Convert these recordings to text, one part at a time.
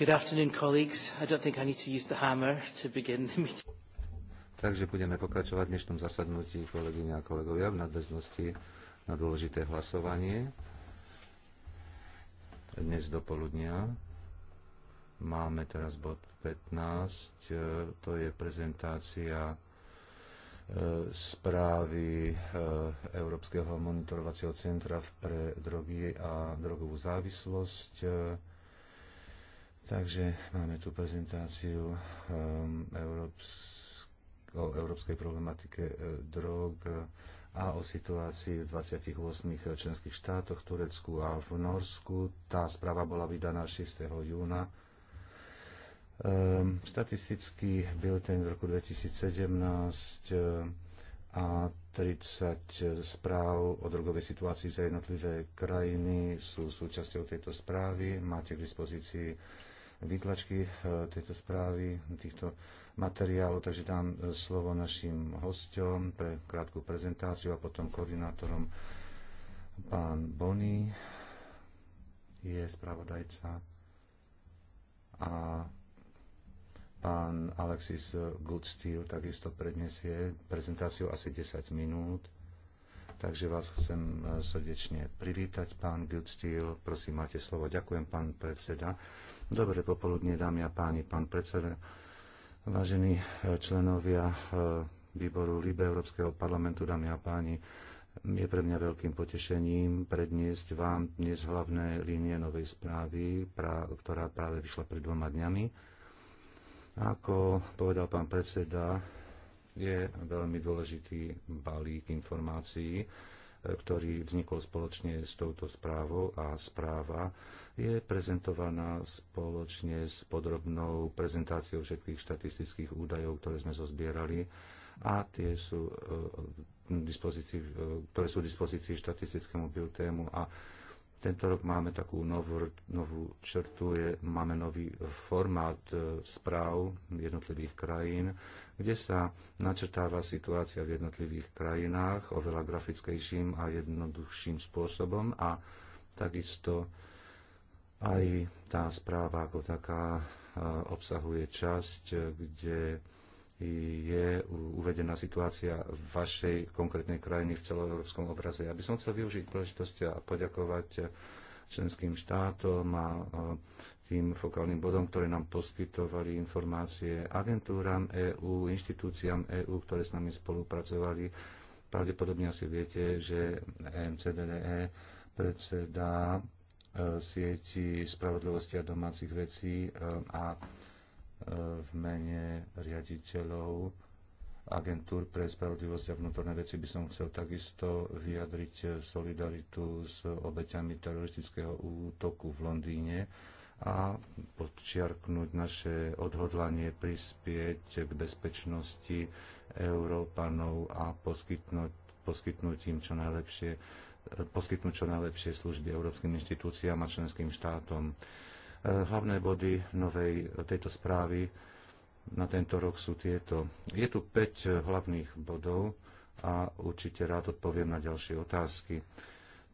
Good afternoon, colleagues. I don't think I need to use the hammer to begin the meeting. Takže budeme pokračovať v dnešnom zasadnutí, kolegyňa a kolegovia, v nadväznosti na dôležité hlasovanie. Dnes do poludnia máme teraz bod 15, e, to je prezentácia e, správy e, Európskeho monitorovacieho centra pre drogy a drogovú závislosť Takže máme tu prezentáciu um, Európsk- o európskej problematike e, drog e, a o situácii v 28 členských štátoch, Turecku a v Norsku. Tá správa bola vydaná 6. júna. Um, statistický ten v roku 2017 e, a 30 správ o drogovej situácii za jednotlivé krajiny sú súčasťou tejto správy. Máte k dispozícii výtlačky e, tejto správy, týchto materiálov, takže dám e, slovo našim hosťom pre krátku prezentáciu a potom koordinátorom pán Bony je spravodajca a pán Alexis Goodsteel takisto predniesie prezentáciu asi 10 minút. Takže vás chcem e, srdečne privítať, pán Goodsteel. Prosím, máte slovo. Ďakujem, pán predseda. Dobré popoludne, dámy a páni, pán predseda, vážení eh, členovia eh, výboru Libe Európskeho parlamentu, dámy a páni. Je pre mňa veľkým potešením predniesť vám dnes hlavné línie novej správy, ktorá práve vyšla pred dvoma dňami. Ako povedal pán predseda, je veľmi dôležitý balík informácií, ktorý vznikol spoločne s touto správou a správa je prezentovaná spoločne s podrobnou prezentáciou všetkých štatistických údajov, ktoré sme zozbierali a tie sú, e, e, ktoré sú v dispozícii štatistickému biotému a tento rok máme takú novú, novú črtu, je, máme nový formát e, správ jednotlivých krajín kde sa načrtáva situácia v jednotlivých krajinách oveľa grafickejším a jednoduchším spôsobom a takisto aj tá správa ako taká e, obsahuje časť, e, kde je uvedená situácia v vašej konkrétnej krajiny v celoeurópskom obraze. Ja by som chcel využiť príležitosti a poďakovať e, členským štátom a tým fokálnym bodom, ktoré nám poskytovali informácie agentúram EÚ, inštitúciám EÚ, ktoré s nami spolupracovali. Pravdepodobne asi viete, že MCDDE e predseda e, sieti spravodlivosti a domácich vecí e, a v mene riaditeľov agentúr pre spravodlivosť a vnútorné veci by som chcel takisto vyjadriť solidaritu s obeťami teroristického útoku v Londýne a podčiarknúť naše odhodlanie prispieť k bezpečnosti Európanov a poskytnúť, poskytnúť im čo najlepšie poskytnúť čo najlepšie služby európskym inštitúciám a členským štátom. E, hlavné body novej tejto správy na tento rok sú tieto. Je tu 5 hlavných bodov a určite rád odpoviem na ďalšie otázky.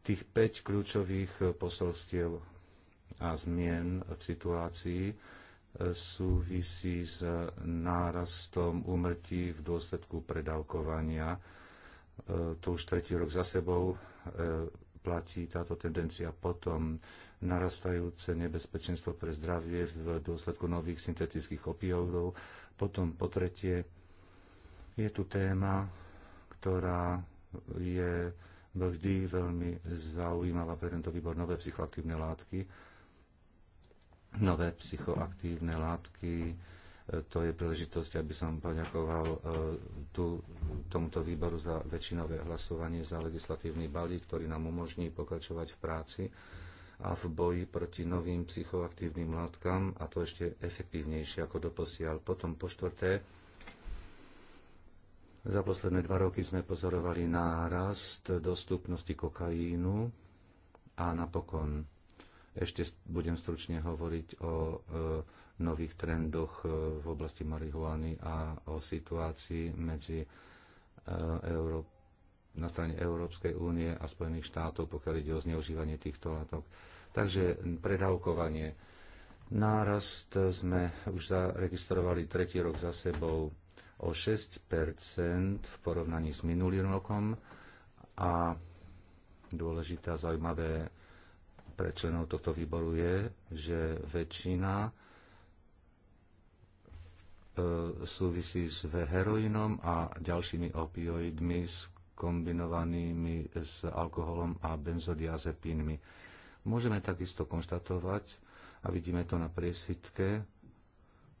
Tých 5 kľúčových posolstiev a zmien v situácii e, súvisí s nárastom úmrtí v dôsledku predávkovania. E, to už tretí rok za sebou e, platí táto tendencia potom narastajúce nebezpečenstvo pre zdravie v dôsledku nových syntetických opioidov. Potom po tretie je tu téma, ktorá je vždy veľmi zaujímavá pre tento výbor nové psychoaktívne látky nové psychoaktívne látky. E, to je príležitosť, aby som poďakoval e, tu, tomuto výboru za väčšinové hlasovanie za legislatívny balík, ktorý nám umožní pokračovať v práci a v boji proti novým psychoaktívnym látkam a to ešte efektívnejšie ako doposiaľ. Potom po štvrté, za posledné dva roky sme pozorovali nárast dostupnosti kokainu a napokon ešte budem stručne hovoriť o e, nových trendoch e, v oblasti marihuany a o situácii medzi e, Euró- na strane Európskej únie a Spojených štátov, pokiaľ ide o zneužívanie týchto látok. Takže predávkovanie. Nárast sme už zaregistrovali tretí rok za sebou o 6 v porovnaní s minulým rokom a dôležité a zaujímavé pre členov tohto výboru je, že väčšina e, súvisí s heroinom a ďalšími opioidmi kombinovanými s alkoholom a benzodiazepínmi. Môžeme takisto konštatovať, a vidíme to na priesvitke,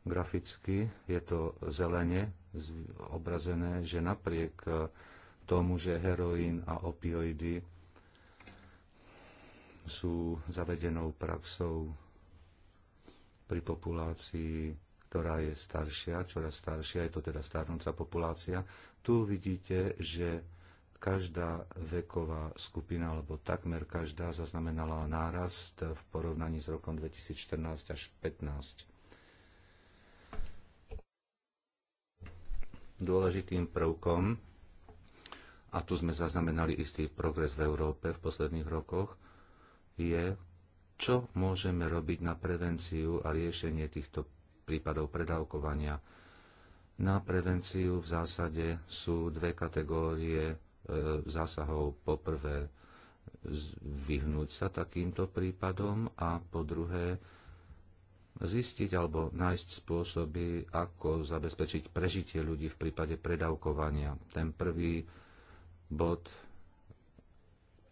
graficky je to zelene obrazené, že napriek tomu, že heroín a opioidy sú zavedenou praxou pri populácii, ktorá je staršia, čoraz staršia, je to teda starnúca populácia. Tu vidíte, že každá veková skupina, alebo takmer každá, zaznamenala nárast v porovnaní s rokom 2014 až 2015. Dôležitým prvkom, a tu sme zaznamenali istý progres v Európe v posledných rokoch, je, čo môžeme robiť na prevenciu a riešenie týchto prípadov predávkovania. Na prevenciu v zásade sú dve kategórie e, zásahov. Po prvé, vyhnúť sa takýmto prípadom a po druhé, zistiť alebo nájsť spôsoby, ako zabezpečiť prežitie ľudí v prípade predávkovania. Ten prvý bod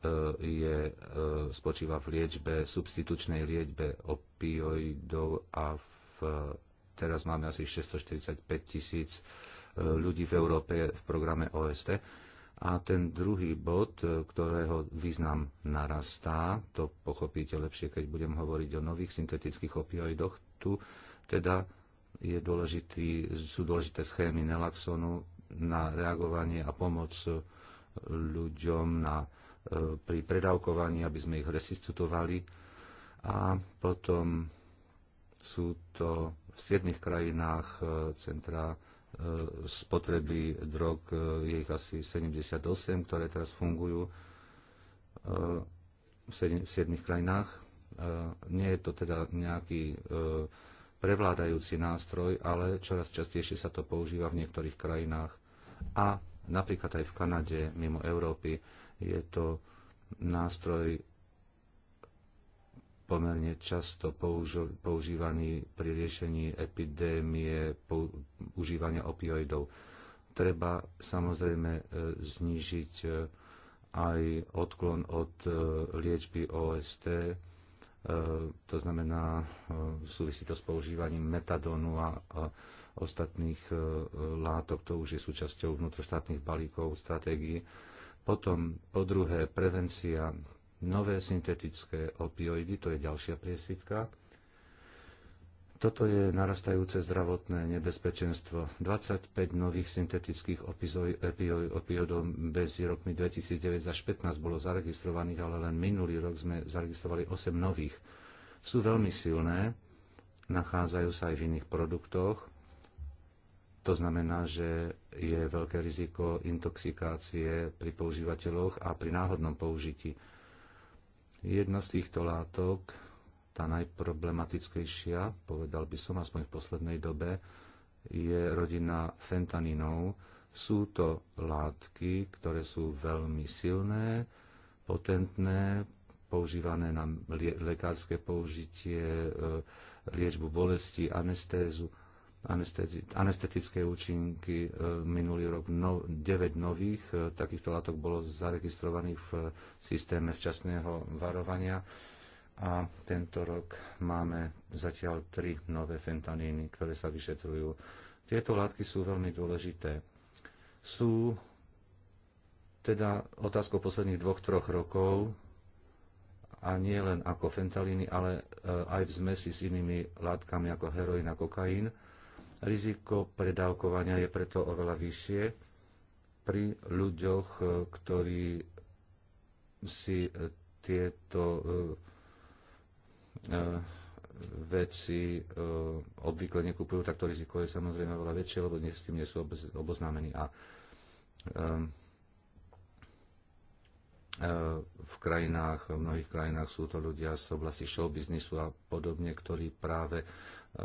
E, je, e, spočíva v liečbe, substitučnej liečbe opioidov a v, teraz máme asi 645 tisíc e, ľudí v Európe v programe OST. A ten druhý bod, ktorého význam narastá, to pochopíte lepšie, keď budem hovoriť o nových syntetických opioidoch, tu teda je dôležitý, sú dôležité schémy nelaxonu na reagovanie a pomoc ľuďom na pri predávkovaní, aby sme ich resuscitovali. A potom sú to v siedmých krajinách e, centra e, spotreby drog, e, je ich asi 78, ktoré teraz fungujú v siedmých krajinách. Nie je to teda nejaký prevládajúci nástroj, ale čoraz častejšie sa to používa v niektorých krajinách a napríklad aj v Kanade, mimo Európy je to nástroj pomerne často používaný pri riešení epidémie užívania opioidov. Treba samozrejme e, znížiť e, aj odklon od e, liečby OST, to znamená, súvisí to s používaním metadónu a ostatných látok, to už je súčasťou vnútroštátnych balíkov, stratégií potom po druhé prevencia nové syntetické opioidy, to je ďalšia priesvitka. Toto je narastajúce zdravotné nebezpečenstvo. 25 nových syntetických opioidov medzi rokmi 2009 až 15 bolo zaregistrovaných, ale len minulý rok sme zaregistrovali 8 nových. Sú veľmi silné, nachádzajú sa aj v iných produktoch, to znamená, že je veľké riziko intoxikácie pri používateľoch a pri náhodnom použití. Jedna z týchto látok, tá najproblematickejšia, povedal by som aspoň v poslednej dobe, je rodina fentaninov. Sú to látky, ktoré sú veľmi silné, potentné, používané na lekárske použitie, e, liečbu bolesti, anestézu anestetické účinky. E, minulý rok 9 nových e, takýchto látok bolo zaregistrovaných v e, systéme včasného varovania a tento rok máme zatiaľ 3 nové fentaníny, ktoré sa vyšetrujú. Tieto látky sú veľmi dôležité. Sú teda otázkou posledných dvoch, troch rokov a nie len ako fentalíny, ale aj v zmesi s inými látkami ako heroín a kokain – Riziko predávkovania je preto oveľa vyššie pri ľuďoch, e, ktorí si e, tieto e, veci obvykle nekupujú, tak to riziko je samozrejme oveľa väčšie, lebo s tým nie sú oboznámení. A v krajinách, v mnohých krajinách sú to ľudia z oblasti showbiznisu a podobne, ktorí práve E,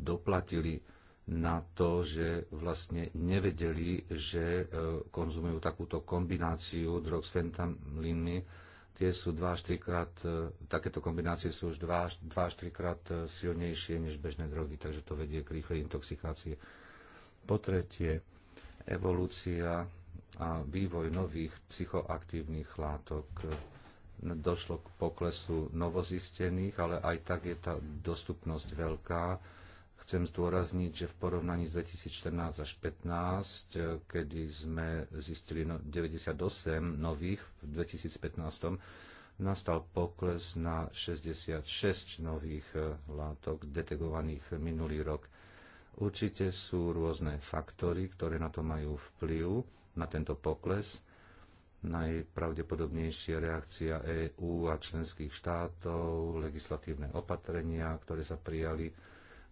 doplatili na to, že vlastne nevedeli, že e, konzumujú takúto kombináciu drog s fentanylmi. Tie sú 2 až 3 krát, e, takéto kombinácie sú už 2 až 3 krát silnejšie než bežné drogy, takže to vedie k rýchlej intoxikácii. Po tretie, evolúcia a vývoj nových psychoaktívnych látok došlo k poklesu novozistených, ale aj tak je tá dostupnosť veľká. Chcem zdôrazniť, že v porovnaní s 2014 až 2015, kedy sme zistili 98 no- nových v 2015, nastal pokles na 66 nových eh, látok detegovaných minulý rok. Určite sú rôzne faktory, ktoré na to majú vplyv, na tento pokles najpravdepodobnejšia reakcia EÚ a členských štátov, legislatívne opatrenia, ktoré sa prijali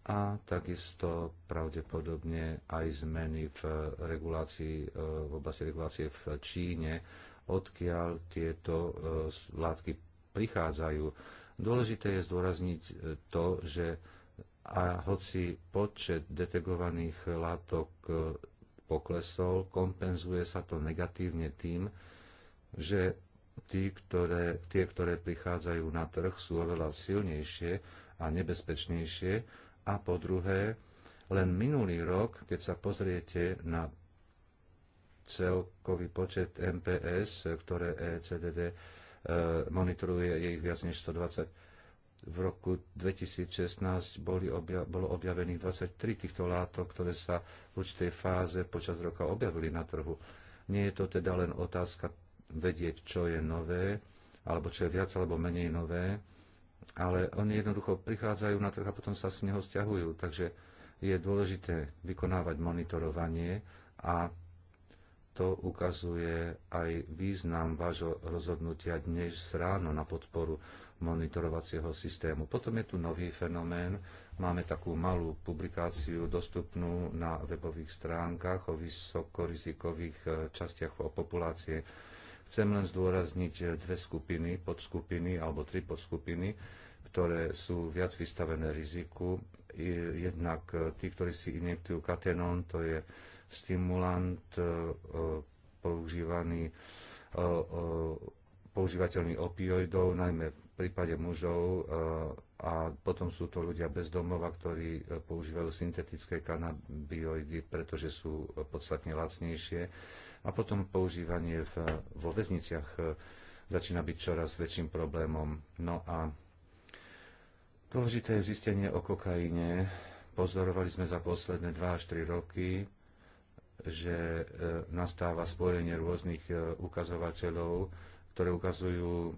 a takisto pravdepodobne aj zmeny v, regulácii, e, v oblasti regulácie v Číne, odkiaľ tieto e, látky prichádzajú. Dôležité je zdôrazniť e, to, že a hoci počet detegovaných látok poklesol, kompenzuje sa to negatívne tým, že tí, ktoré, tie, ktoré prichádzajú na trh, sú oveľa silnejšie a nebezpečnejšie. A po druhé, len minulý rok, keď sa pozriete na celkový počet MPS, ktoré ECDD e, monitoruje, je ich viac než 120. V roku 2016 boli obja- bolo objavených 23 týchto látok, ktoré sa v určitej fáze počas roka objavili na trhu. Nie je to teda len otázka vedieť, čo je nové, alebo čo je viac alebo menej nové, ale oni jednoducho prichádzajú na trh a potom sa z neho stiahujú. Takže je dôležité vykonávať monitorovanie a to ukazuje aj význam vášho rozhodnutia dnes ráno na podporu monitorovacieho systému. Potom je tu nový fenomén. Máme takú malú publikáciu dostupnú na webových stránkach o vysokorizikových eh, častiach o populácie Chcem len zdôrazniť dve skupiny, podskupiny alebo tri podskupiny, ktoré sú viac vystavené riziku. Jednak e, tí, ktorí si injektujú katenón, to je stimulant e, e, používaný používateľmi opioidov, najmä v prípade mužov a potom sú to ľudia bez domova, ktorí používajú syntetické kanabioidy, pretože sú podstatne lacnejšie a potom používanie v, vo väzniciach e, začína byť čoraz väčším problémom. No a dôležité je zistenie o kokaine. Pozorovali sme za posledné 2 až 3 roky, že e, nastáva spojenie rôznych e, ukazovateľov, ktoré ukazujú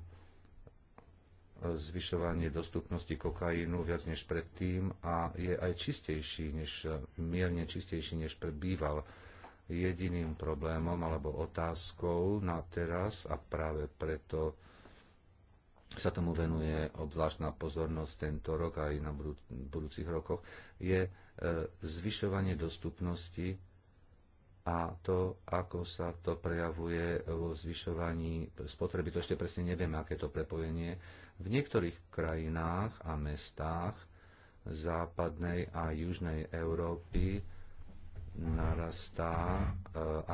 zvyšovanie dostupnosti kokainu viac než predtým a je aj čistejší, než, mierne čistejší, než býval jediným problémom alebo otázkou na teraz a práve preto sa tomu venuje obzvláštna pozornosť tento rok aj na budúcich rokoch, je e, zvyšovanie dostupnosti a to, ako sa to prejavuje vo zvyšovaní spotreby. To ešte presne nevieme, aké to prepojenie. V niektorých krajinách a mestách západnej a južnej Európy narastá e,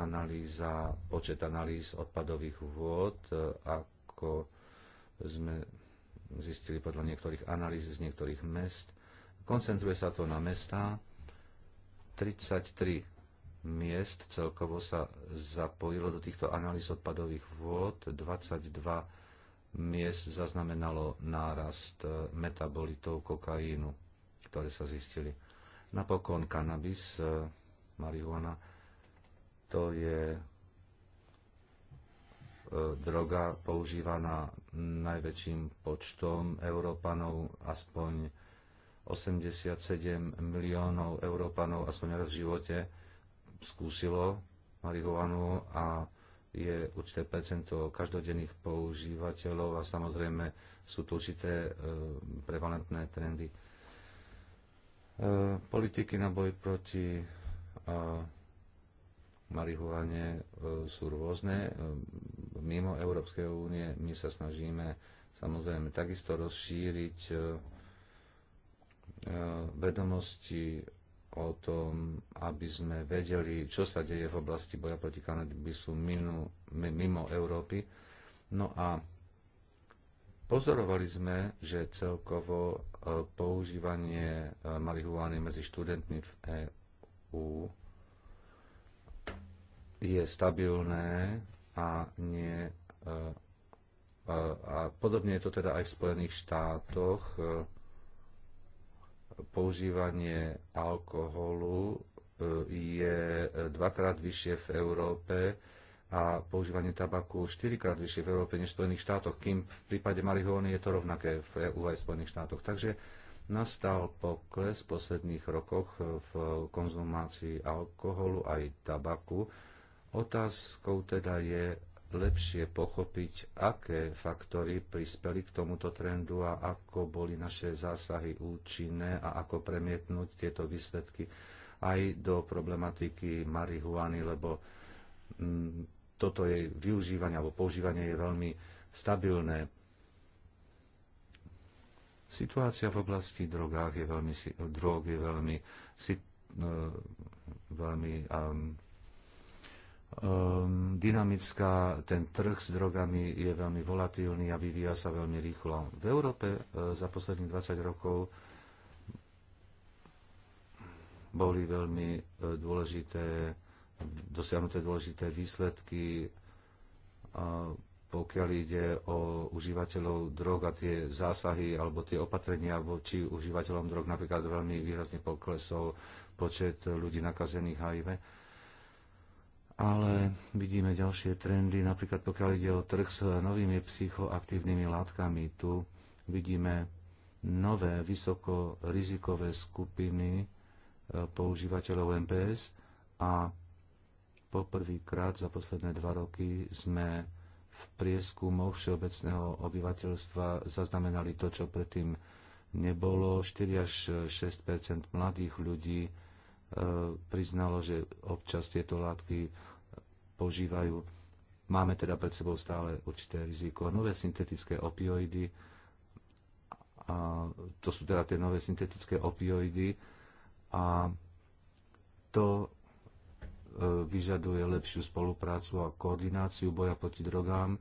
analýza, počet analýz odpadových vôd, e, ako sme zistili podľa niektorých analýz z niektorých mest. Koncentruje sa to na mesta. 33 miest celkovo sa zapojilo do týchto analýz odpadových vôd. 22 miest zaznamenalo nárast e, metabolitov kokainu, ktoré sa zistili. Napokon kanabis marihuana, to je e, droga používaná najväčším počtom Európanov, aspoň 87 miliónov Európanov aspoň raz v živote skúsilo marihuanu a je určité percento každodenných používateľov a samozrejme sú tu určité e, prevalentné trendy. E, politiky na boj proti marihuane e, sú rôzne. E, mimo Európskej únie my sa snažíme samozrejme takisto rozšíriť e, vedomosti o tom, aby sme vedeli, čo sa deje v oblasti boja proti kanadibisu mimo, Európy. No a pozorovali sme, že celkovo používanie marihuány medzi študentmi v EÚ u je stabilné a nie e, e, a podobne je to teda aj v Spojených štátoch e, používanie alkoholu je dvakrát vyššie v Európe a používanie tabaku štyrikrát vyššie v Európe než v Spojených štátoch, kým v prípade marihóny je to rovnaké v EU aj v Spojených štátoch. Takže Nastal pokles v posledných rokoch v konzumácii alkoholu aj tabaku. Otázkou teda je lepšie pochopiť, aké faktory prispeli k tomuto trendu a ako boli naše zásahy účinné a ako premietnúť tieto výsledky aj do problematiky marihuany, lebo mm, toto jej využívanie alebo používanie je veľmi stabilné Situácia v oblasti drogách je veľmi, drog je veľmi, no, veľmi um, um, dynamická, ten trh s drogami je veľmi volatilný a vyvíja sa veľmi rýchlo. V Európe uh, za posledných 20 rokov boli veľmi uh, dôležité, dosiahnuté dôležité výsledky pokiaľ ide o užívateľov drog a tie zásahy alebo tie opatrenia voči užívateľom drog napríklad veľmi výrazne poklesol počet ľudí nakazených HIV. Ale vidíme ďalšie trendy, napríklad pokiaľ ide o trh s novými psychoaktívnymi látkami, tu vidíme nové vysokorizikové skupiny e, používateľov MPS a poprvýkrát za posledné dva roky sme v prieskumoch všeobecného obyvateľstva zaznamenali to, čo predtým nebolo. 4 až 6 mladých ľudí e, priznalo, že občas tieto látky požívajú. Máme teda pred sebou stále určité riziko. Nové syntetické opioidy, a to sú teda tie nové syntetické opioidy a to E, vyžaduje lepšiu spoluprácu a koordináciu boja proti drogám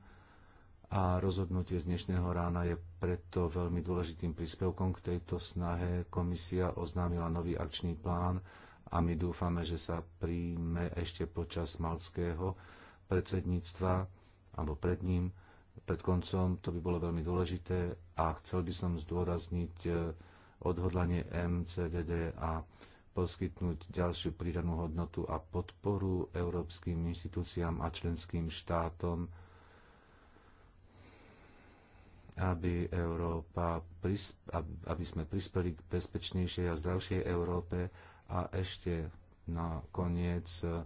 a rozhodnutie z dnešného rána je preto veľmi dôležitým príspevkom k tejto snahe. Komisia oznámila nový akčný plán a my dúfame, že sa príjme ešte počas malckého predsedníctva alebo pred ním, pred koncom. To by bolo veľmi dôležité a chcel by som zdôrazniť e, odhodlanie MCDD a poskytnúť ďalšiu pridanú hodnotu a podporu európskym inštitúciám a členským štátom, aby, Európa, aby sme prispeli k bezpečnejšej a zdravšej Európe. A ešte nakoniec e,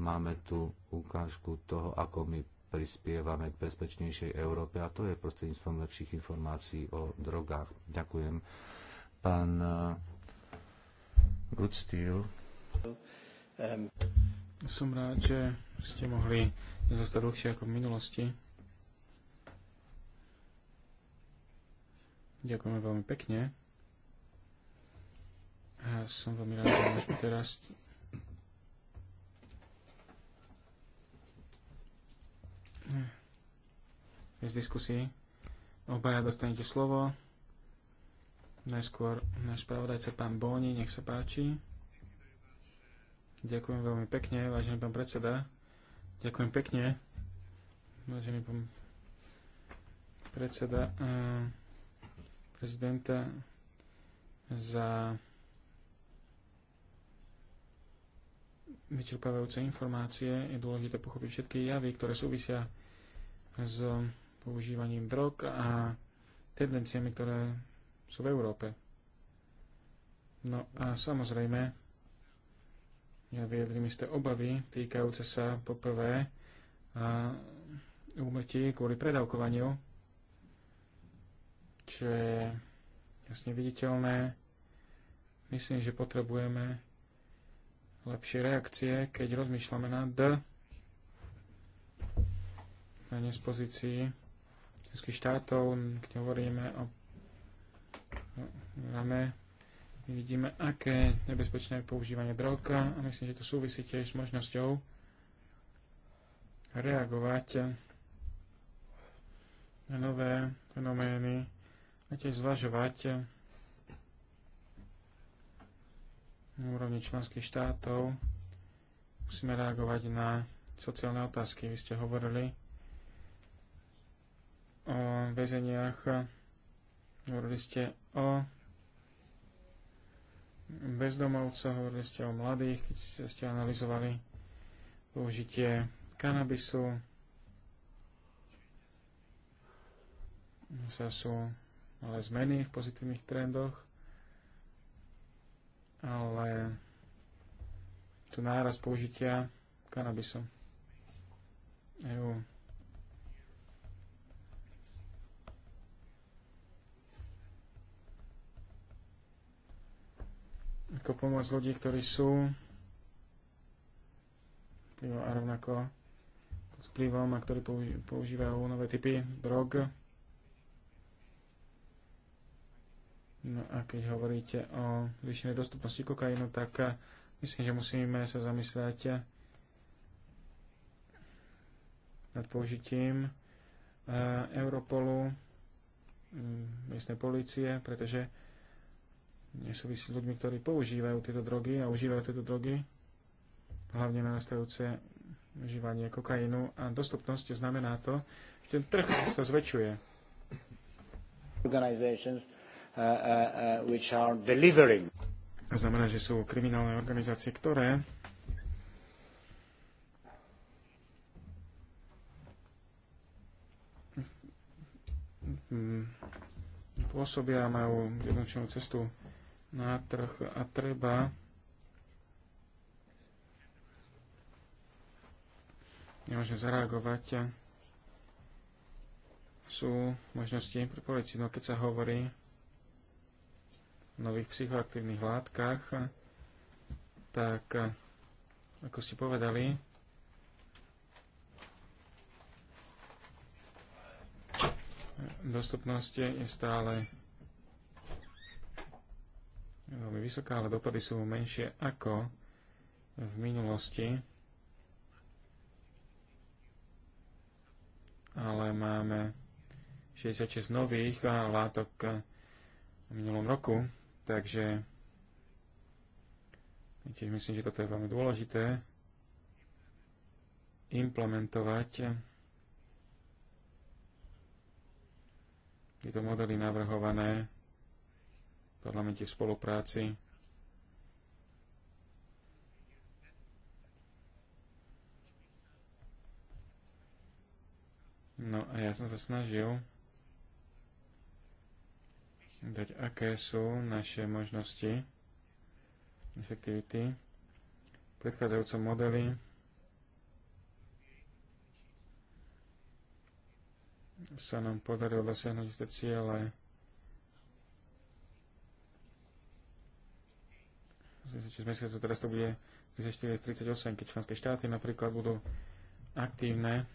máme tu ukážku toho, ako my prispievame k bezpečnejšej Európe a to je prostredníctvom lepších informácií o drogách. Ďakujem. Pán e, Good Steel. Som rád, že ste mohli zostať dlhšie ako v minulosti. Ďakujeme veľmi pekne. A som veľmi rád, že môžeme teraz bez diskusí. Obaja dostanete slovo. Najskôr náš pravodajca pán Bóni, nech sa páči. Ďakujem veľmi pekne, vážený pán predseda. Ďakujem pekne, vážený pán predseda eh, prezidenta za vyčerpávajúce informácie. Je dôležité pochopiť všetky javy, ktoré súvisia s používaním drog a tendenciami, ktoré sú v Európe. No a samozrejme, ja vyjadrím isté obavy týkajúce sa poprvé a úmrtí kvôli predávkovaniu, čo je jasne viditeľné. Myslím, že potrebujeme lepšie reakcie, keď rozmýšľame na D, na nespozícii českých štátov, keď hovoríme o máme, vidíme, aké nebezpečné je používanie drog a myslím, že to súvisí tiež s možnosťou reagovať na nové fenomény a tiež zvažovať na úrovni členských štátov. Musíme reagovať na sociálne otázky. Vy ste hovorili o väzeniach, hovorili ste o bezdomovca, hovorili ste o mladých, keď ste analyzovali použitie kanabisu. Sa sú malé zmeny v pozitívnych trendoch, ale tu náraz použitia kanabisu. EU ako pomôcť ľudí, ktorí sú a rovnako s vplyvom a ktorí používajú nové typy drog. No a keď hovoríte o zvýšenej dostupnosti kokainu, tak eh, myslím, že musíme sa zamyslieť nad použitím eh, Europolu, mm, miestnej policie, pretože nesúvisí s ľuďmi, ktorí používajú tieto drogy a užívajú tieto drogy, hlavne narastajúce užívanie kokainu a dostupnosť znamená to, že ten trh sa zväčšuje. Uh, uh, uh, znamená, že sú kriminálne organizácie, ktoré mm. pôsobia, majú jednočnú cestu na trh a treba nemôže zareagovať. Sú možnosti pre policii. no keď sa hovorí o nových psychoaktívnych látkach, tak ako ste povedali, dostupnosť je stále veľmi vysoká, ale dopady sú menšie ako v minulosti. Ale máme 66 nových látok v minulom roku, takže tiež myslím, že toto je veľmi dôležité implementovať tieto modely navrhované parlamente v spolupráci No a ja som sa snažil dať, aké sú naše možnosti, efektivity, predchádzajúce modely, sa nám podarilo dosiahnuť tie ciele 2006 mesiacov, teraz to bude 2038, keď členské štáty napríklad budú aktívne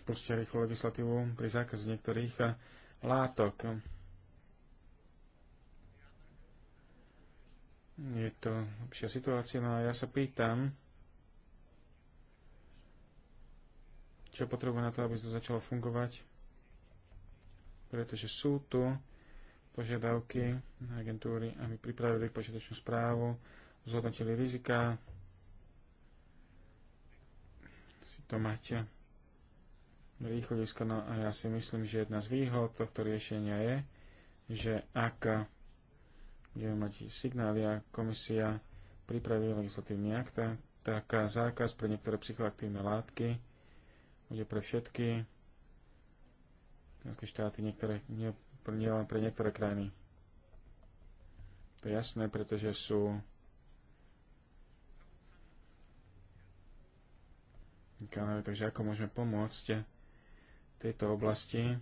spustia rýchlo legislatívu pri zákaz niektorých eh, látok. Je to lepšia situácia, no a ja sa pýtam, čo potrebuje na to, aby to začalo fungovať. Pretože sú tu požiadavky na agentúry, aby pripravili počiatočnú správu, zhodnotili rizika, si to máte východisko. No a ja si myslím, že jedna z výhod tohto riešenia je, že ak budeme mať signály a komisia pripraví legislatívny akt, tak zákaz pre niektoré psychoaktívne látky bude pre všetky členské štáty, niektoré, nie, nie len pre niektoré krajiny. To je jasné, pretože sú kanály, takže ako môžeme pomôcť tejto oblasti.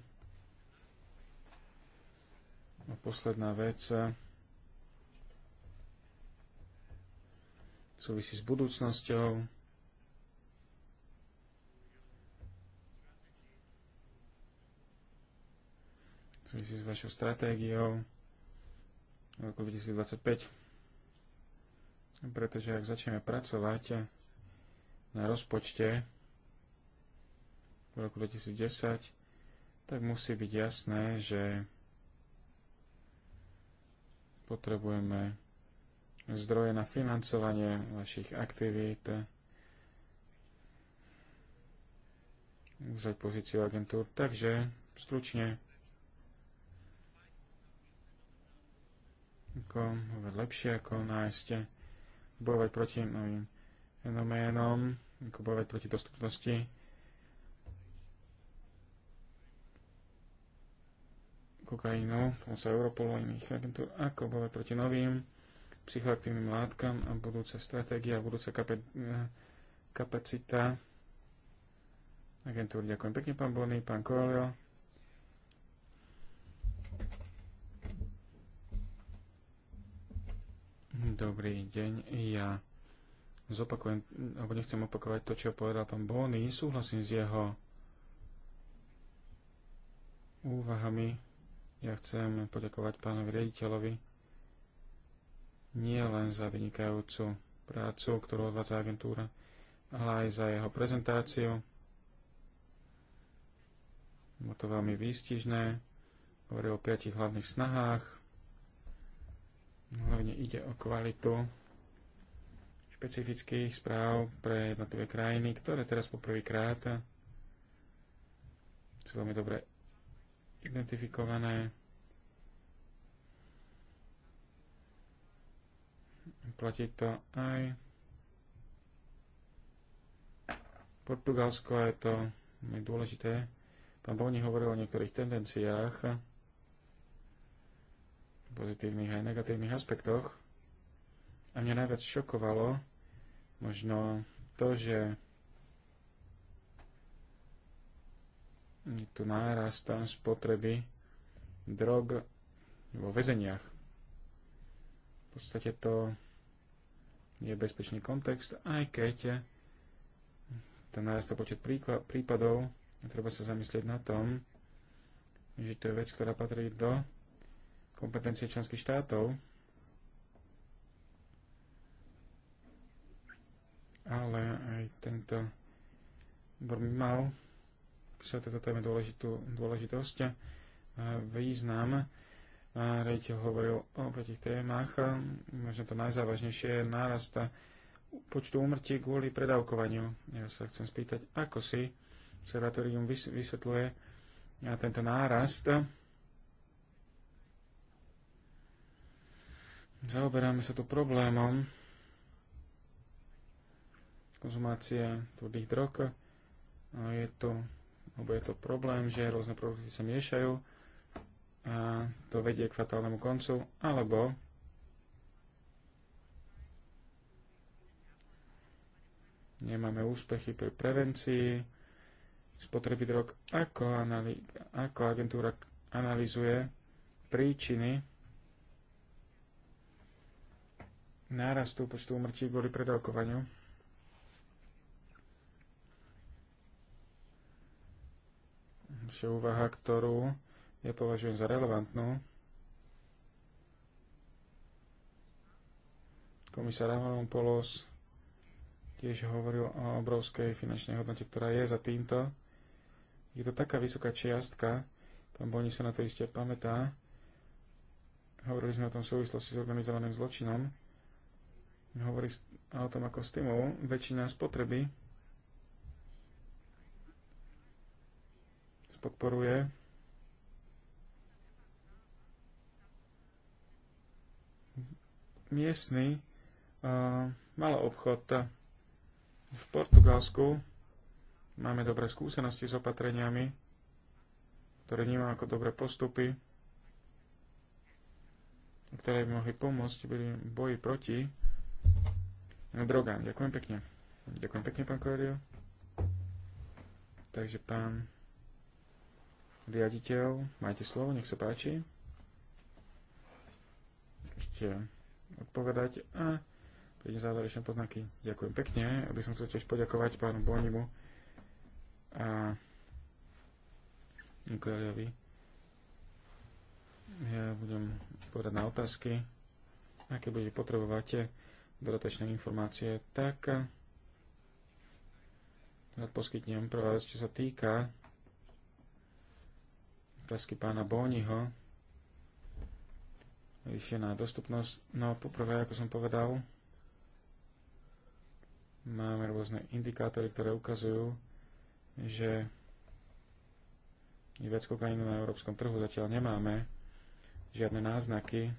A posledná vec súvisí s budúcnosťou. súvisí s vašou stratégiou v roku 2025. Pretože ak začneme pracovať na rozpočte v roku 2010, tak musí byť jasné, že potrebujeme zdroje na financovanie vašich aktivít, uzrať pozíciu agentúr. Takže stručne ako lepšie, ako nájsť, bojovať proti novým fenoménom, ako bojovať proti dostupnosti. kokainu, pomocou Europolu a iných agentúr, ako bojovať proti novým psychoaktívnym látkam a budúca stratégia, a budúca kapacita agentúr. Ďakujem pekne, pán Bonny, pán Koelio. Dobrý deň. Ja zopakujem, alebo nechcem opakovať to, čo povedal pán Bóny. Súhlasím s jeho úvahami. Ja chcem poďakovať pánovi riaditeľovi nie len za vynikajúcu prácu, ktorú odvádza agentúra, ale aj za jeho prezentáciu. Bolo to veľmi výstižné. Hovoril o piatich hlavných snahách, Hlavne ide o kvalitu špecifických správ pre jednotlivé krajiny, ktoré teraz poprvýkrát sú veľmi dobre identifikované. Platí to aj Portugalsko, je to veľmi dôležité. Pán Boni hovoril o niektorých tendenciách, pozitívnych aj negatívnych aspektoch. A mňa najviac šokovalo možno to, že je tu nárast spotreby drog vo väzeniach. V podstate to je bezpečný kontext, aj keď ten narastol počet prípadov, treba sa zamyslieť na tom, že to je vec, ktorá patrí do kompetencie členských štátov, ale aj tento by mal sa toto téme dôležitú, dôležitosť a význam. Rejteľ hovoril o tých témach. Možno to najzávažnejšie je nárast počtu úmrtí kvôli predávkovaniu. Ja sa chcem spýtať, ako si observatórium vysvetľuje tento nárast Zaoberáme sa tu problémom konzumácie tvrdých drog. Je to, alebo je to problém, že rôzne produkty sa miešajú a to vedie k fatálnemu koncu, alebo nemáme úspechy pri prevencii spotreby drog, ako, analý, ako agentúra analizuje príčiny nárastu počtu umrtí kvôli predávkovaniu. Ešte úvaha, ktorú ja považujem za relevantnú. Komisár Polos tiež hovoril o obrovskej finančnej hodnote, ktorá je za týmto. Je to taká vysoká čiastka, pán Boni sa na to iste pamätá, hovorili sme o tom v súvislosti s organizovaným zločinom, hovorí o tom ako stimul, väčšina spotreby podporuje miestny uh, malý obchod v Portugalsku. Máme dobré skúsenosti s opatreniami, ktoré vnímam ako dobré postupy, ktoré by mohli pomôcť v boji proti droga, Ďakujem pekne. Ďakujem pekne, pán Koelio. Takže pán riaditeľ, majte slovo, nech sa páči. Ešte odpovedať a príde záverečné poznaky. Ďakujem pekne, aby som chcel tiež poďakovať pánu Bonimu a Nikoliovi. Ja budem povedať na otázky, aké bude potrebovať dodatočné informácie, tak rád poskytnem prvá vec, čo sa týka otázky pána Bóniho. Vyšená dostupnosť. No, poprvé, ako som povedal, máme rôzne indikátory, ktoré ukazujú, že viac kokainu na európskom trhu zatiaľ nemáme žiadne náznaky,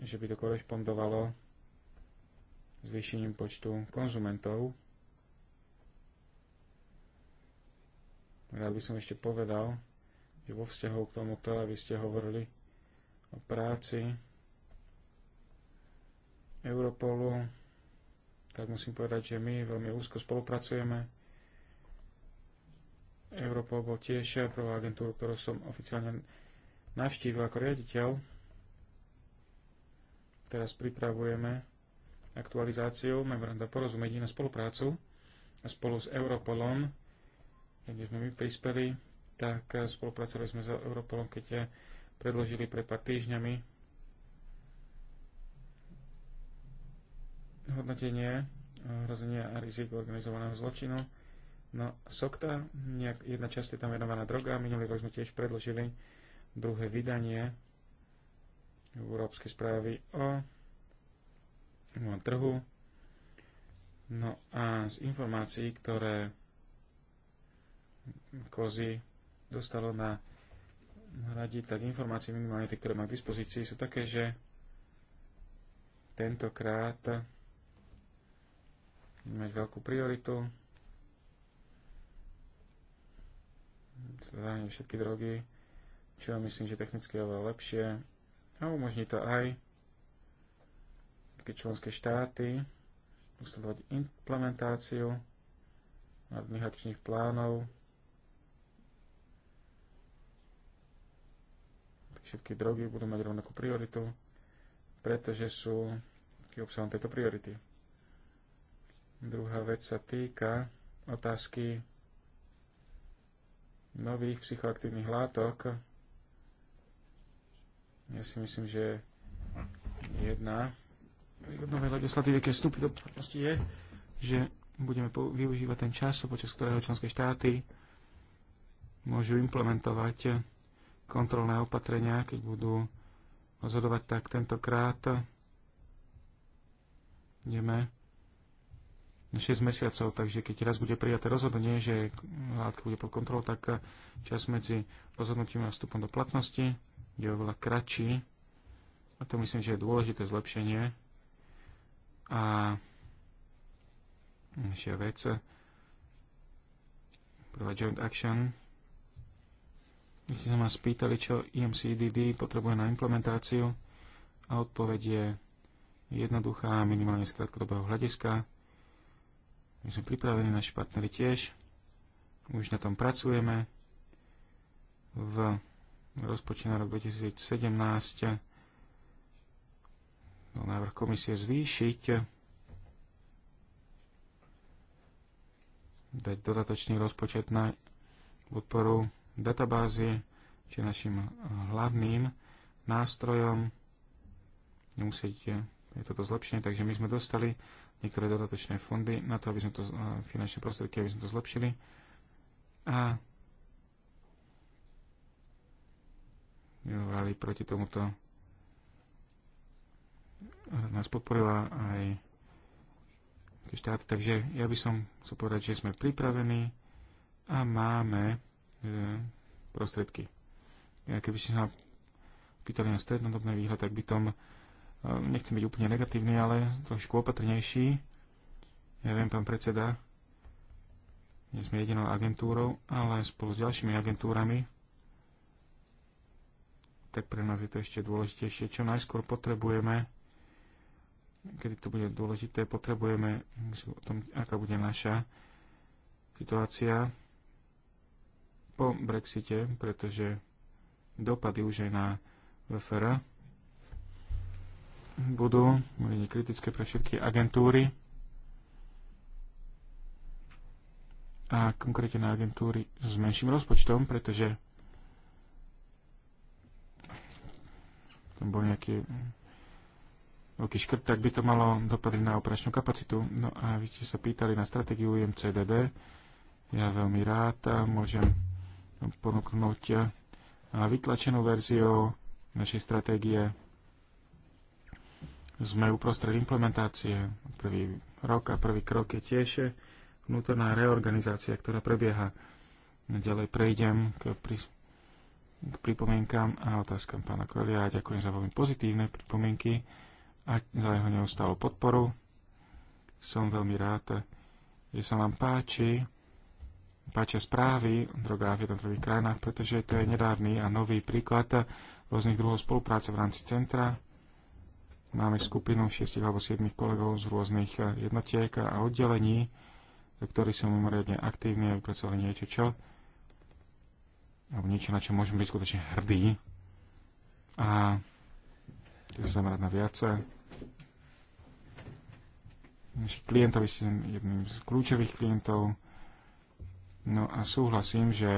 že by to korešpondovalo zvýšením počtu konzumentov. Rád by som ešte povedal, že vo vzťahu k tomu, ktoré aby ste hovorili o práci Europolu, tak musím povedať, že my veľmi úzko spolupracujeme. Europol bol tiež prvou agentúru, ktorú som oficiálne navštívil ako riaditeľ. Teraz pripravujeme aktualizáciu memoranda porozumenia na spoluprácu spolu s Europolom, kde sme my prispeli, tak spolupracovali sme s Europolom, keď predložili pred pár týždňami hodnotenie eh, hrozenia a rizik organizovaného zločinu. No SOKTA, nejak, jedna časť je tam venovaná droga, minulý rok sme tiež predložili druhé vydanie Európskej správy o trhu. No a z informácií, ktoré kozy dostalo na radi, tak informácie minimálne tie, ktoré má k dispozícii, sú také, že tentokrát mať veľkú prioritu. Zároveň všetky drogy, čo ja myslím, že technicky je oveľa lepšie. A umožní to aj všetky členské štáty usledovať implementáciu národných akčných plánov, všetky drogy budú mať rovnakú prioritu, pretože sú obsahom tejto priority. Druhá vec sa týka otázky nových psychoaktívnych látok. Ja si myslím, že jedna novej legislatíve, keď vstúpi do platnosti, je, že budeme využívať ten čas, počas ktorého členské štáty môžu implementovať kontrolné opatrenia, keď budú rozhodovať tak tentokrát. Ideme na 6 mesiacov, takže keď raz bude prijaté rozhodnutie, že látka bude pod kontrolou, tak čas medzi rozhodnutím a vstupom do platnosti je oveľa kratší. A to myslím, že je dôležité zlepšenie a ďalšia vec, prvá joint action. Vy ste sa ma spýtali, čo EMCDD potrebuje na implementáciu a odpoveď je jednoduchá, minimálne z krátkodobého hľadiska. My sme pripravení, naši partnery tiež. Už na tom pracujeme. V rozpočte na rok 2017 no, návrh komisie zvýšiť, dať dodatočný rozpočet na podporu databázy, či našim hlavným nástrojom. Nemusíte, je toto zlepšenie, takže my sme dostali niektoré dodatočné fondy na to, aby sme to, eh, finančné prostriedky, aby sme to zlepšili. A bojovali proti tomuto nás podporila aj štáty, takže ja by som chcel povedať, že sme pripravení a máme e, prostriedky. Ja keby ste sa pýtali na strednodobné výhľad, tak by tom, e, nechcem byť úplne negatívny, ale trošku opatrnejší. Ja viem, pán predseda, nie sme jedinou agentúrou, ale spolu s ďalšími agentúrami, tak pre nás je to ešte dôležitejšie. Čo najskôr potrebujeme kedy to bude dôležité, potrebujeme o tom, aká bude naša situácia po Brexite, pretože dopady už aj na VFR budú mimoriadne kritické pre všetky agentúry a konkrétne na agentúry s menším rozpočtom, pretože tam bol nejaký veľký škrt, tak by to malo dopady na operačnú kapacitu. No a vy ste sa pýtali na stratégiu IMCDD. Ja veľmi rád môžem ponúknuť vytlačenú verziu našej stratégie. Sme uprostred implementácie. Prvý rok a prvý krok je tiež vnútorná reorganizácia, ktorá prebieha. Ďalej prejdem k, pri, k pripomienkám a otázkam pána Kolia. Ďakujem za veľmi pozitívne pripomienky a za jeho neustálu podporu. Som veľmi rád, že sa vám páči, páčia správy o drogách v jednotlivých krajinách, pretože to je nedávny a nový príklad rôznych druhov spolupráce v rámci centra. Máme skupinu 6 alebo 7 kolegov z rôznych eh, jednotiek a oddelení, ktorí sú mimoriadne aktívni a vypracovali niečo, čo alebo niečo, na čo môžeme byť skutočne hrdí. A Chcete sa zamerať na viacej. Naši klientovi ste jedným z kľúčových klientov. No a súhlasím, že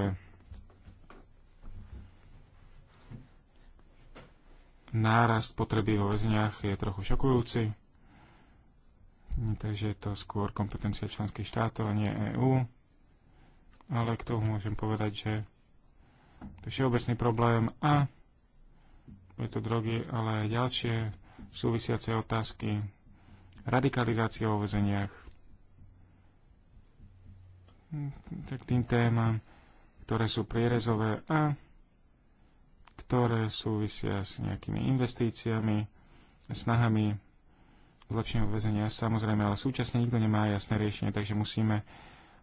nárast potreby vo väzniach je trochu šokujúci. Takže je to skôr kompetencia členských štátov a nie EÚ. Ale k tomu môžem povedať, že to je všeobecný problém a tieto drogy, ale aj ďalšie súvisiace otázky, radikalizácia vo vezeniach. Tak tým témam, ktoré sú prierezové a ktoré súvisia s nejakými investíciami, snahami zlepšenia väzenia, samozrejme, ale súčasne nikto nemá jasné riešenie, takže musíme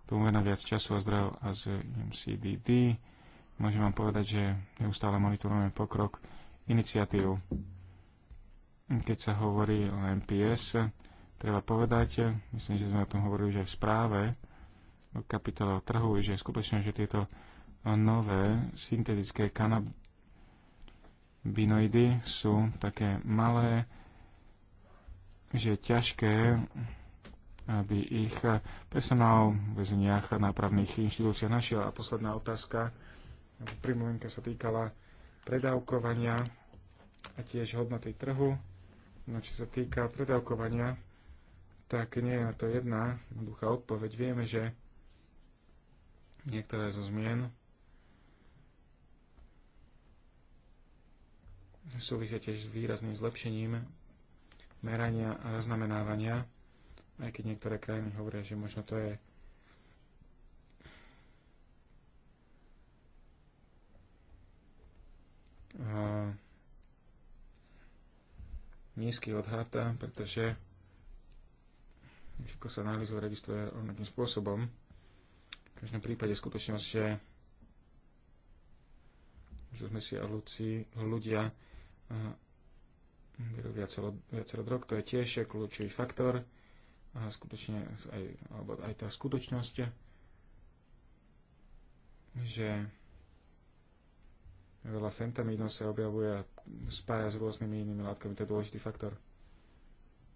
tomu venovať viac času a zdrojov a z MCDD. Môžem vám povedať, že neustále monitorujeme pokrok iniciatív. Keď sa hovorí o MPS, treba povedať, myslím, že sme o tom hovorili už aj v správe, o kapitole o trhu, že skutočne, že tieto nové syntetické kanabinoidy sú také malé, že je ťažké, aby ich personál v väzeniach a nápravných inštitúciách našiel. A posledná otázka, pripomienka sa týkala predávkovania a tiež hodnoty trhu. No čo sa týka predávkovania, tak nie je na to jedna jednoduchá odpoveď. Vieme, že niektoré zo zmien súvisia tiež s výrazným zlepšením merania a zaznamenávania, aj keď niektoré krajiny hovoria, že možno to je nízky odhad, pretože všetko sa analýzuje, registruje rovnakým spôsobom. V každom prípade skutočnosť, že že sme si a ľudci, ľudia berú viacero, viacero drog, to je tiež kľúčový faktor a skutočne aj, alebo aj tá skutočnosť, že Veľa fentamínov sa objavuje a spája s rôznymi inými látkami. To je dôležitý faktor.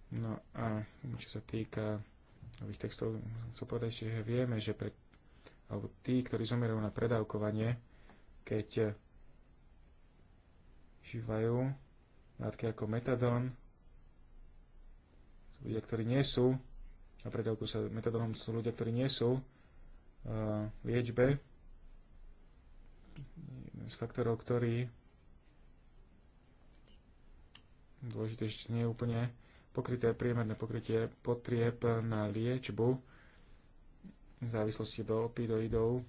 No a čo sa týka nových textov, chcem povedať ešte, že vieme, že pre, alebo tí, ktorí zomierajú na predávkovanie, keď žívajú látky ako metadón, sú ľudia, ktorí nie sú, a predávku sa metadónom sú ľudia, ktorí nie sú eh, v liečbe, z faktorov, ktorý dôležité, ešte nie je úplne pokryté priemerné pokrytie potrieb na liečbu v závislosti do opioidov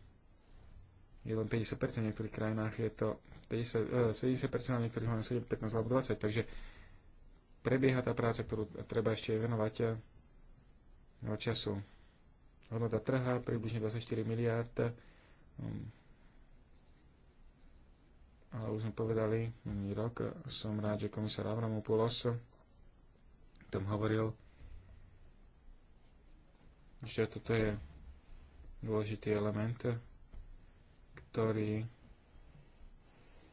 je len 50%, v niektorých krajinách je to 50, 70%, eh, v niektorých len 7, 15 alebo 20, takže prebieha tá práca, ktorú treba ešte venovať eh, času. Hodnota trha približne 24 miliard. Hm, ale už sme povedali minulý rok, som rád, že komisár Avramopoulos tam hovoril, že toto je dôležitý element, ktorý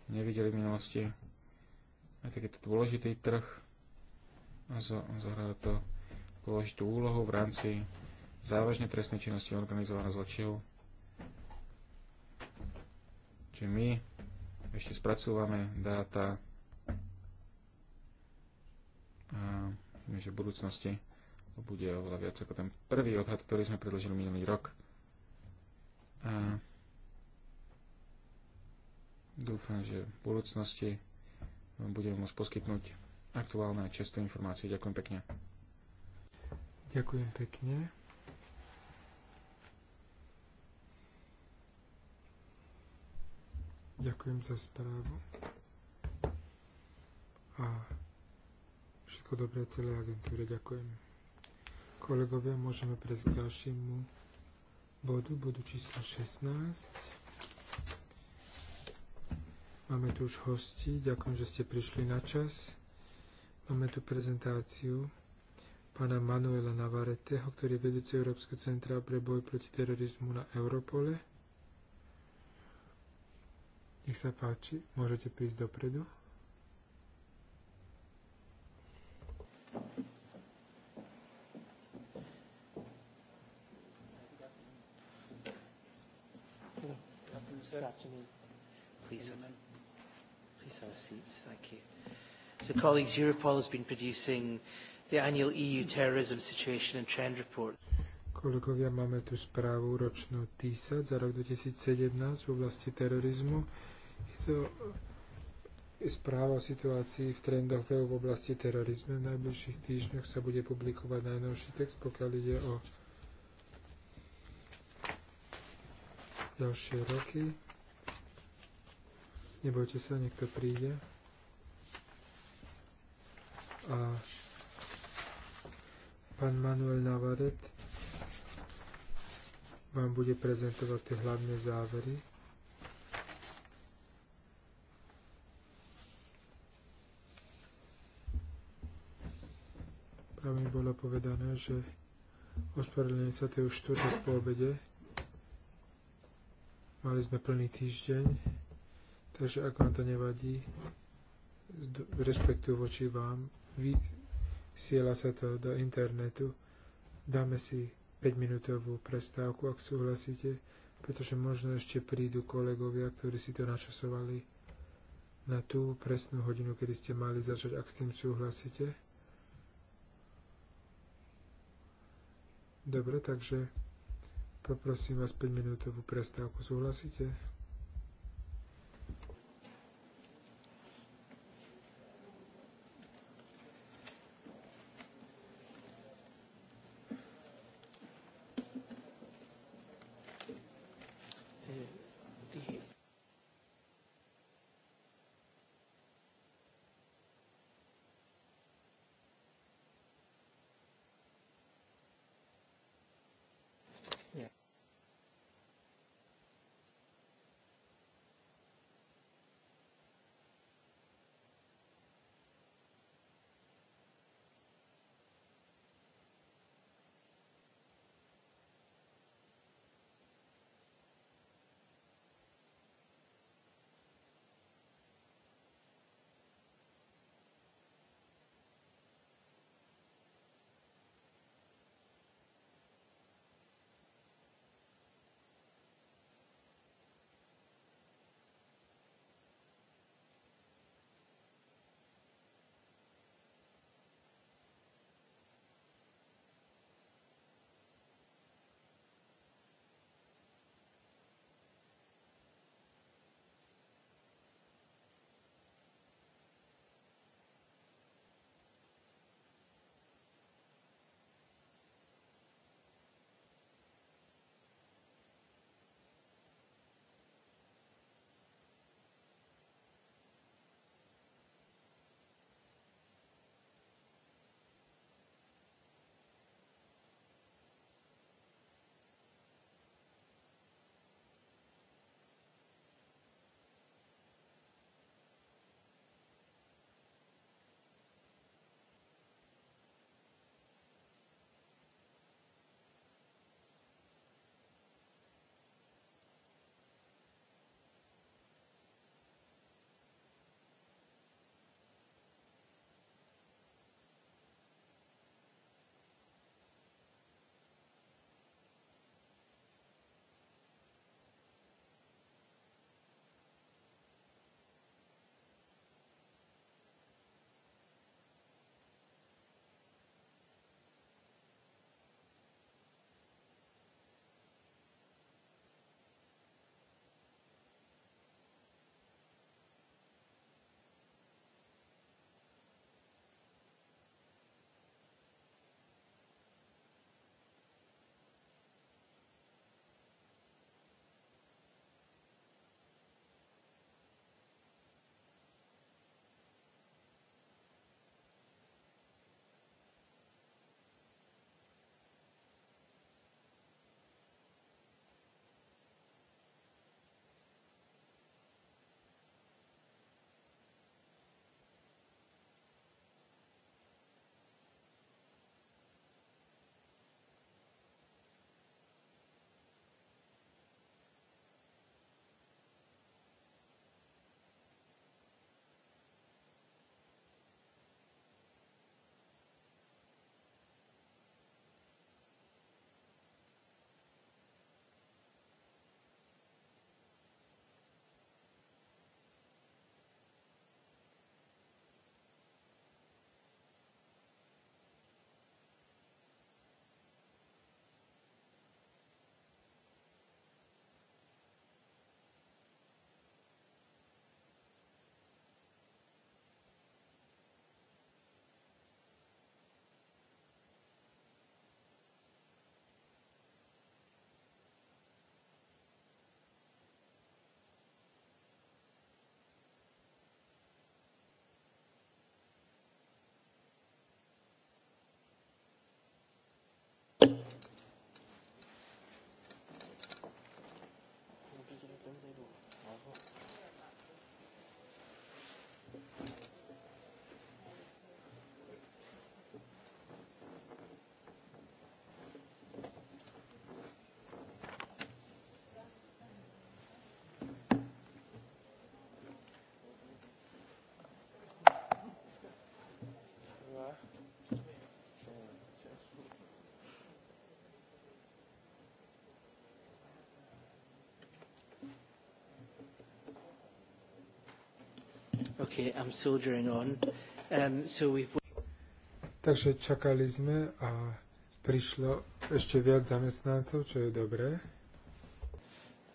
nevideli v minulosti aj takýto dôležitý trh a zohrá to dôležitú úlohu v rámci závažnej trestnej činnosti organizovaného zločinu. Čiže my ešte spracúvame dáta a že v budúcnosti to bude oveľa viac ako ten prvý odhad, ktorý sme predložili minulý rok. A dúfam, že v budúcnosti budeme môcť poskytnúť aktuálne a čestné informácie. Ďakujem pekne. Ďakujem pekne. Ďakujem za správu. A všetko dobré celé agentúre. Ďakujem. Kolegovia, môžeme prejsť k ďalšiemu bodu, bodu číslo 16. Máme tu už hosti. Ďakujem, že ste prišli na čas. Máme tu prezentáciu pána Manuela Navareteho, ktorý je vedúci Európskeho centra pre boj proti terorizmu na Europole. Nech sa páči, môžete prísť dopredu. Please have, please have a seat. Thank you. So, colleagues, Europol has been producing the annual EU terrorism situation and trend report. Kolegovia, máme tu správu ročnú TISA za rok 2017 v oblasti terorizmu. Je to správa o situácii v trendoch v EU v oblasti terorizmu. V najbližších týždňoch sa bude publikovať najnovší text, pokiaľ ide o ďalšie roky. Nebojte sa, niekto príde. A pán Manuel Navaret vám bude prezentovať tie hlavné závery. rečníka mi bolo povedané, že ospravedlňujem sa, to je už štvrtok po obede. Mali sme plný týždeň, takže ak vám to nevadí, z rešpektu voči vám, vysiela sa to do internetu. Dáme si 5-minútovú prestávku, ak súhlasíte, pretože možno ešte prídu kolegovia, ktorí si to načasovali na tú presnú hodinu, kedy ste mali začať, ak s tým súhlasíte. Dobre, takže poprosím vás 5 minútovú prestávku. Súhlasíte? I'm soldiering on. Um, so we've... Takže čakali sme a prišlo ešte viac zamestnancov, čo je dobré.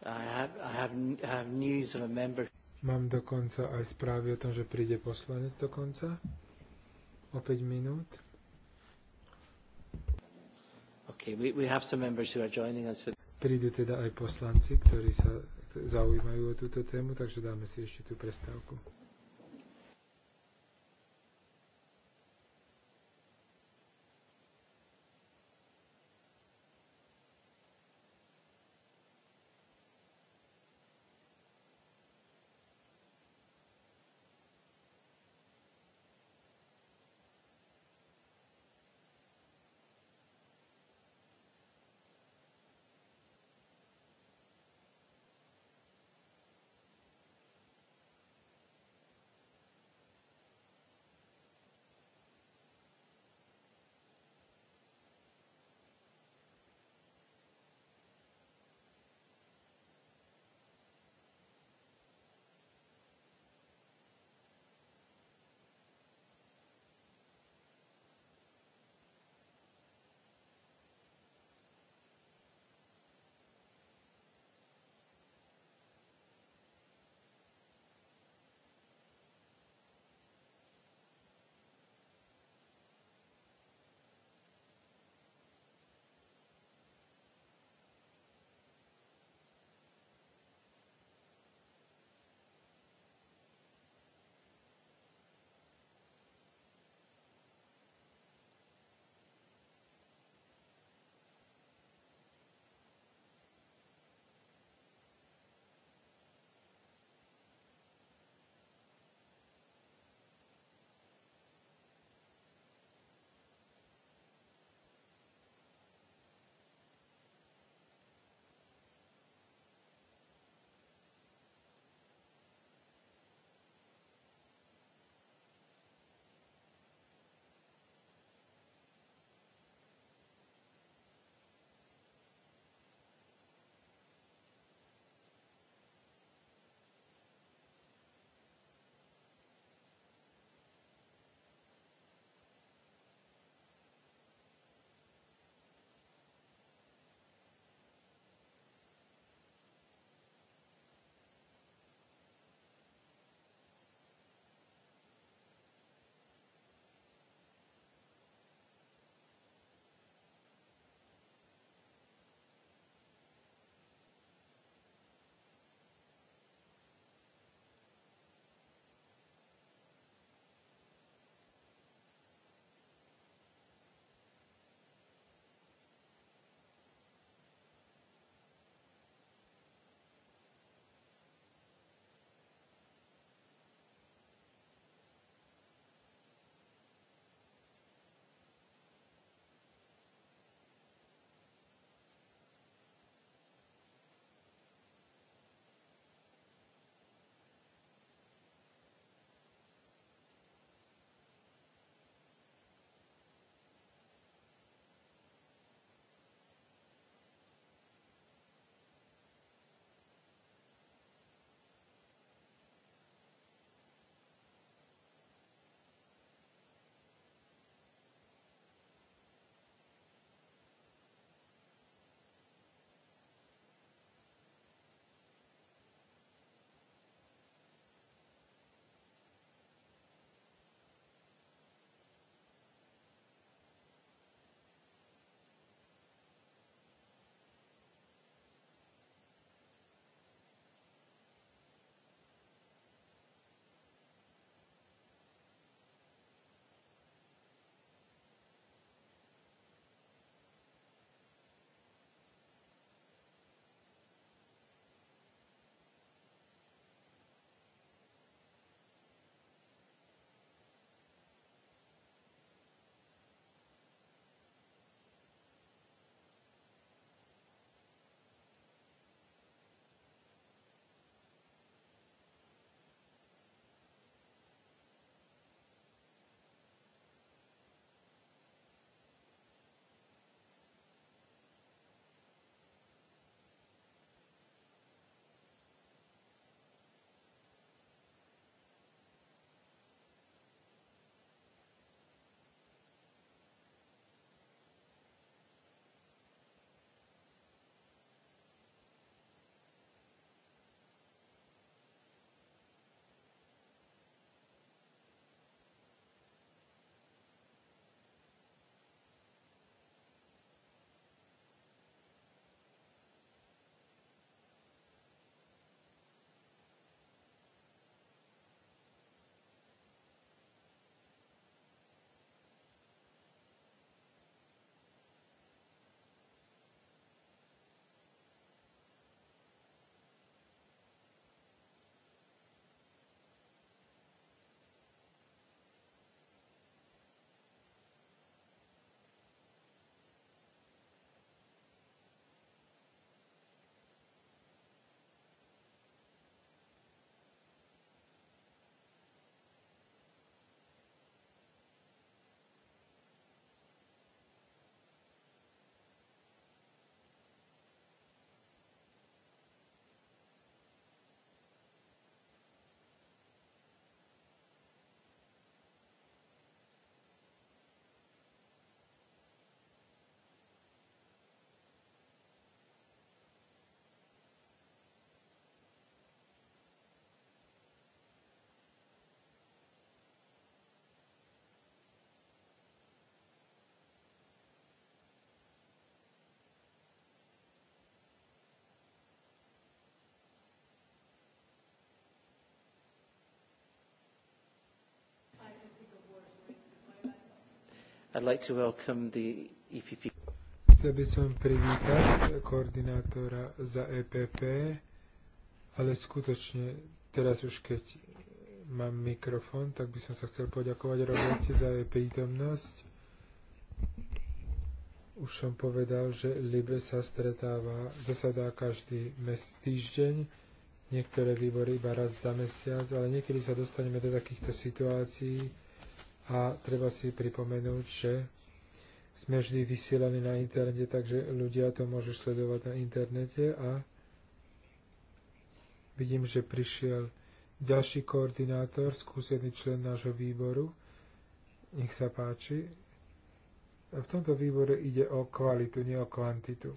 I have, I have, I have news of a member. Mám dokonca aj správy o tom, že príde poslanec dokonca. O 5 minút. Okay, we, we have some members who are joining us for... Prídu teda aj poslanci, ktorí sa zaujímajú o túto tému, takže dáme si ešte tú prestávku. I'd like to welcome the EPP. Chcel by som privítať koordinátora za EPP, ale skutočne teraz už keď mám mikrofón, tak by som sa chcel poďakovať Roberte za jej prítomnosť. Už som povedal, že Libe sa stretáva, zasadá každý mes týždeň, niektoré výbory iba raz za mesiac, ale niekedy sa dostaneme do takýchto situácií, a treba si pripomenúť, že sme vždy vysielaní na internete, takže ľudia to môžu sledovať na internete a vidím, že prišiel ďalší koordinátor, skúsený člen nášho výboru. Nech sa páči. V tomto výbore ide o kvalitu, nie o kvantitu.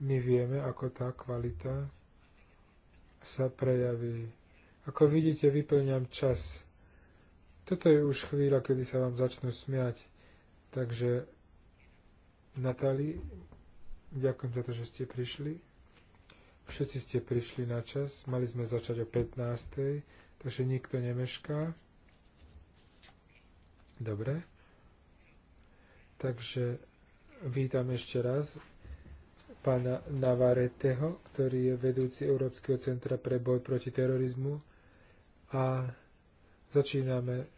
My vieme, ako tá kvalita sa prejaví. Ako vidíte, vyplňam čas toto je už chvíľa, kedy sa vám začnú smiať. Takže, Natali, ďakujem za to, že ste prišli. Všetci ste prišli na čas. Mali sme začať o 15. Takže nikto nemešká. Dobre. Takže vítam ešte raz pána Navareteho, ktorý je vedúci Európskeho centra pre boj proti terorizmu a začíname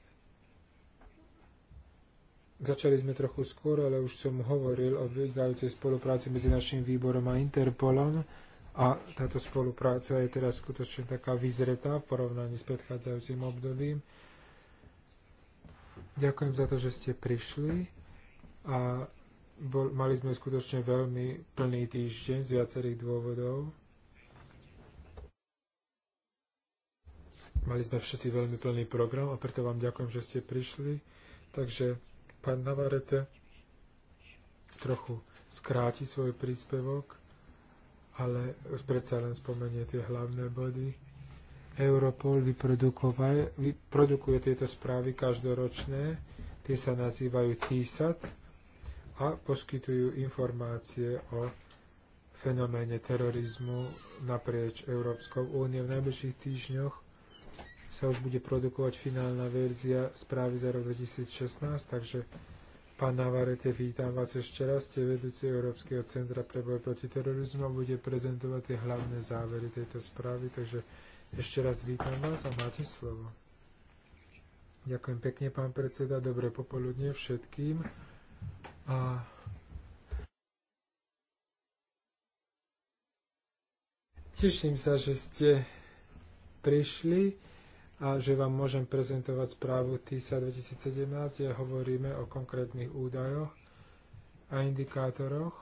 Začali sme trochu skôr, ale už som hovoril o vynikajúcej spolupráci medzi našim výborom a Interpolom a táto spolupráca je teraz skutočne taká vyzretá v porovnaní s predchádzajúcim obdobím. Ďakujem za to, že ste prišli a bol, mali sme skutočne veľmi plný týždeň z viacerých dôvodov. Mali sme všetci veľmi plný program a preto vám ďakujem, že ste prišli. Takže pán Navarete trochu skráti svoj príspevok, ale predsa len spomenie tie hlavné body. Europol vyprodukuje tieto správy každoročné, tie sa nazývajú TISAT a poskytujú informácie o fenoméne terorizmu naprieč Európskou úniou v najbližších týždňoch sa už bude produkovať finálna verzia správy za rok 2016, takže Pán Navarete, vítam vás ešte raz. Ste vedúci Európskeho centra pre boj proti terorizmu a bude prezentovať tie hlavné závery tejto správy. Takže ešte raz vítam vás a máte slovo. Ďakujem pekne, pán predseda. Dobré popoludne všetkým. A Teším sa, že ste prišli a že vám môžem prezentovať správu TISA 2017, kde hovoríme o konkrétnych údajoch a indikátoroch,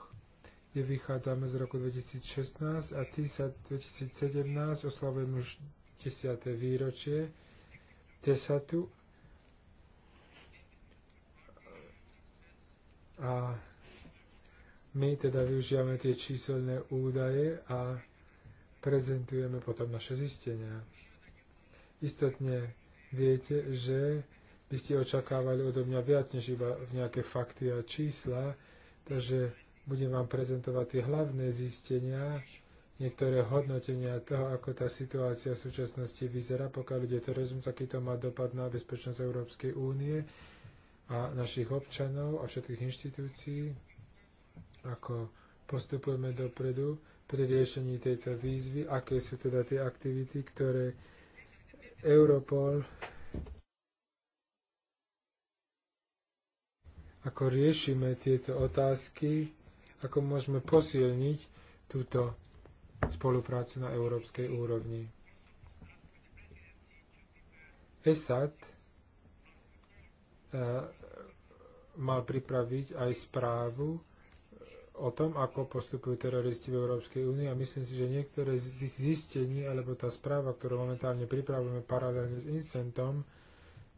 kde vychádzame z roku 2016 a TISA 2017 oslavujeme už 10. výročie TESATu a my teda využívame tie číselné údaje a prezentujeme potom naše zistenia. Istotne viete, že by ste očakávali odo mňa viac než iba nejaké fakty a čísla, takže budem vám prezentovať tie hlavné zistenia, niektoré hodnotenia toho, ako tá situácia v súčasnosti vyzerá, pokiaľ ide terorizmus, aký to má dopad na bezpečnosť Európskej únie a našich občanov a všetkých inštitúcií, ako postupujeme dopredu pri riešení tejto výzvy, aké sú teda tie aktivity, ktoré Europol ako riešime tieto otázky, ako môžeme posilniť túto spoluprácu na európskej úrovni. ESAT e, mal pripraviť aj správu o tom, ako postupujú teroristi v Európskej únii a myslím si, že niektoré z ich zistení alebo tá správa, ktorú momentálne pripravujeme paralelne s Incentom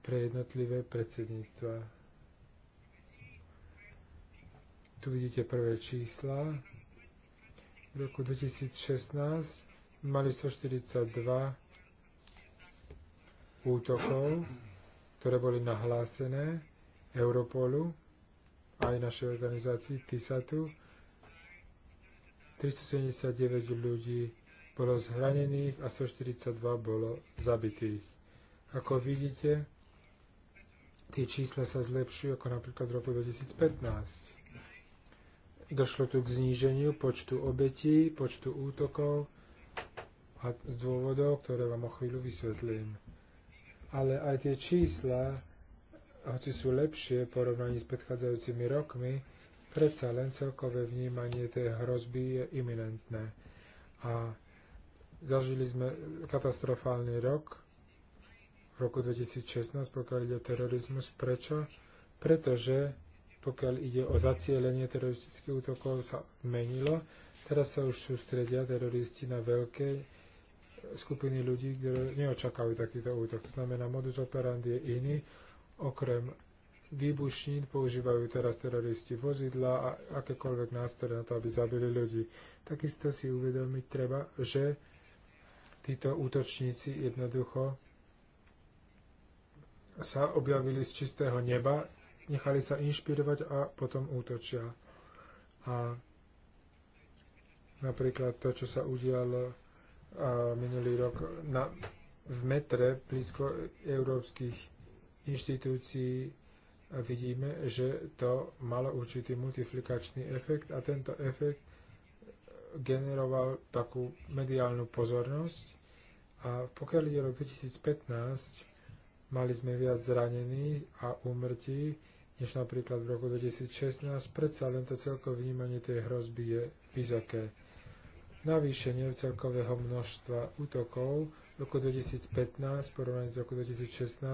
pre jednotlivé predsedníctva. Tu vidíte prvé čísla. V roku 2016 mali 142 útokov, ktoré boli nahlásené Europolu aj našej organizácii TISATu 379 ľudí bolo zranených a 142 bolo zabitých. Ako vidíte, tie čísla sa zlepšujú, ako napríklad v roku 2015. Došlo tu k zníženiu počtu obetí, počtu útokov a z dôvodov, ktoré vám o chvíľu vysvetlím. Ale aj tie čísla, hoci sú lepšie v porovnaní s predchádzajúcimi rokmi, predsa len celkové vnímanie tej hrozby je iminentné. A zažili sme katastrofálny rok, v roku 2016, pokiaľ ide o terorizmus. Prečo? Pretože pokiaľ ide o zacielenie teroristických útokov, sa menilo. Teraz sa už sústredia teroristi na veľké skupiny ľudí, ktoré neočakajú takýto útok. To znamená, modus operandi je iný. Okrem výbušnín používajú teraz teroristi vozidla a akékoľvek nástroje na to, aby zabili ľudí. Takisto si uvedomiť treba, že títo útočníci jednoducho sa objavili z čistého neba, nechali sa inšpirovať a potom útočia. A napríklad to, čo sa udialo minulý rok na, v metre blízko európskych inštitúcií vidíme, že to malo určitý multiplikačný efekt a tento efekt generoval takú mediálnu pozornosť. A pokiaľ ide rok 2015, mali sme viac zranených a úmrtí, než napríklad v roku 2016, predsa len to celkové vnímanie tej hrozby je vysoké. Navýšenie celkového množstva útokov v roku 2015 porovnaní s roku 2016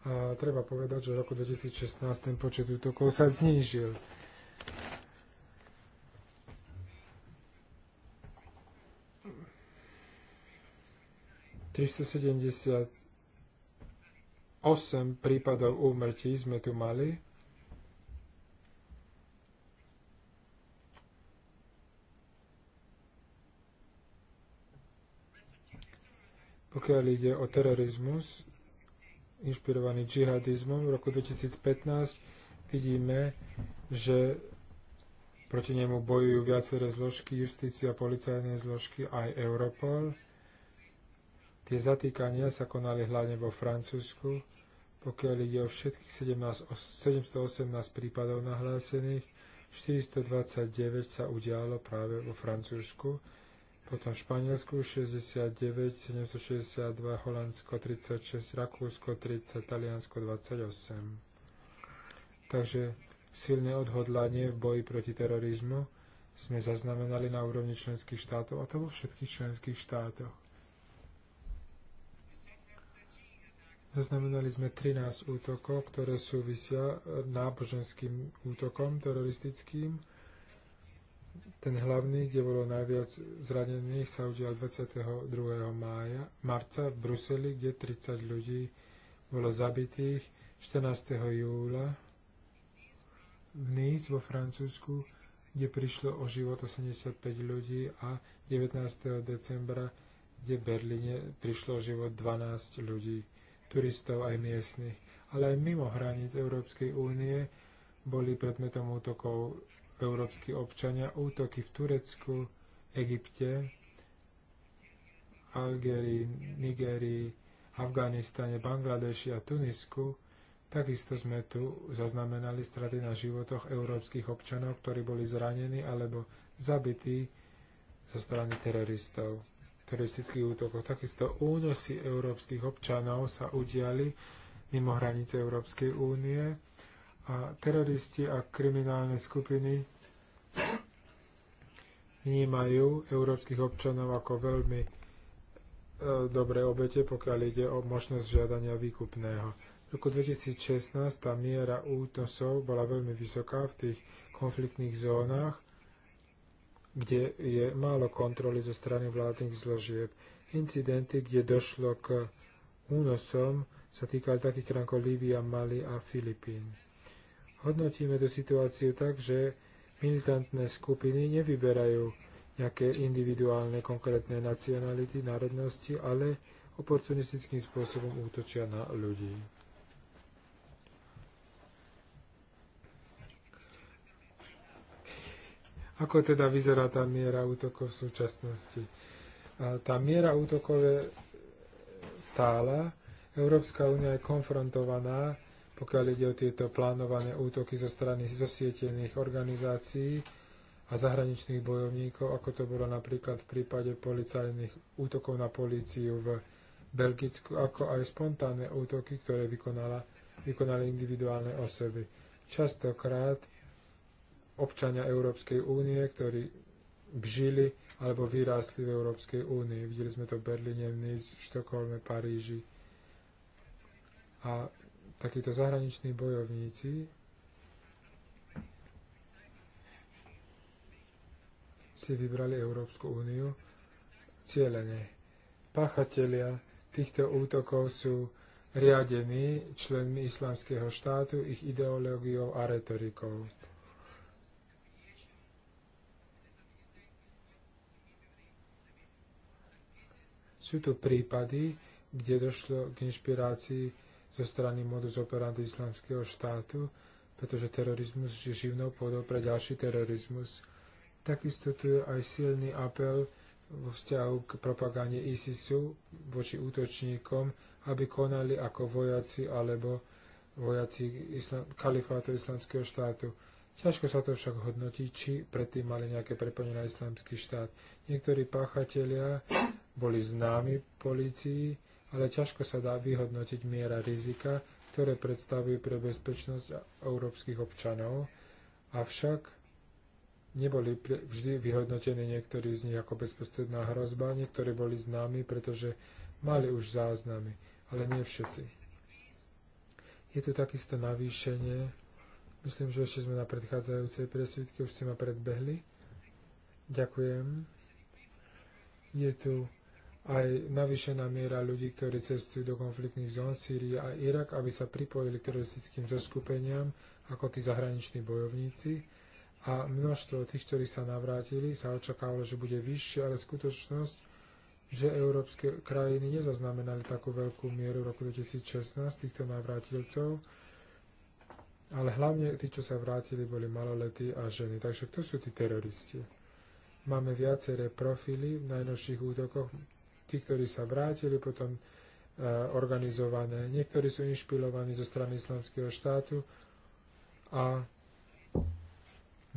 A treba povedať, že v roku 2016 ten počet útokov sa znížil. Osem prípadov úmrtí sme tu mali. Pokiaľ ide o terorizmus, inšpirovaný džihadizmom v roku 2015 vidíme, že proti nemu bojujú viaceré zložky, justícia, policajné zložky, aj Europol. Tie zatýkania sa konali hlavne vo Francúzsku, pokiaľ ide o všetkých 17, 718 prípadov nahlásených, 429 sa udialo práve vo Francúzsku potom Španielsku 69, 762, Holandsko 36, Rakúsko 30, Taliansko 28. Takže silné odhodlanie v boji proti terorizmu sme zaznamenali na úrovni členských štátov, a to vo všetkých členských štátoch. Zaznamenali sme 13 útokov, ktoré súvisia náboženským útokom teroristickým, ten hlavný, kde bolo najviac zranených, sa udial 22. Mája, marca v Bruseli, kde 30 ľudí bolo zabitých. 14. júla v Nice vo Francúzsku, kde prišlo o život 85 ľudí a 19. decembra, kde v Berlíne prišlo o život 12 ľudí, turistov aj miestnych. Ale aj mimo hraníc Európskej únie boli predmetom útokov európsky občania, útoky v Turecku, Egypte, Algérii, Nigérii, Afganistane, Bangladeši a Tunisku, takisto sme tu zaznamenali straty na životoch európskych občanov, ktorí boli zranení alebo zabití zo strany teroristov teroristických útokoch. Takisto únosy európskych občanov sa udiali mimo hranice Európskej únie a teroristi a kriminálne skupiny vnímajú európskych občanov ako veľmi e, dobré obete, pokiaľ ide o možnosť žiadania výkupného. V roku 2016 tá miera útosov bola veľmi vysoká v tých konfliktných zónach, kde je málo kontroly zo strany vládnych zložieb. Incidenty, kde došlo k únosom, sa týkali takých krajín ako Líbia, Mali a Filipín. Hodnotíme tú situáciu tak, že militantné skupiny nevyberajú nejaké individuálne konkrétne nacionality, národnosti, ale oportunistickým spôsobom útočia na ľudí. Ako teda vyzerá tá miera útokov v súčasnosti? Tá miera útokov je stála. Európska únia je konfrontovaná pokiaľ ide o tieto plánované útoky zo strany zosietených organizácií a zahraničných bojovníkov, ako to bolo napríklad v prípade policajných útokov na políciu v Belgicku, ako aj spontánne útoky, ktoré vykonala, vykonali individuálne osoby. Častokrát občania Európskej únie, ktorí žili alebo vyrástli v Európskej únii. Videli sme to v Berlíne, v Nice, Štokholme, Paríži. A takíto zahraniční bojovníci si vybrali Európsku úniu cieľene. Páchatelia týchto útokov sú riadení členmi islamského štátu, ich ideológiou a retorikou. Sú tu prípady, kde došlo k inšpirácii zo strany modus operandi islamského štátu, pretože terorizmus je živnou pôdou pre ďalší terorizmus. Takisto tu je aj silný apel vo vzťahu k propagande ISISu voči útočníkom, aby konali ako vojaci alebo vojaci islam, kalifátu islamského štátu. Ťažko sa to však hodnotí, či predtým mali nejaké prepojenie na islamský štát. Niektorí páchatelia boli známi polícii, ale ťažko sa dá vyhodnotiť miera rizika, ktoré predstavujú pre bezpečnosť európskych občanov, avšak neboli vždy vyhodnotení niektorí z nich ako bezprostredná hrozba, niektorí boli známi, pretože mali už záznamy, ale nie všetci. Je tu takisto navýšenie, myslím, že ešte sme na predchádzajúcej presvítke, už ste ma predbehli. Ďakujem. Je tu aj navýšená miera ľudí, ktorí cestujú do konfliktných zón Sýrie a Irak, aby sa pripojili k teroristickým zoskupeniam ako tí zahraniční bojovníci. A množstvo tých, ktorí sa navrátili, sa očakávalo, že bude vyššie, ale skutočnosť, že európske krajiny nezaznamenali takú veľkú mieru v roku 2016 týchto navrátilcov, ale hlavne tí, čo sa vrátili, boli maloletí a ženy. Takže kto sú tí teroristi? Máme viaceré profily v najnovších útokoch tí, ktorí sa vrátili, potom eh, organizované. Niektorí sú inšpirovaní zo strany Islamského štátu a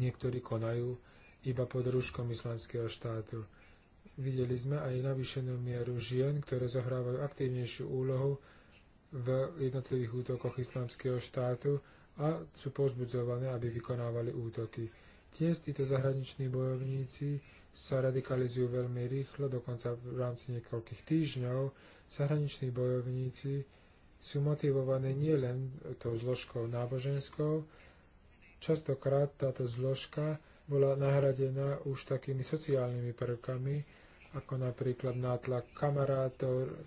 niektorí konajú iba pod rúškom Islamského štátu. Videli sme aj navýšenú mieru žien, ktoré zohrávajú aktívnejšiu úlohu v jednotlivých útokoch Islamského štátu a sú pozbudzované, aby vykonávali útoky. Dnes títo zahraniční bojovníci sa radikalizujú veľmi rýchlo, dokonca v rámci niekoľkých týždňov. Zahraniční bojovníci sú motivovaní nielen tou zložkou náboženskou, častokrát táto zložka bola nahradená už takými sociálnymi prvkami, ako napríklad nátlak kamarátov,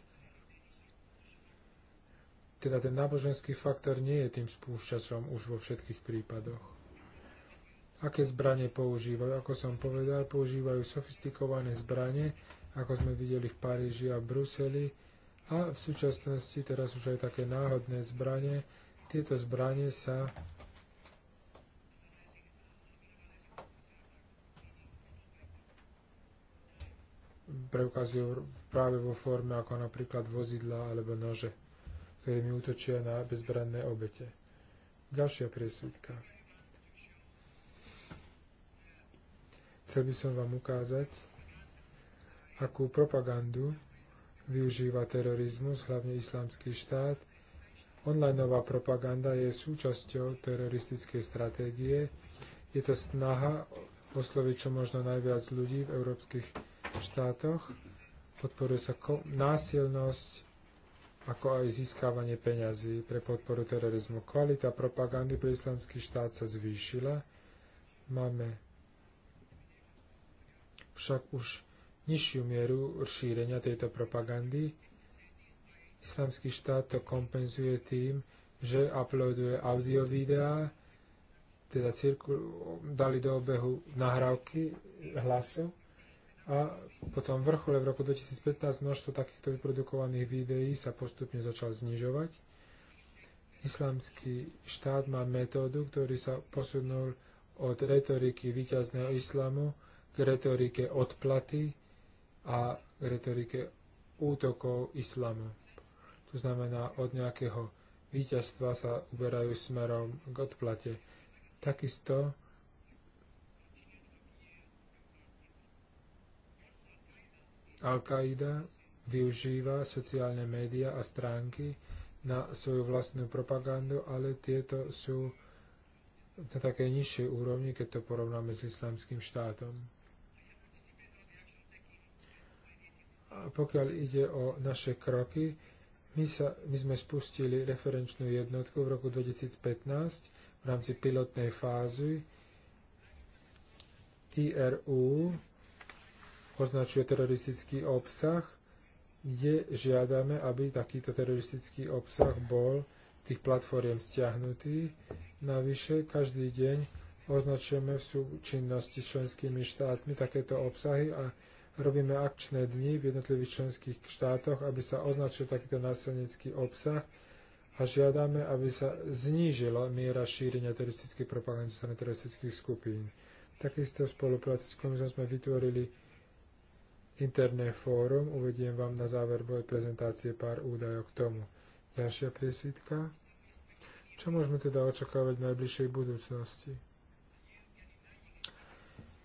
teda ten náboženský faktor nie je tým spúšťačom už vo všetkých prípadoch aké zbranie používajú. Ako som povedal, používajú sofistikované zbranie, ako sme videli v Paríži a v Bruseli, a v súčasnosti teraz už aj také náhodné zbranie. Tieto zbranie sa preukazujú práve vo forme ako napríklad vozidla alebo nože, ktoré mi útočia na bezbranné obete. Ďalšia priesvitka. Chcel by som vám ukázať, akú propagandu využíva terorizmus, hlavne islamský štát. Onlineová propaganda je súčasťou teroristickej stratégie. Je to snaha osloviť čo možno najviac ľudí v európskych štátoch. Podporuje sa násilnosť, ako aj získavanie peňazí pre podporu terorizmu. Kvalita propagandy pre islamský štát sa zvýšila. Máme však už nižšiu mieru šírenia tejto propagandy. Islamský štát to kompenzuje tým, že uploaduje audiovideá, teda cirkul, dali do obehu nahrávky hlasu a potom vrchole v roku 2015 množstvo takýchto vyprodukovaných videí sa postupne začal znižovať. Islamský štát má metódu, ktorý sa posunul od retoriky víťazného islamu k retorike odplaty a k retorike útokov islamu. To znamená, od nejakého víťazstva sa uberajú smerom k odplate. Takisto Al-Qaida využíva sociálne médiá a stránky na svoju vlastnú propagandu, ale tieto sú na také nižšej úrovni, keď to porovnáme s islamským štátom. pokiaľ ide o naše kroky, my, sa, my sme spustili referenčnú jednotku v roku 2015 v rámci pilotnej fázy. IRU označuje teroristický obsah, kde žiadame, aby takýto teroristický obsah bol z tých platform stiahnutý. Navyše, každý deň označujeme v súčinnosti s členskými štátmi takéto obsahy a Robíme akčné dni v jednotlivých členských štátoch, aby sa označil takýto násilnícky obsah a žiadame, aby sa znížila miera šírenia teroristických propagandy zo strany teroristických skupín. Takisto v spolupráci s komisom sme vytvorili interné fórum. Uvediem vám na záver mojej prezentácie pár údajov k tomu. Ďalšia priesvitka. Čo môžeme teda očakávať v najbližšej budúcnosti?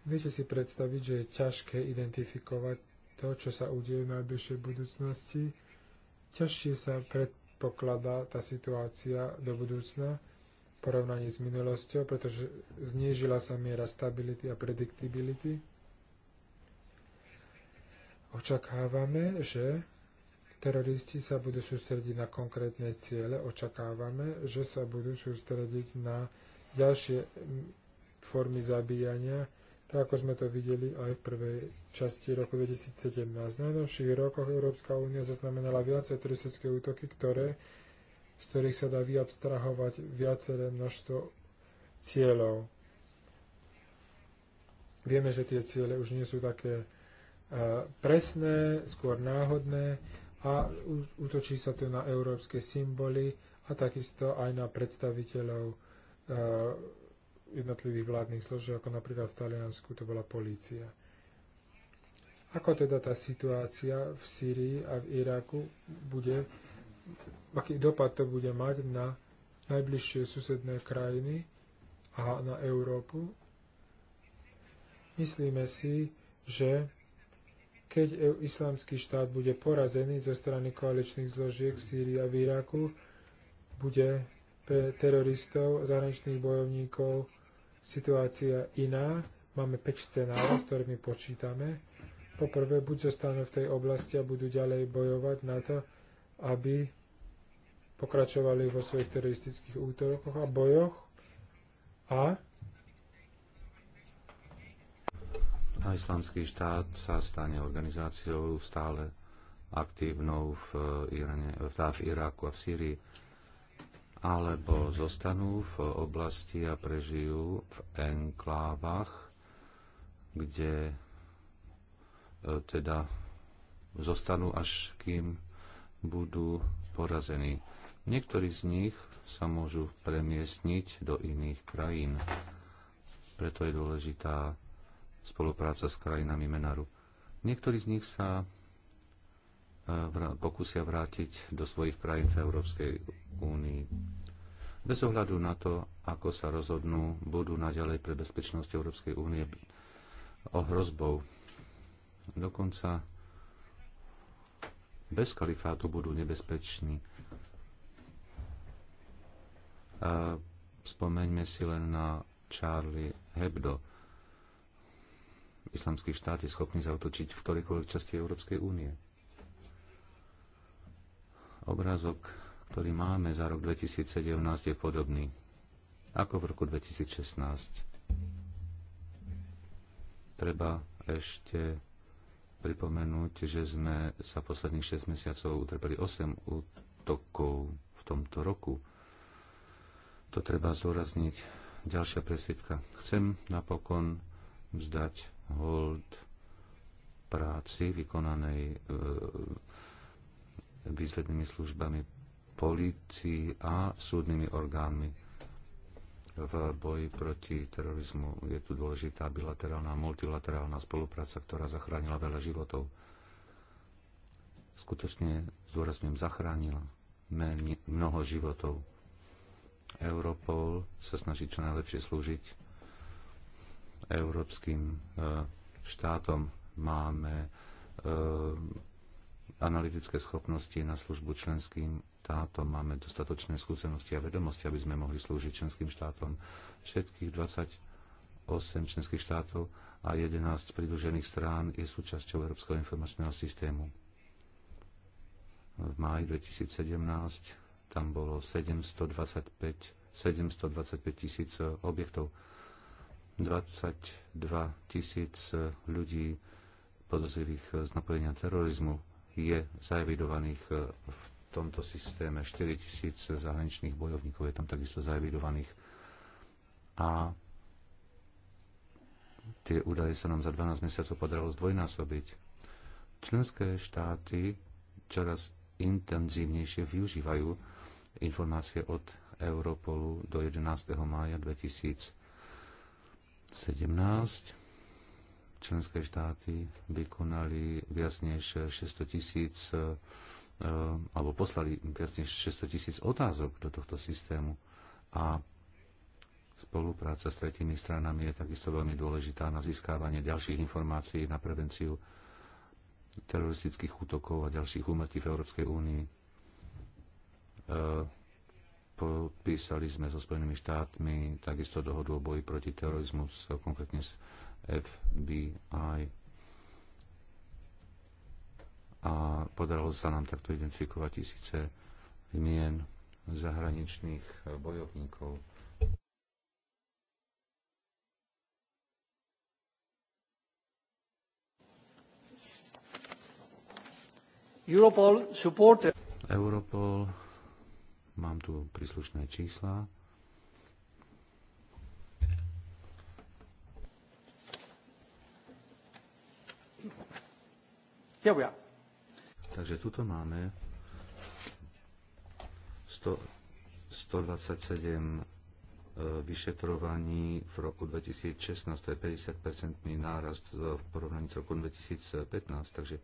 Viete si predstaviť, že je ťažké identifikovať to, čo sa udeje v najbližšej budúcnosti. Ťažšie sa predpokladá tá situácia do budúcna v porovnaní s minulosťou, pretože znížila sa miera stability a predictability. Očakávame, že teroristi sa budú sústrediť na konkrétne ciele, očakávame, že sa budú sústrediť na ďalšie formy zabíjania, tak ako sme to videli aj v prvej časti roku 2017. V najnovších rokoch Európska únia zaznamenala viacej teroristické útoky, ktoré, z ktorých sa dá vyabstrahovať viaceré množstvo cieľov. Vieme, že tie ciele už nie sú také e, presné, skôr náhodné a útočí sa tu na európske symboly a takisto aj na predstaviteľov e, jednotlivých vládnych zložiek, ako napríklad v Taliansku to bola polícia. Ako teda tá situácia v Sýrii a v Iraku bude, aký dopad to bude mať na najbližšie susedné krajiny a na Európu? Myslíme si, že keď e- islamský štát bude porazený zo strany koaličných zložiek v Sýrii a v Iraku, bude pre teroristov, zahraničných bojovníkov situácia iná. Máme 5 scenárov, s ktorými počítame. Poprvé, buď zostanú v tej oblasti a budú ďalej bojovať na to, aby pokračovali vo svojich teroristických útorokoch a bojoch a a islamský štát sa stane organizáciou stále aktívnou v, v, v Iraku a v Sýrii alebo zostanú v oblasti a prežijú v enklávach, kde e, teda zostanú až kým budú porazení. Niektorí z nich sa môžu premiestniť do iných krajín. Preto je dôležitá spolupráca s krajinami Menaru. Niektorí z nich sa pokusia vrátiť do svojich krajín v Európskej únii. Bez ohľadu na to, ako sa rozhodnú, budú naďalej pre bezpečnosť Európskej únie ohrozbou. Dokonca bez kalifátu budú nebezpeční. A spomeňme si len na Charlie Hebdo. Islamský štát je schopný zautočiť v ktorejkoľvek časti Európskej únie obrázok, ktorý máme za rok 2017, je podobný ako v roku 2016. Treba ešte pripomenúť, že sme sa posledných 6 mesiacov utrpeli 8 útokov v tomto roku. To treba zdôrazniť. Ďalšia presvitka. Chcem napokon vzdať hold práci vykonanej e, výzvednými službami, polícii a súdnymi orgánmi v boji proti terorizmu. Je tu dôležitá bilaterálna a multilaterálna spolupráca, ktorá zachránila veľa životov. Skutočne, zúrazňujem, zachránila mnoho životov. Europol sa snaží čo najlepšie slúžiť európskym e, štátom. Máme e, analytické schopnosti na službu členským štátom, máme dostatočné skúsenosti a vedomosti, aby sme mohli slúžiť členským štátom. Všetkých 28 členských štátov a 11 pridružených strán je súčasťou Európskeho informačného systému. V máji 2017 tam bolo 725, 725 tisíc objektov. 22 tisíc ľudí podozrivých z napojenia terorizmu je zaevidovaných e, v tomto systéme. 4 tisíc zahraničných bojovníkov je tam takisto zaevidovaných. A tie údaje sa nám za 12 mesiacov podarilo zdvojnásobiť. Členské štáty čoraz intenzívnejšie využívajú informácie od Europolu do 11. mája 2017 členské štáty vykonali viac než 600 tisíc e, alebo poslali viac než 600 tisíc otázok do tohto systému a spolupráca s tretími stranami je takisto veľmi dôležitá na získávanie ďalších informácií na prevenciu teroristických útokov a ďalších úmrtí v Európskej únii. E, podpísali sme so Spojenými štátmi takisto dohodu o boji proti terorizmu, konkrétne s FBI. A podarilo sa nám takto identifikovať tisíce mien zahraničných bojovníkov. Europol, support... Europol, mám tu príslušné čísla. Here we are. Takže tuto máme 100, 127 e, vyšetrovaní v roku 2016, to je 50 nárast e, v porovnaní s roku 2015, takže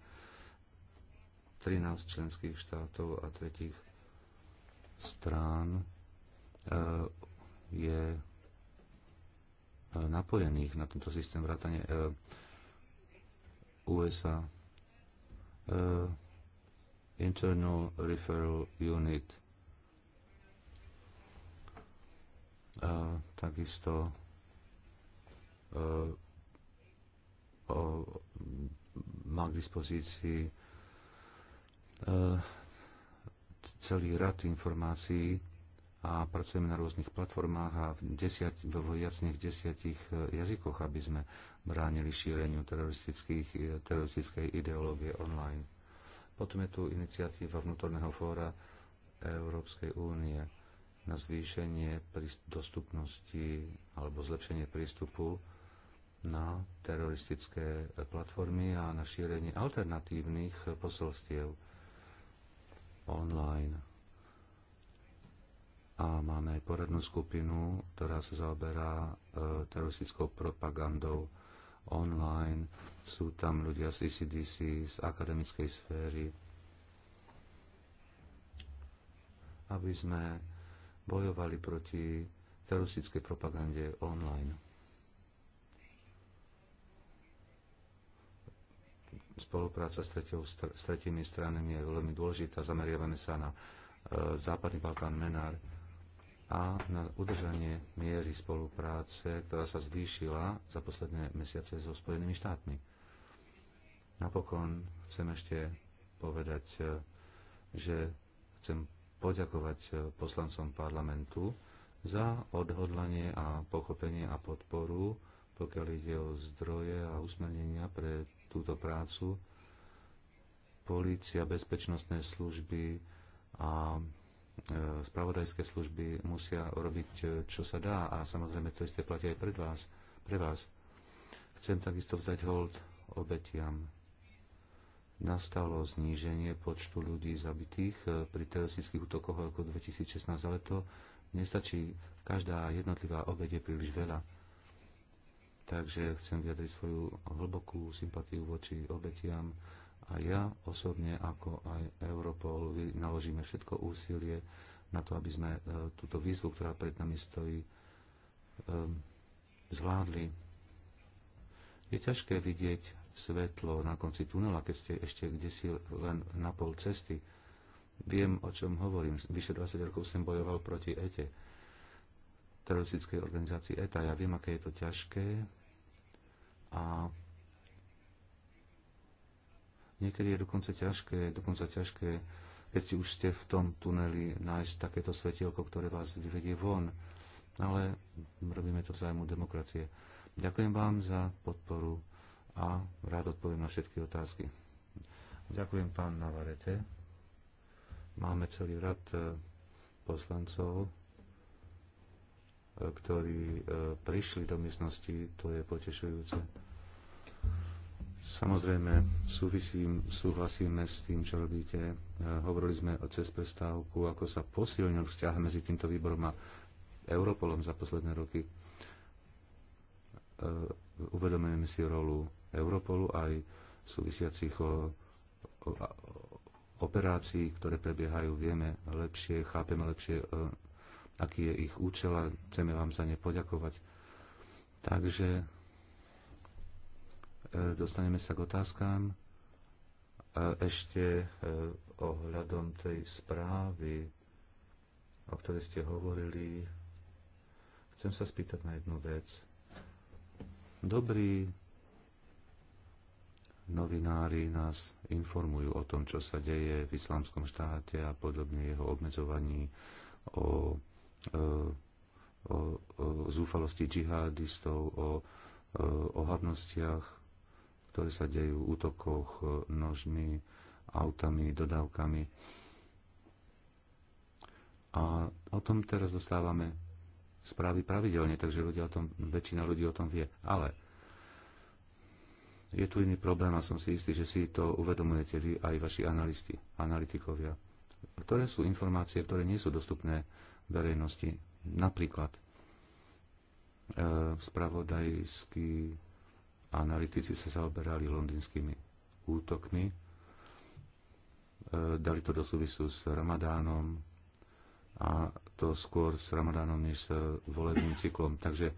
13 členských štátov a tretich strán e, je napojených na tento systém vrátane USA, uh Internal Referral Unit. uh takisto eh, o, má k dispozícii celý rad informácií, a pracujeme na rôznych platformách a v desiat, vo viac než desiatich e, jazykoch, aby sme bránili šíreniu e, teroristickej ideológie online. Potom je tu iniciatíva vnútorného fóra Európskej únie na zvýšenie dostupnosti alebo zlepšenie prístupu na teroristické platformy a na šírenie alternatívnych posolstiev online a máme aj poradnú skupinu, ktorá sa zaoberá e, teroristickou propagandou online. Sú tam ľudia z ICDC, e z akademickej sféry, aby sme bojovali proti teroristickej propagande online. Spolupráca s, tretiou, s tretími stranami je veľmi dôležitá. Zameriavame sa na e, Západný Balkán, Menár, a na udržanie miery spolupráce, ktorá sa zvýšila za posledné mesiace so Spojenými štátmi. Napokon chcem ešte povedať, eh, že chcem poďakovať eh, poslancom parlamentu za odhodlanie a pochopenie a podporu, pokiaľ ide o zdroje a usmernenia pre túto prácu. Polícia, bezpečnostné služby a E, spravodajské služby musia robiť, e, čo sa dá a samozrejme to isté platí aj pre vás, pre vás. Chcem takisto vzdať hold obetiam. Nastalo zníženie počtu ľudí zabitých e, pri teroristických útokoch roku 2016, ale to nestačí. Každá jednotlivá obeď je príliš veľa. Takže chcem vyjadriť svoju hlbokú sympatiu voči obetiam a ja osobne, ako aj Europol, naložíme všetko úsilie na to, aby sme e, túto výzvu, ktorá pred nami stojí, e, zvládli. Je ťažké vidieť svetlo na konci tunela, keď ste ešte kde si len na pol cesty. Viem, o čom hovorím. Vyše 20 rokov som bojoval proti ETE, e, teroristickej organizácii ETA. Ja viem, aké je to ťažké a Niekedy je dokonca ťažké, dokonca ťažké, keď si už ste v tom tuneli, nájsť takéto svetielko, ktoré vás vyvedie von. Ale robíme to v zájmu demokracie. Ďakujem vám za podporu a rád odpoviem na všetky otázky. Ďakujem pán Navarete. Máme celý rad e, poslancov, e, ktorí e, prišli do miestnosti, to je potešujúce. Samozrejme, súvisím, súhlasíme s tým, čo robíte. E, hovorili sme o cez prestávku, ako sa posilnil vzťah medzi týmto výborom a Europolom za posledné roky. E, uvedomujeme si rolu Europolu aj súvisiacich o, o, operácií, ktoré prebiehajú. Vieme lepšie, chápeme lepšie, e, aký je ich účel a chceme vám za ne poďakovať. Takže dostaneme sa k otázkám. Ešte e, ohľadom tej správy, o ktorej ste hovorili, chcem sa spýtať na jednu vec. Dobrý novinári nás informujú o tom, čo sa deje v islamskom štáte a podobne jeho obmedzovaní, o, o, e, o, o zúfalosti džihadistov, o, e, o ohavnostiach ktoré sa dejú v útokoch e, nožmi, autami, dodávkami. A o tom teraz dostávame správy pravidelne, takže ľudia o tom, väčšina ľudí o tom vie. Ale je tu iný problém a som si istý, že si to uvedomujete vy aj vaši analisti, analytikovia. Ktoré sú informácie, ktoré nie sú dostupné verejnosti? Napríklad e, spravodajský analytici sa zaoberali londýnskymi útokmi, e, dali to do súvisu s Ramadánom a to skôr s Ramadánom než s volebným cyklom. Takže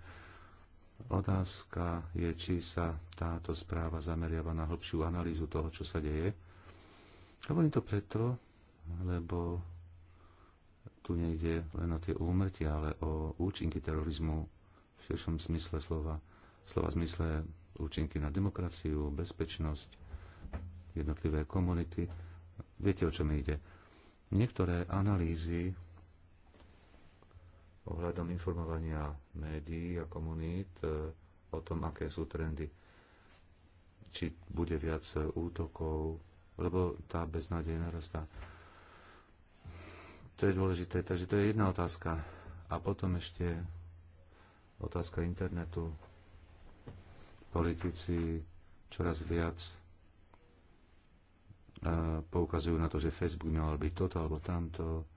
otázka je, či sa táto správa zameriava na hĺbšiu analýzu toho, čo sa deje. Hovorím to preto, lebo tu nejde len o tie úmrtia, ale o účinky terorizmu v širšom smysle slova, slova zmysle účinky na demokraciu, bezpečnosť, jednotlivé komunity. Viete, o čom ide. Niektoré analýzy ohľadom informovania médií a komunít e, o tom, aké sú trendy, či bude viac útokov, lebo tá beznádej narastá. To je dôležité, takže to je jedna otázka. A potom ešte otázka internetu, politici čoraz viac poukazujú na to, že Facebook mal byť toto alebo tamto,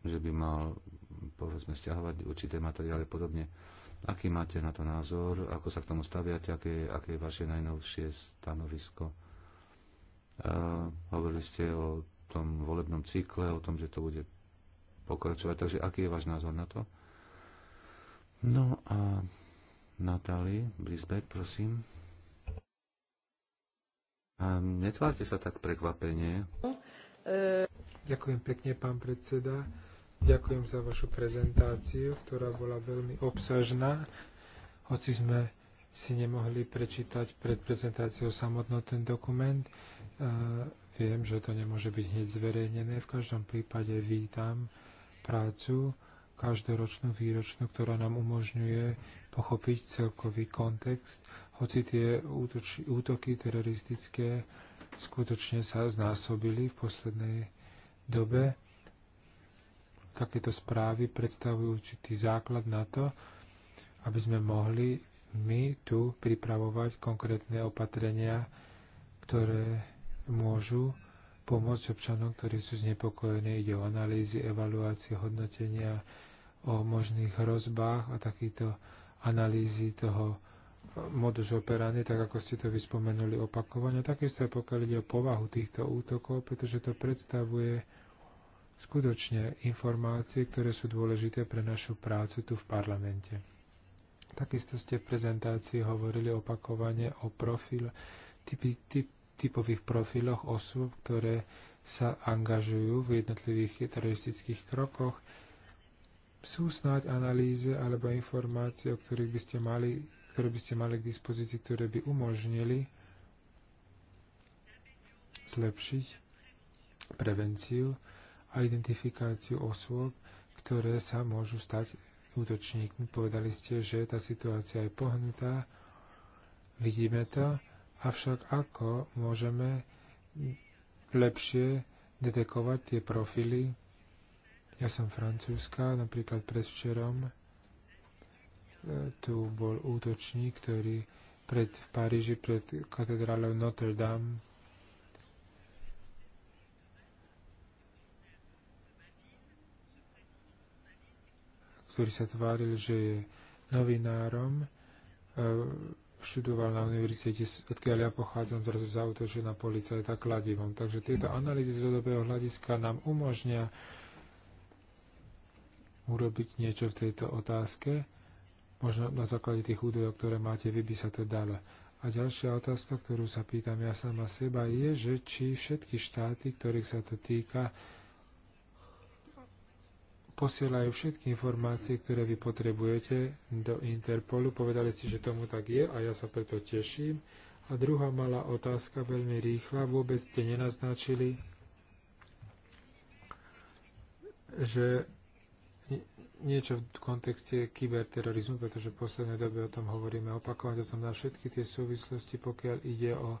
že by mal povedzme stiahovať určité materiály a podobne. Aký máte na to názor? Ako sa k tomu staviate? Aké, aké je vaše najnovšie stanovisko? Hovorili ste o tom volebnom cykle, o tom, že to bude pokračovať. Takže aký je váš názor na to? No a Natali Blisbeck, prosím. A netvárte sa tak prekvapenie. Ďakujem pekne, pán predseda. Ďakujem za vašu prezentáciu, ktorá bola veľmi obsažná, hoci sme si nemohli prečítať pred prezentáciou samotno ten dokument. Viem, že to nemôže byť hneď zverejnené. V každom prípade vítam prácu každoročnú výročnú, ktorá nám umožňuje pochopiť celkový kontext, hoci tie útoči, útoky teroristické skutočne sa znásobili v poslednej dobe. Takéto správy predstavujú určitý základ na to, aby sme mohli my tu pripravovať konkrétne opatrenia, ktoré môžu pomôcť občanom, ktorí sú znepokojení. Ide o analýzy, evaluácie, hodnotenia, o možných hrozbách a takýto analýzy toho modus operandi, tak ako ste to vyspomenuli opakovane. Takisto aj pokiaľ ide o povahu týchto útokov, pretože to predstavuje skutočne informácie, ktoré sú dôležité pre našu prácu tu v parlamente. Takisto ste v prezentácii hovorili opakovane o profil, typy, typ, typových profiloch osôb, ktoré sa angažujú v jednotlivých teroristických krokoch, sú snáď analýze alebo informácie, o ktorých by ste mali, ktoré by ste mali k dispozícii, ktoré by umožnili zlepšiť prevenciu a identifikáciu osôb, ktoré sa môžu stať útočníkmi. Povedali ste, že tá situácia je pohnutá, vidíme to, avšak ako môžeme lepšie detekovať tie profily ja som francúzska, napríklad predvčerom e, tu bol útočník, ktorý pred, v Paríži pred katedrálou Notre Dame ktorý sa tváril, že je novinárom, e, študoval na univerzite, odkiaľ ja pochádzam, zrazu zautočil na policajta kladivom. Takže tieto analýzy z hľadiska nám umožňa urobiť niečo v tejto otázke. Možno na základe tých údajov, ktoré máte, vy by sa to dalo. A ďalšia otázka, ktorú sa pýtam ja sama seba, je, že či všetky štáty, ktorých sa to týka, posielajú všetky informácie, ktoré vy potrebujete do Interpolu. Povedali ste, že tomu tak je a ja sa preto teším. A druhá malá otázka, veľmi rýchla, vôbec ste nenaznačili, že niečo v kontexte kyberterorizmu, pretože v poslednej dobe o tom hovoríme opakovane, to znamená všetky tie súvislosti, pokiaľ ide o e,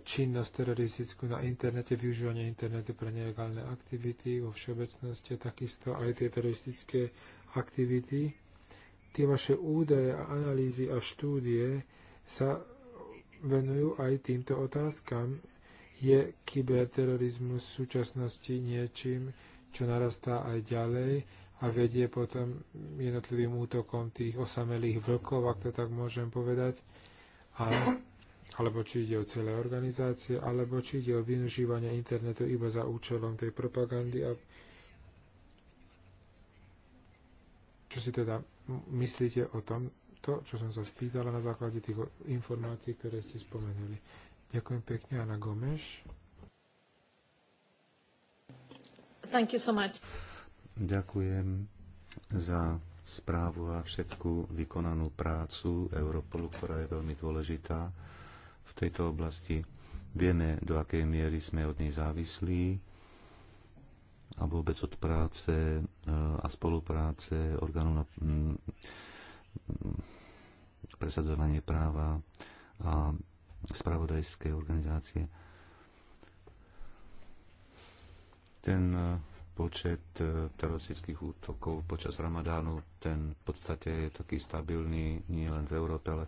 činnosť teroristickú na internete, využívanie internetu pre nelegálne aktivity vo všeobecnosti a takisto aj tie teroristické aktivity. Tie vaše údaje a analýzy a štúdie sa venujú aj týmto otázkam. Je kyberterorizmus v súčasnosti niečím, čo narastá aj ďalej? a vedie potom jednotlivým útokom tých osamelých vlkov, ak to tak môžem povedať, a, alebo či ide o celé organizácie, alebo či ide o využívanie internetu iba za účelom tej propagandy a čo si teda myslíte o tom, to, čo som sa spýtala na základe tých informácií, ktoré ste spomenuli. Ďakujem pekne, Ana Gomeš. Thank you so much. Ďakujem za správu a všetku vykonanú prácu Europolu, ktorá je veľmi dôležitá v tejto oblasti. Vieme, do akej miery sme od nej závislí a vôbec od práce eh, a spolupráce orgánov na mm, presadzovanie práva a spravodajské organizácie. Ten eh, počet e, teroristických útokov počas Ramadánu, ten v podstate je taký stabilný nie len v Európe, ale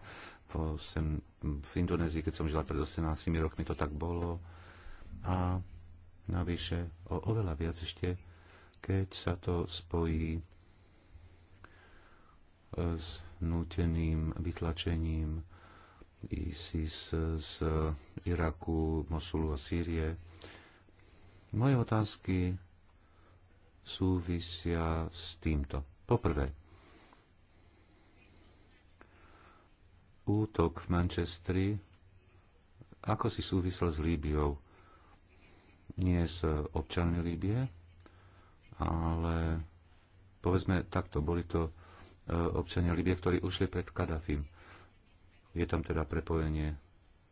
v, sem, v Indonézii, keď som žila pred 18 rokmi, to tak bolo. A navyše o, oveľa viac ešte, keď sa to spojí e, s núteným vytlačením ISIS z Iraku, Mosulu a Sýrie. Moje otázky súvisia s týmto. Poprvé, útok v Manchestri, ako si súvisel s Líbiou? Nie s občanmi Líbie, ale povedzme takto, boli to e, občania Líbie, ktorí ušli pred Kadafim. Je tam teda prepojenie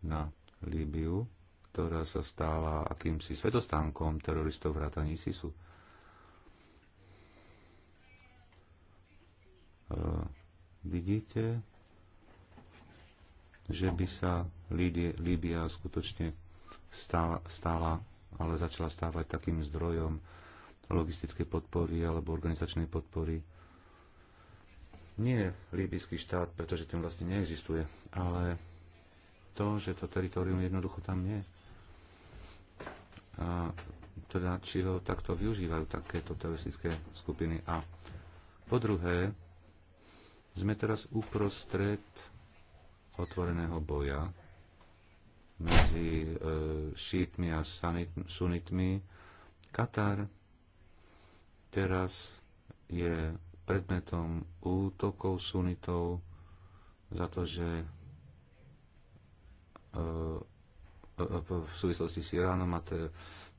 na Líbiu, ktorá sa stála akýmsi svetostánkom teroristov vrátaní SISu. vidíte, že by sa Líbia skutočne stala, ale začala stávať takým zdrojom logistickej podpory alebo organizačnej podpory. Nie líbyský štát, pretože tým vlastne neexistuje, ale to, že to teritorium jednoducho tam nie. A teda, či ho takto využívajú takéto teroristické skupiny. A po druhé, sme teraz uprostred otvoreného boja medzi e, šítmi a sunitmi. Katar teraz je predmetom útokov sunitov za to, že e, e, v súvislosti s Iránom a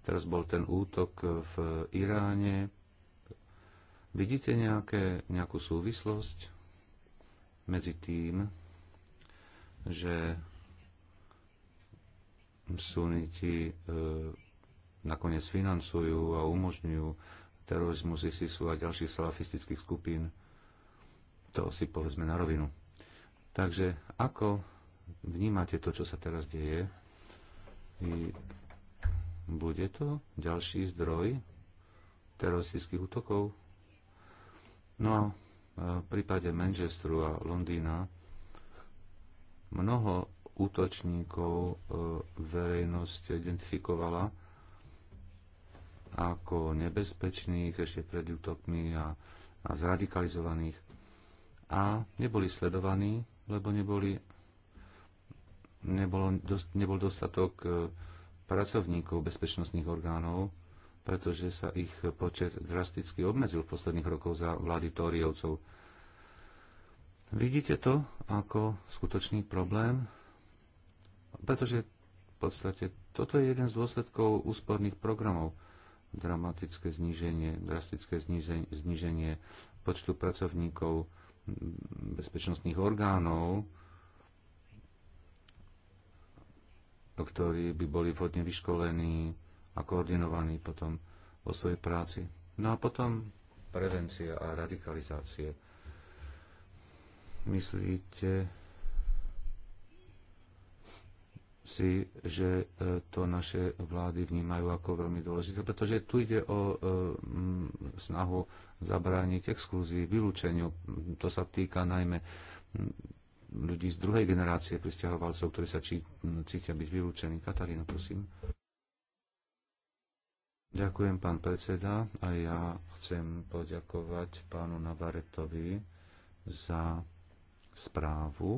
teraz bol ten útok v Iráne. Vidíte nejaké, nejakú súvislosť? medzi tým, že suniti e, nakoniec financujú a umožňujú terorizmus ISISu a ďalších salafistických skupín. To si povedzme na rovinu. Takže ako vnímate to, čo sa teraz deje? I bude to ďalší zdroj teroristických útokov? No a v prípade Manchesteru a Londýna mnoho útočníkov e, verejnosť identifikovala ako nebezpečných ešte pred útokmi a, a zradikalizovaných. A neboli sledovaní, lebo neboli, nebolo, dost, nebol dostatok e, pracovníkov bezpečnostných orgánov pretože sa ich počet drasticky obmedzil v posledných rokoch za vlády Tóriovcov. Vidíte to ako skutočný problém? Pretože v podstate toto je jeden z dôsledkov úsporných programov. Dramatické zníženie, drastické zníženie, zníženie počtu pracovníkov bezpečnostných orgánov, ktorí by boli vhodne vyškolení, a koordinovaní potom vo svojej práci. No a potom prevencia a radikalizácie. Myslíte si, že e, to naše vlády vnímajú ako veľmi dôležité, pretože tu ide o e, snahu zabrániť exkluzii, vylúčeniu. To sa týka najmä ľudí z druhej generácie pristahovalcov, ktorí sa či, cítia byť vylúčení. Katarína, prosím. Ďakujem, pán predseda, a ja chcem poďakovať pánu Navaretovi za správu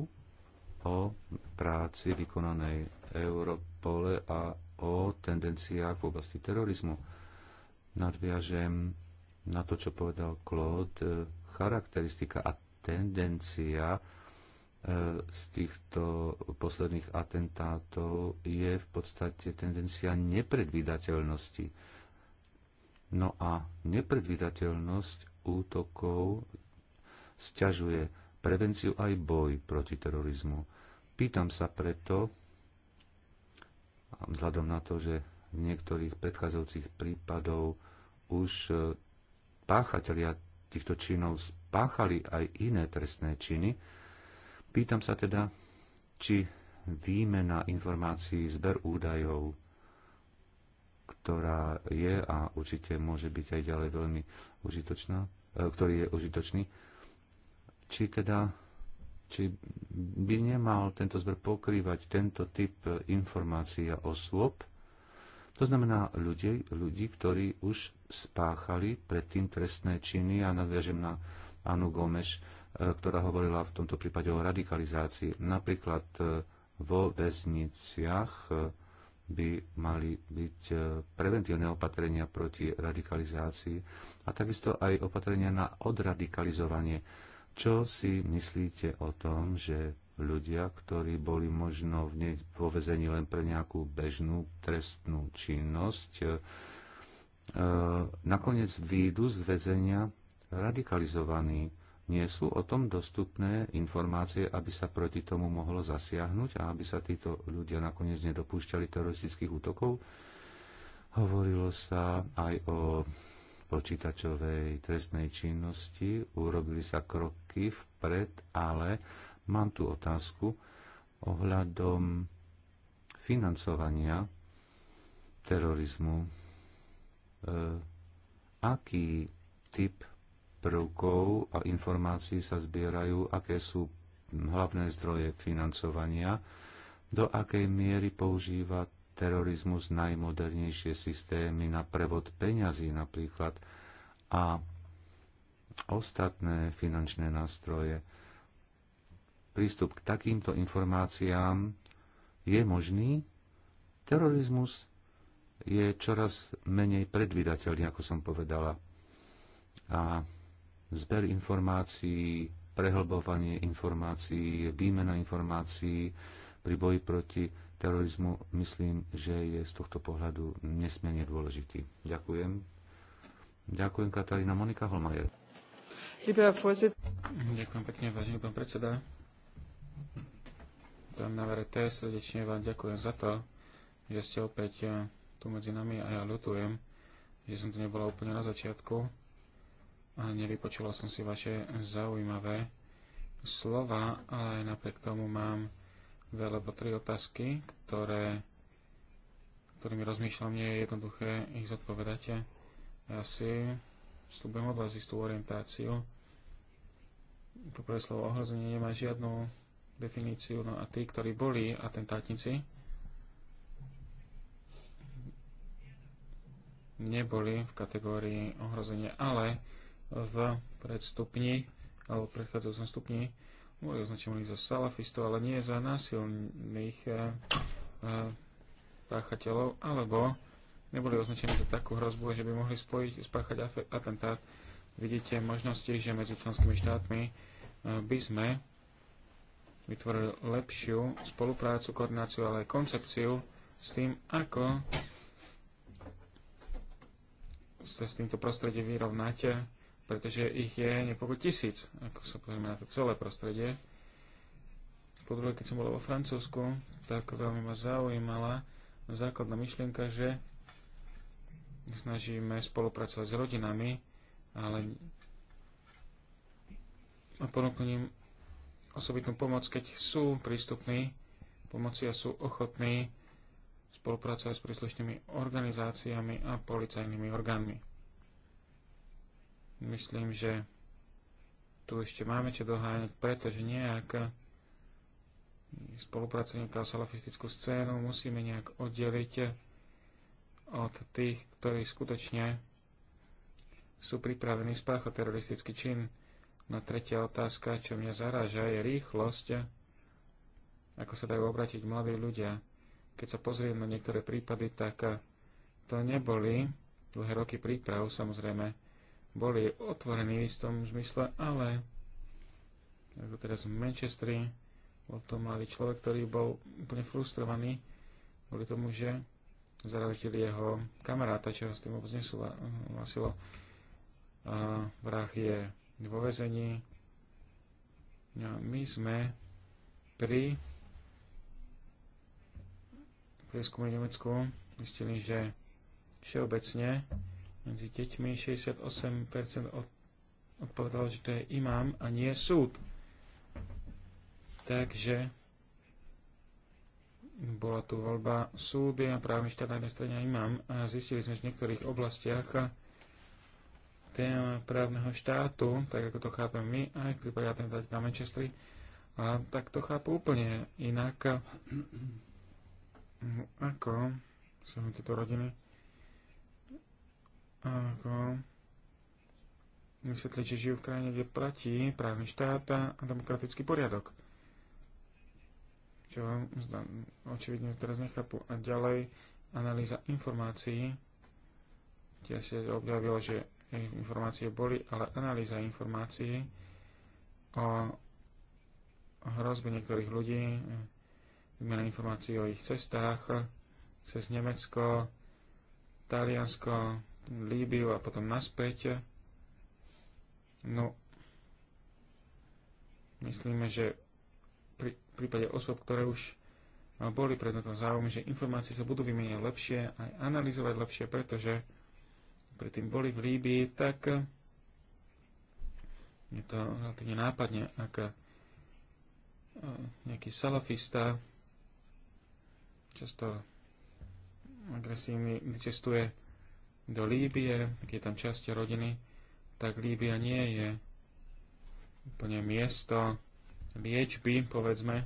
o práci vykonanej Europole a o tendenciách v oblasti terorizmu. Nadviažem na to, čo povedal Claude, charakteristika a tendencia e, z týchto posledných atentátov je v podstate tendencia nepredvídateľnosti No a nepredvydateľnosť útokov sťažuje prevenciu aj boj proti terorizmu. Pýtam sa preto, vzhľadom na to, že v niektorých predchádzajúcich prípadov už e, páchatelia týchto činov spáchali aj iné trestné činy, pýtam sa teda, či výmena informácií, zber údajov, ktorá je a určite môže byť aj ďalej veľmi užitočná, e, ktorý je užitočný. Či teda, či by nemal tento zber pokrývať tento typ informácií a osôb, to znamená ľudí, ľudí, ktorí už spáchali predtým trestné činy a nadviažem na Anu Gomeš, e, ktorá hovorila v tomto prípade o radikalizácii. Napríklad e, vo väzniciach by mali byť e, preventívne opatrenia proti radikalizácii a takisto aj opatrenia na odradikalizovanie. Čo si myslíte o tom, že ľudia, ktorí boli možno v ne, vo vezení len pre nejakú bežnú trestnú činnosť, e, e nakoniec výjdu z vezenia radikalizovaní nie sú o tom dostupné informácie, aby sa proti tomu mohlo zasiahnuť a aby sa títo ľudia nakoniec nedopúšťali teroristických útokov. Hovorilo sa aj o počítačovej trestnej činnosti, urobili sa kroky vpred, ale mám tu otázku ohľadom financovania terorizmu. E, aký typ prvkov a informácií sa zbierajú, aké sú hlavné zdroje financovania, do akej miery používa terorizmus najmodernejšie systémy na prevod peňazí napríklad a ostatné finančné nástroje. Prístup k takýmto informáciám je možný. Terorizmus je čoraz menej predvydateľný, ako som povedala. A zber informácií, prehlbovanie informácií, výmena informácií pri boji proti terorizmu, myslím, že je z tohto pohľadu nesmierne dôležitý. Ďakujem. Ďakujem, Katarína. Monika Holmajer. Ďakujem pekne, vážený pán predseda. Pán Navarrete, srdečne vám ďakujem za to, že ste opäť tu medzi nami a ja ľutujem, že som tu nebola úplne na začiatku nevypočula som si vaše zaujímavé slova, ale aj napriek tomu mám dve alebo tri otázky, ktoré, ktorými rozmýšľam, nie je jednoduché ich zodpovedať. Ja si slúbujem od vás istú orientáciu. Poprvé slovo ohrozenie nemá žiadnu definíciu, no a tí, ktorí boli atentátnici, neboli v kategórii ohrozenia, ale v predstupni alebo predchádzajúcom stupni boli označení za salafistov, ale nie za násilných eh, eh, páchateľov, alebo neboli označení za takú hrozbu, že by mohli spojiť, spáchať atentát. Vidíte možnosti, že medzi členskými štátmi eh, by sme vytvorili lepšiu spoluprácu, koordináciu, ale aj koncepciu s tým, ako sa s týmto prostredím vyrovnáte pretože ich je niekoľko tisíc, ako sa pozrieme na to celé prostredie. Po druhé, keď som bol vo Francúzsku, tak veľmi ma zaujímala základná myšlienka, že snažíme spolupracovať s rodinami, ale a ponúknem osobitnú pomoc, keď sú prístupní pomoci a sú ochotní spolupracovať s príslušnými organizáciami a policajnými orgánmi. Myslím, že tu ešte máme čo doháňať, pretože nejak spolupracovníka a salafistickú scénu musíme nejak oddeliť od tých, ktorí skutočne sú pripravení spáchať teroristický čin. Na no tretia otázka, čo mňa zaráža, je rýchlosť, ako sa dajú obratiť mladí ľudia. Keď sa pozrieme na niektoré prípady, tak to neboli dlhé roky príprav, samozrejme, boli otvorení v istom zmysle, ale ako teraz v Manchestri, bol to mladý človek, ktorý bol úplne frustrovaný kvôli tomu, že zaraždili jeho kamaráta, čo ho s tým vôbec nesúhlasilo. Vrah je vo vezení. No, my sme pri prieskume Nemecku zistili, že všeobecne medzi deťmi. 68% odpovedalo, že to je imám a nie súd. Takže bola tu voľba súdy a právny štát na jednej strane a imám. A zistili sme, že v niektorých oblastiach téma právneho štátu, tak ako to chápem my, aj v prípade atentátu na Manchestri, a tak to chápu úplne inak. Ako sú tieto rodiny? ako vysvetliť, že žijú v krajine, kde platí právny štát a demokratický poriadok. Čo očividne teraz nechápu. A ďalej analýza informácií, kde sa objavilo, že informácie boli, ale analýza informácií o hrozbe niektorých ľudí, výmena informácií o ich cestách cez Nemecko, Taliansko, Líbiu a potom naspäť. No, myslíme, že pri prípade osob, ktoré už boli predmetom záujmu, že informácie sa budú vymeniať lepšie, aj analyzovať lepšie, pretože predtým boli v Líbii, tak je to relatívne nápadne, ak nejaký salafista často agresívny vycestuje do Líbie, ak je tam časť rodiny, tak Líbia nie je úplne miesto liečby, povedzme,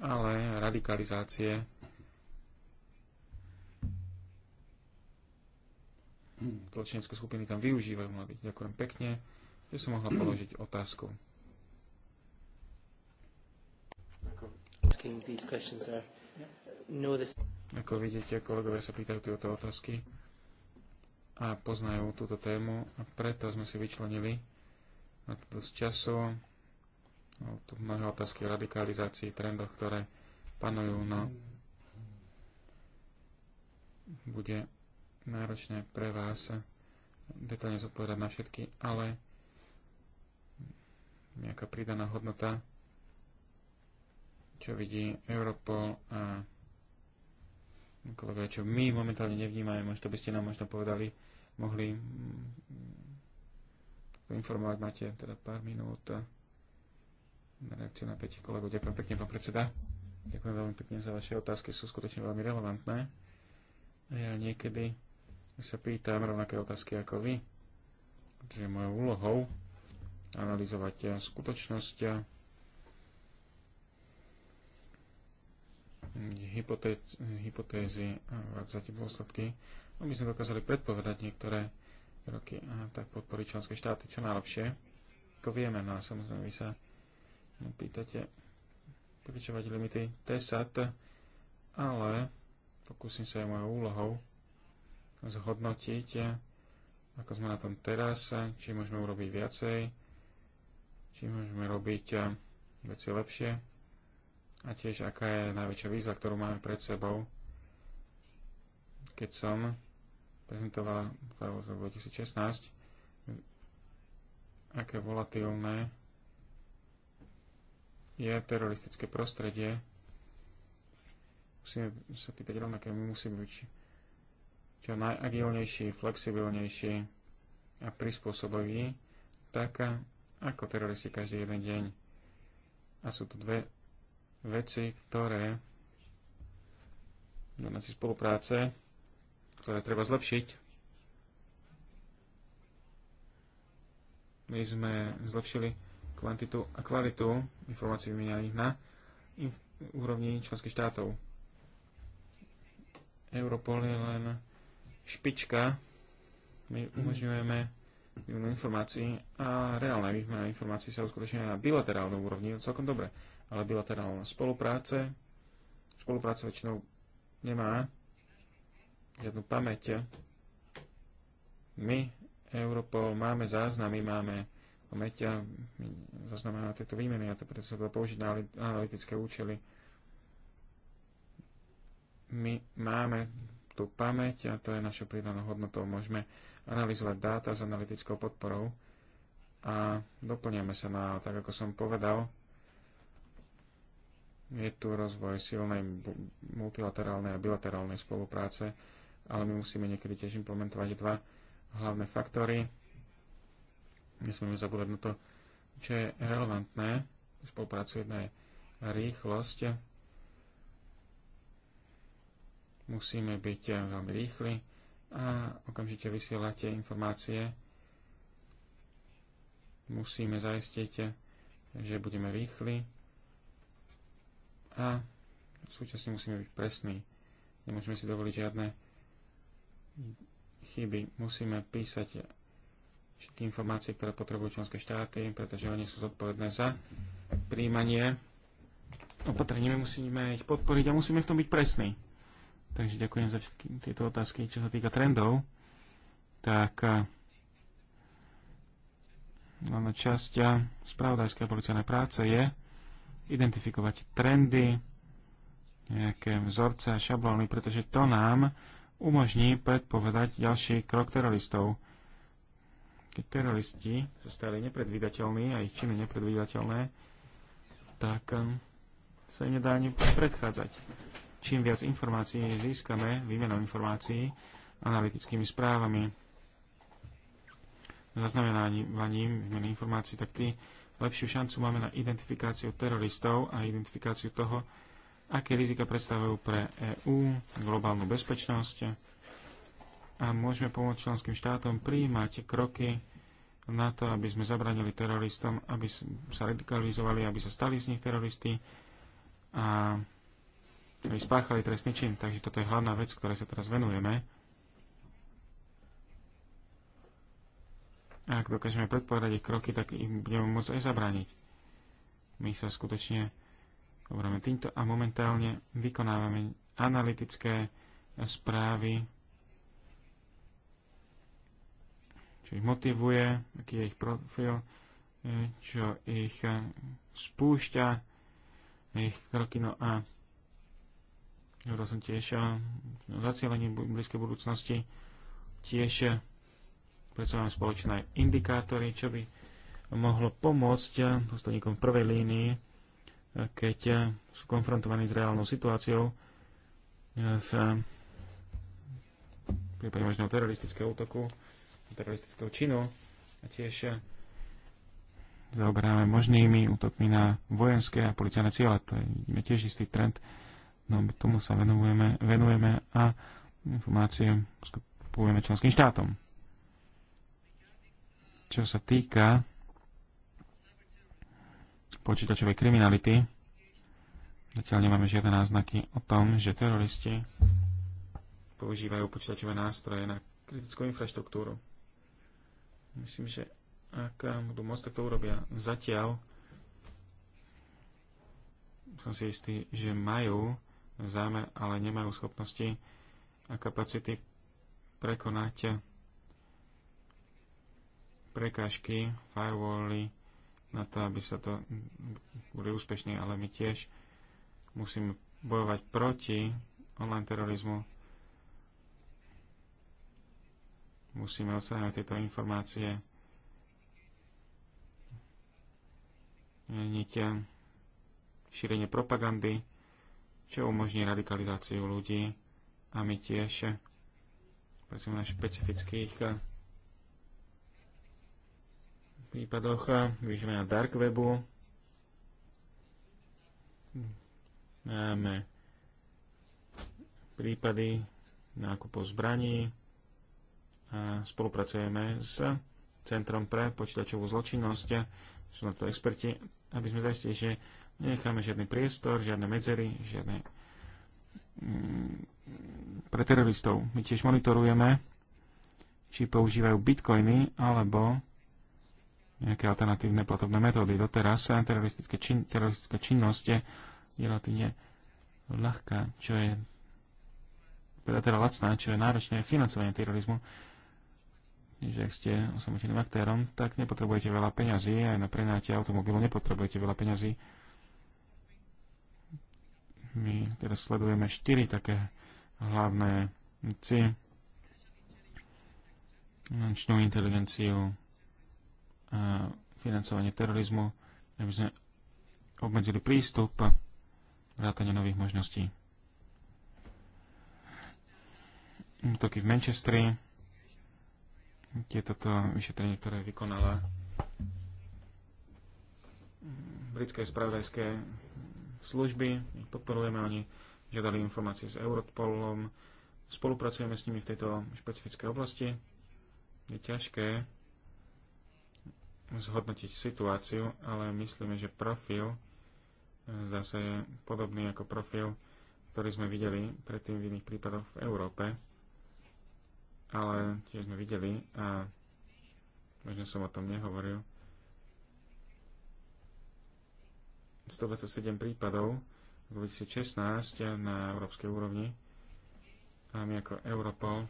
ale radikalizácie. Zločinecké skupiny tam využívajú mladí. Ďakujem pekne, že som mohla položiť otázku. No, Ako vidíte, kolegovia sa pýtajú tieto otázky a poznajú túto tému a preto sme si vyčlenili na to dosť času. No, tu mnohé otázky o radikalizácii, trendoch, ktoré panujú, no bude náročné pre vás detaľne zodpovedať na všetky, ale nejaká pridaná hodnota, čo vidí Europol a kolega, čo my momentálne nevnímame, možno by ste nám možno povedali, mohli mm, informovať, máte teda pár minút eh, na reakciu na päť kolegov. Ďakujem pekne, pán predseda. Ďakujem veľmi pekne za vaše otázky, sú skutočne veľmi relevantné. A ja niekedy sa pýtam rovnaké otázky ako vy, že mojou úlohou analyzovať eh, skutočnosť eh, hypotézy, a dôsledky, aby no, sme dokázali predpovedať niektoré roky a tak podporiť členské štáty čo najlepšie. Ako vieme, no a samozrejme vy sa pýtate pričovať limity TESAT, ale pokúsim sa aj mojou úlohou zhodnotiť, ako sme na tom teraz, či môžeme urobiť viacej, či môžeme robiť eh, veci lepšie a tiež aká je najväčšia výzva, ktorú máme pred sebou. Keď som prezentovala v 2016, aké volatilné je teroristické prostredie. Musíme sa pýtať rovnaké, my musíme byť čo najagilnejší, flexibilnejší a prispôsobový, tak ako teroristi každý jeden deň. A sú tu dve veci, ktoré na našej spolupráce, ktoré treba zlepšiť. My sme zlepšili kvantitu a kvalitu informácií vymieňaných na inf- úrovni členských štátov. Europol je len špička. My umožňujeme výmenu informácií a reálne výmena informácií sa uskutočňuje na bilaterálnom úrovni celkom dobre ale bilaterálna spolupráce. Spolupráca väčšinou nemá žiadnu pamäť. My, Europol, máme záznamy, máme pamäť zaznamená tieto výmeny a to preto sa dá použiť na analytické účely. My máme tú pamäť a to je našou pridanou hodnotou. Môžeme analyzovať dáta s analytickou podporou a doplňame sa na, tak ako som povedal, je tu rozvoj silnej multilaterálnej a bilaterálnej spolupráce, ale my musíme niekedy tiež implementovať dva hlavné faktory. Nesmieme zabúdať na to, čo je relevantné. Spoluprácu jedna je rýchlosť. Musíme byť veľmi rýchli a okamžite vysielate informácie. Musíme zaistiť, že budeme rýchli a súčasne musíme byť presní. Nemôžeme si dovoliť žiadne chyby. Musíme písať všetky informácie, ktoré potrebujú členské štáty, pretože oni sú zodpovedné za príjmanie opatrení. My musíme ich podporiť a musíme v tom byť presní. Takže ďakujem za všetky tieto otázky. Čo sa týka trendov, tak hlavná eh, časť eh, spravodajskej policajnej práce je identifikovať trendy, nejaké vzorce a šablóny, pretože to nám umožní predpovedať ďalší krok teroristov. Keď teroristi sa stali nepredvídateľní a ich činy nepredvídateľné, tak um, sa im nedá ani predchádzať. Čím viac informácií získame výmenou informácií, analytickými správami, zaznamenávaním výmeny informácií, tak tí lepšiu šancu máme na identifikáciu teroristov a identifikáciu toho, aké rizika predstavujú pre EÚ, globálnu bezpečnosť a môžeme pomôcť členským štátom prijímať kroky na to, aby sme zabranili teroristom, aby sa radikalizovali, aby sa stali z nich teroristi a aby spáchali trestný čin. Takže toto je hlavná vec, ktorej sa teraz venujeme. A ak dokážeme predpovedať ich kroky, tak im budeme môcť aj zabrániť. My sa skutočne obráme týmto a momentálne vykonávame analytické správy, čo ich motivuje, aký je ich profil, e, čo ich e, spúšťa, ich kroky. No a hovoril som tiež o e, zacielení blízkej budúcnosti, tiež predsa spoločné indikátory, čo by mohlo pomôcť dôstojníkom prvej línii, keď sú konfrontovaní s reálnou situáciou v prípade možného teroristického útoku, teroristického činu a tiež zaoberáme možnými útokmi na vojenské a policajné ciele. To je tiež istý trend, no tomu sa venujeme, venujeme a informácie skupujeme členským štátom. Čo sa týka počítačovej kriminality, zatiaľ nemáme žiadne náznaky o tom, že teroristi používajú počítačové nástroje na kritickú infraštruktúru. Myslím, že ak budú môcť, tak to urobia. Zatiaľ som si istý, že majú zámer, ale nemajú schopnosti a kapacity prekonať prekážky, firewally na to, aby sa to boli úspešní, ale my tiež musíme bojovať proti online terorizmu. Musíme odstráňovať tieto informácie. Nitia šírenie propagandy, čo umožní radikalizáciu ľudí a my tiež pracujeme na špecifických prípadoch eh, na dark webu. Máme prípady nákupov zbraní a spolupracujeme s Centrom pre počítačovú zločinnosť. Sú na to experti, aby sme zaistili, že nenecháme žiadny priestor, žiadne medzery, žiadne mm, pre teroristov. My tiež monitorujeme, či používajú bitcoiny alebo nejaké alternatívne platobné metódy. Doteraz teroristická, čin, teroristické činnosť je relatívne ľahká, čo je teda, teda lacná, čo je náročné financovanie terorizmu. Čiže ak ste osamoteným aktérom, tak nepotrebujete veľa peňazí, aj na prenáte automobilu nepotrebujete veľa peňazí. My teraz sledujeme štyri také hlavné ci, nočnú inteligenciu, financovanie terorizmu, aby sme obmedzili prístup vrátane nových možností. Útoky v Manchestri, kde toto vyšetrenie, ktoré vykonala britské spravodajské služby, ich podporujeme, oni žiadali informácie s Europolom, spolupracujeme s nimi v tejto špecifickej oblasti. Je ťažké zhodnotiť situáciu, ale myslíme, že profil e, zdá sa je podobný ako profil, ktorý sme videli predtým v iných prípadoch v Európe, ale tiež sme videli a možno som o tom nehovoril, 127 prípadov v 2016 na európskej úrovni a my ako Europol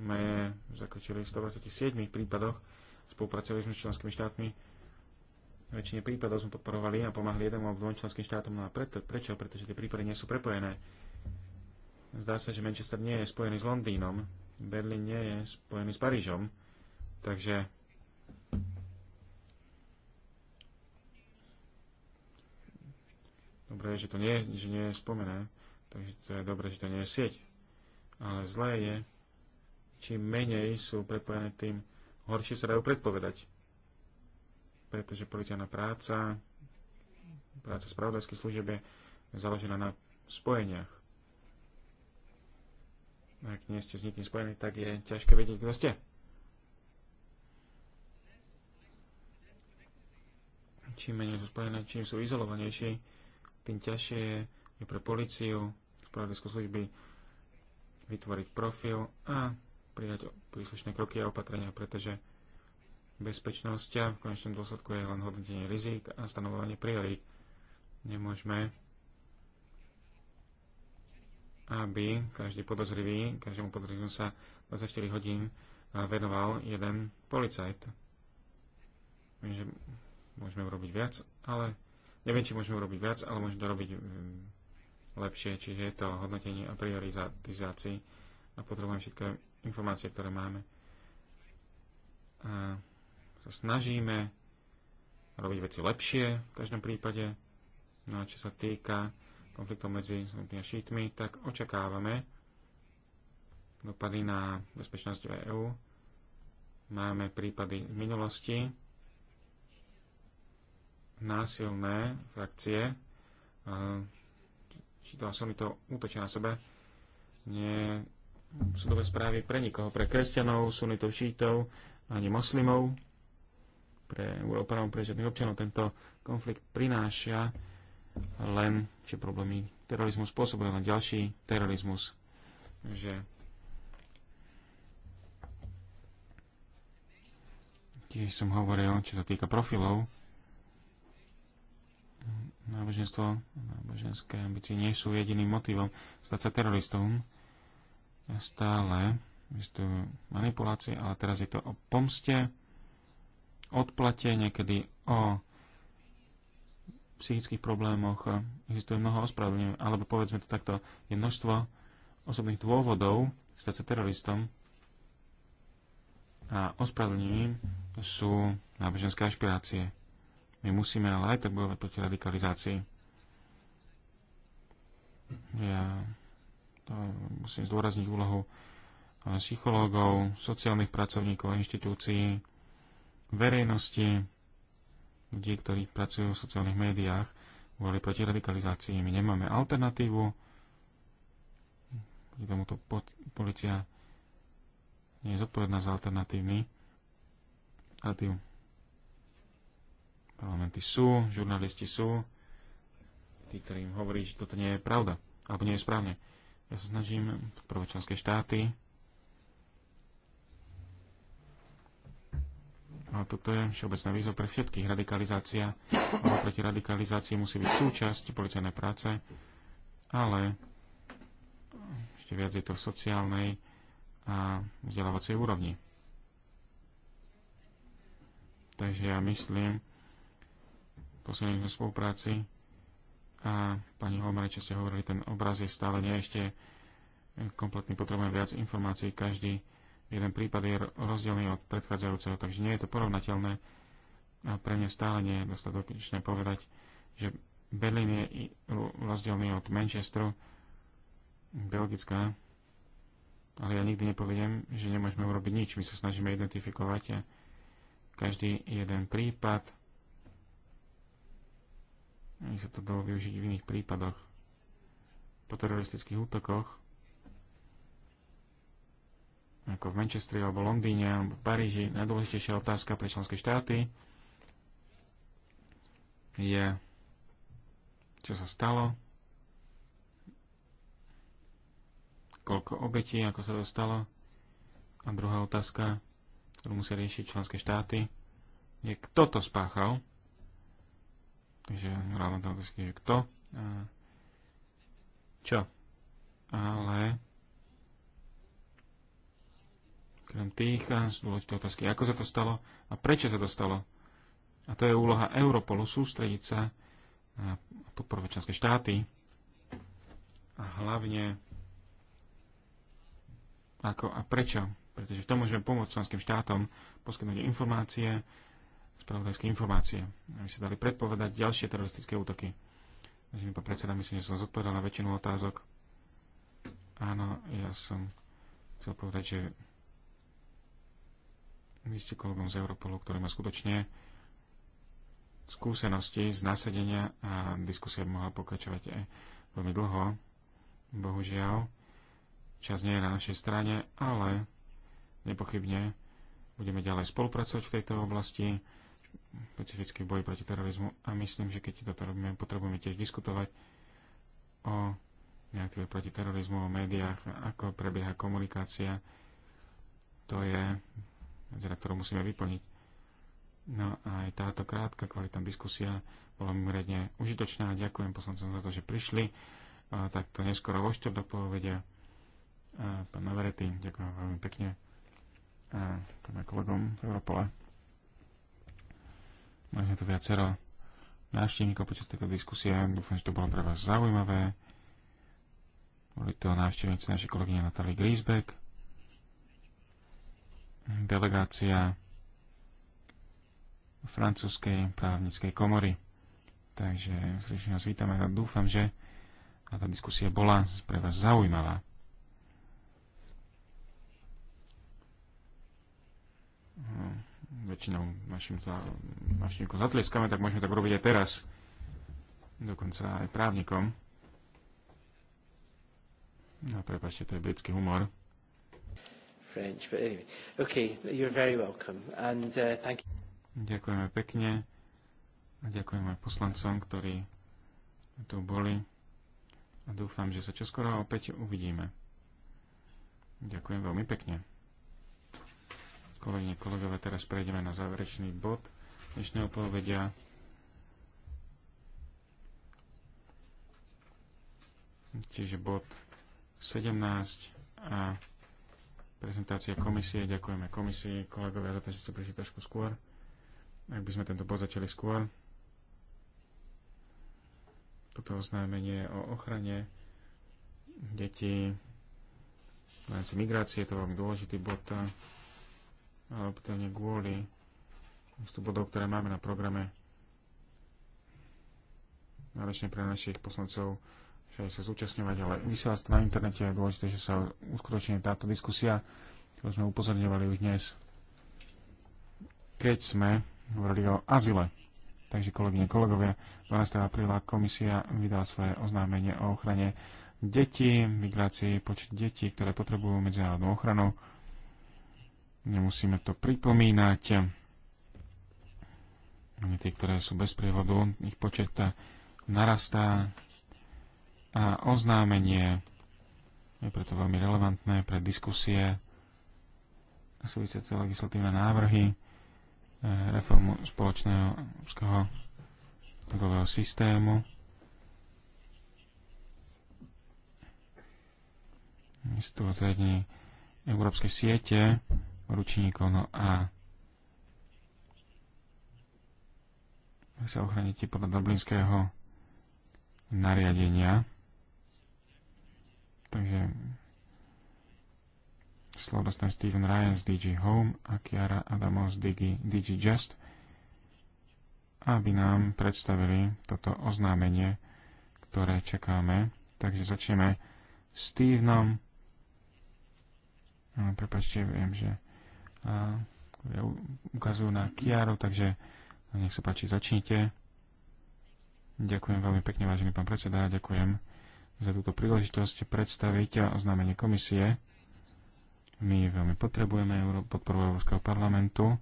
sme zakočili v 127 prípadoch Spolupracovali sme s členskými štátmi. Väčšine prípadov sme podporovali a pomáhali jednému alebo dvom členským štátom. No a preto, prečo? Pretože tie prípady nie sú prepojené. Zdá sa, že Manchester nie je spojený s Londýnom, Berlín nie je spojený s Parížom, takže Dobre je, že to nie, že nie je spomené, takže to je dobre, že to nie je sieť. Ale zlé je, čím menej sú prepojené, tým horšie sa dajú predpovedať. Pretože policajná práca, práca spravodajských služeb je založená na spojeniach. Ak nie ste s nikým spojení, tak je ťažké vedieť, kto ste. Čím menej sú spojené, čím sú izolovanejší, tým ťažšie je, je pre policiu, spravodajskú služby vytvoriť profil a prijať príslušné kroky a opatrenia, pretože bezpečnosť a v konečnom dôsledku je len hodnotenie rizik a stanovovanie priorít. Nemôžeme, aby každý podozrivý, každému podozrivým sa 24 hodín venoval jeden policajt. Viem, že môžeme urobiť viac, ale neviem, či môžeme urobiť viac, ale môžeme to robiť mm, lepšie, čiže je to hodnotenie a priorizácii a potrebujem všetko informácie, ktoré máme. A sa snažíme robiť veci lepšie v každom prípade. No a čo sa týka konfliktov medzi a šítmi, tak očakávame dopady na bezpečnosť v EÚ. Máme prípady v minulosti, násilné frakcie, či to mi to útočia na sebe, nie sú dobré správy pre nikoho, pre kresťanov, sunitov, šítov, ani moslimov, pre Európanov, pre žiadnych občanov. Tento konflikt prináša len, že problémy terorizmu spôsobuje len ďalší terorizmus. Že tiež som hovoril, čo sa týka profilov, náboženstvo, náboženské ambície nie sú jediným motivom stať sa teroristom stále existujú manipulácie, ale teraz je to o pomste, odplate, niekedy o psychických problémoch, existuje mnoho ospravedlňov, alebo povedzme to takto, je množstvo osobných dôvodov stať sa teroristom a ospravedlňujem sú náboženské ašpirácie. My musíme ale aj tak bojovať proti radikalizácii. Ja musím zdôrazniť úlohu e, psychológov, sociálnych pracovníkov, inštitúcií, verejnosti, ľudí, ktorí pracujú v sociálnych médiách, boli proti radikalizácii. My nemáme alternatívu. Proti tomuto policia nie je zodpovedná za alternatívny. Alternatív. Parlamenty sú, žurnalisti sú, tí, ktorí im hovorí, že toto nie je pravda, alebo nie je správne. Ja sa snažím podporovať členské štáty. A toto je všeobecná výzva pre všetkých. Radikalizácia, ale proti radikalizácii musí byť súčasť policajnej práce, ale ešte viac je to v sociálnej a vzdelávacej úrovni. Takže ja myslím, posunuli sme spolupráci a pani Holmare, čo ste hovorili, ten obraz je stále nie ešte kompletný, potrebujeme viac informácií. Každý jeden prípad je rozdielný od predchádzajúceho, takže nie je to porovnateľné. A pre mňa stále nie je dostatočné povedať, že Berlín je rozdielný od Manchesteru, Belgická, ale ja nikdy nepoviem, že nemôžeme urobiť nič. My sa snažíme identifikovať a každý jeden prípad aby sa to dalo využiť v iných prípadoch. Po teroristických útokoch, ako v Manchestri alebo Londýne alebo v Paríži, najdôležitejšia otázka pre členské štáty je, čo sa stalo, koľko obetí, ako sa to stalo. A druhá otázka, ktorú musia riešiť členské štáty, je kto to spáchal. Takže relevantná otázka je kto a čo. Ale krem tých sú dôležité otázky, ako sa to stalo a prečo sa to stalo. A to je úloha Europolu sústrediť sa na podporovať členské štáty a hlavne ako a prečo. Pretože v tom môžeme pomôcť členským štátom poskytnúť informácie, spravodajské informácie, aby sa dali predpovedať ďalšie teroristické útoky. Vážený pán predseda, myslím, že som zodpovedal na väčšinu otázok. Áno, ja som chcel povedať, že vy ste kolegom z Europolu, ktorý má skutočne skúsenosti z nasadenia a diskusia by mohla pokračovať aj eh, veľmi dlho. Bohužiaľ, čas nie je na našej strane, ale nepochybne budeme ďalej spolupracovať v tejto oblasti špecificky v boji proti terorizmu a myslím, že keď toto robíme, potrebujeme tiež diskutovať o nejaké proti terorizmu, o médiách, ako prebieha komunikácia. To je medzera, ktorú musíme vyplniť. No a aj táto krátka kvalitná diskusia bola mimoriadne užitočná. Ďakujem poslancom za to, že prišli. A takto neskoro vo do povedia. Pán Naverety, ďakujem veľmi pekne. A kolegom v Europole. Máme tu viacero návštevníkov počas tejto diskusie. Dúfam, že to bolo pre vás zaujímavé. Boli to návštevníci našej kolegyne Natalie Griesbeck, delegácia francúzskej právnickej komory. Takže srdečne vás vítame a dúfam, že tá diskusia bola pre vás zaujímavá. Hmm väčšinou našim návštevníkom zatleskáme, tak môžeme tak robiť aj teraz. Dokonca aj právnikom. No, prepáčte, to je britský humor. French, but anyway. Okay, you're very welcome. And, uh, thank you. Ďakujeme pekne a ďakujem aj poslancom, ktorí tu boli a dúfam, že sa čoskoro opäť uvidíme. Ďakujem veľmi pekne. Kolegyne, kolegové, teraz prejdeme na záverečný bod dnešného povedia. Tiež bod 17 a prezentácia komisie. Ďakujeme komisii, kolegovia, za to, že ste prišli trošku skôr. Ak by sme tento bod začali skôr, toto oznámenie o ochrane detí v rámci migrácie, to je veľmi dôležitý bod opätovne kvôli vstupu bodov, ktoré máme na programe náročne pre našich poslancov že sa zúčastňovať, ale vysielať sa to na internete a je dôležité, že sa uskutočne táto diskusia, ktorú sme upozorňovali už dnes, keď sme hovorili o azile. Takže kolegyne, kolegovia, 12. apríla komisia vydala svoje oznámenie o ochrane detí, migrácii počet detí, ktoré potrebujú medzinárodnú ochranu. Nemusíme to pripomínať. Ani tie, ktoré sú bez prievodu, ich počet narastá a oznámenie je preto veľmi relevantné pre diskusie a súvisiace legislatívne návrhy, eh, reformu spoločného európskeho azylového systému. Sú tu zriadenie európskej siete ručníkov. No a sa ochránite podľa dublinského nariadenia. Takže slovo dostane Steven Ryan z DG Home a Kiara Adamo z DG, DG Just, aby nám predstavili toto oznámenie, ktoré čakáme. Takže začneme Stevenom. prepačte, viem, že a ukazujú na Kiaru, takže nech sa páči, začnite. Ďakujem veľmi pekne, vážený pán predseda, a ďakujem za túto príležitosť predstaviť a oznámenie komisie. My veľmi potrebujeme podporu Európskeho parlamentu,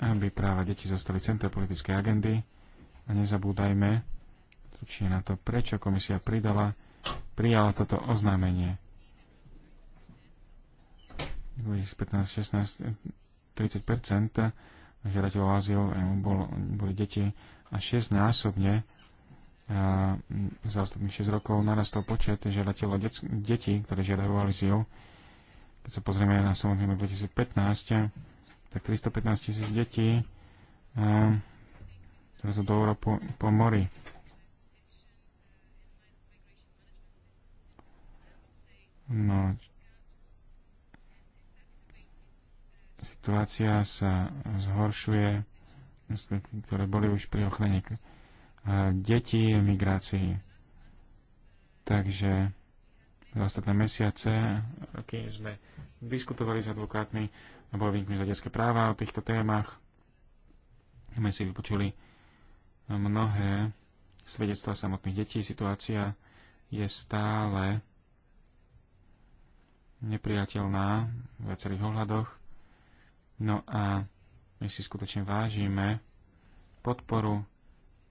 aby práva detí zostali centra politickej agendy a nezabúdajme stručne na to, prečo komisia pridala, prijala toto oznámenie. 2015-16 30 žiadateľov azyl eh, bol, boli deti a 6 násobne a eh, za ostatných 6 rokov narastol počet žiadateľov det, detí, ktoré žiadajú azyl. Keď sa pozrieme na samotný rok 2015, tak 315 tisíc detí eh, ktoré sú do Európy po mori. No, Situácia sa zhoršuje, ktoré boli už pri ochrane eh, detí, migrácii. Takže za ostatné mesiace, roky sme diskutovali s advokátmi a bojovníkmi za detské práva o týchto témach. sme si vypočuli mnohé svedectvá samotných detí. Situácia je stále nepriateľná v viacerých ohľadoch. No a my si skutočne vážime podporu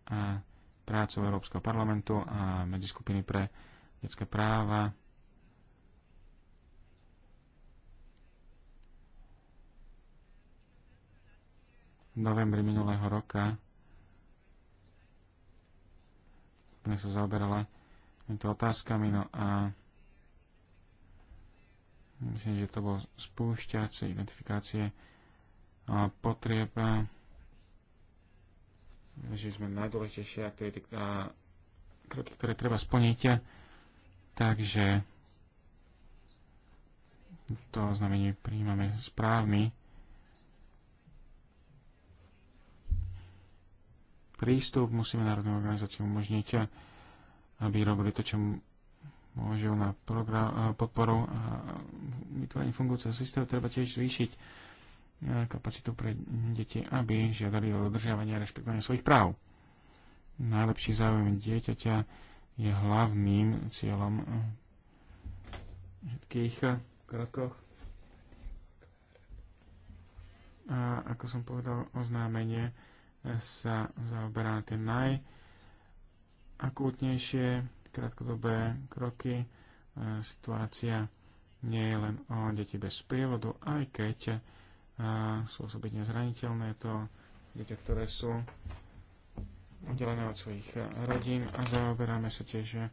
a prácu Európskeho parlamentu a medziskupiny pre detské práva. V novembri minulého roka skupina sa zaoberala týmito otázkami, no a myslím, že to bol spúšťací identifikácie potrieb. Že sme najdôležitejšie aktivity a kroky, ktoré treba splniť. Takže to znamenie prijímame správny prístup. Musíme národnú organizáciu umožniť, aby robili to, čo môžu na podporu a vytvorenie fungujúceho systému. Treba tiež zvýšiť kapacitu pre deti, aby žiadali o dodržiavanie a rešpektovanie svojich práv. Najlepší záujem dieťaťa je hlavným cieľom všetkých krokoch. A ako som povedal, oznámenie sa zaoberá tie najakútnejšie krátkodobé kroky. E, situácia nie je len o deti bez prievodu, aj keď sú osobitne zraniteľné, to ľudia, ktoré sú oddelené od svojich eh, rodín a zaoberáme sa tiež eh,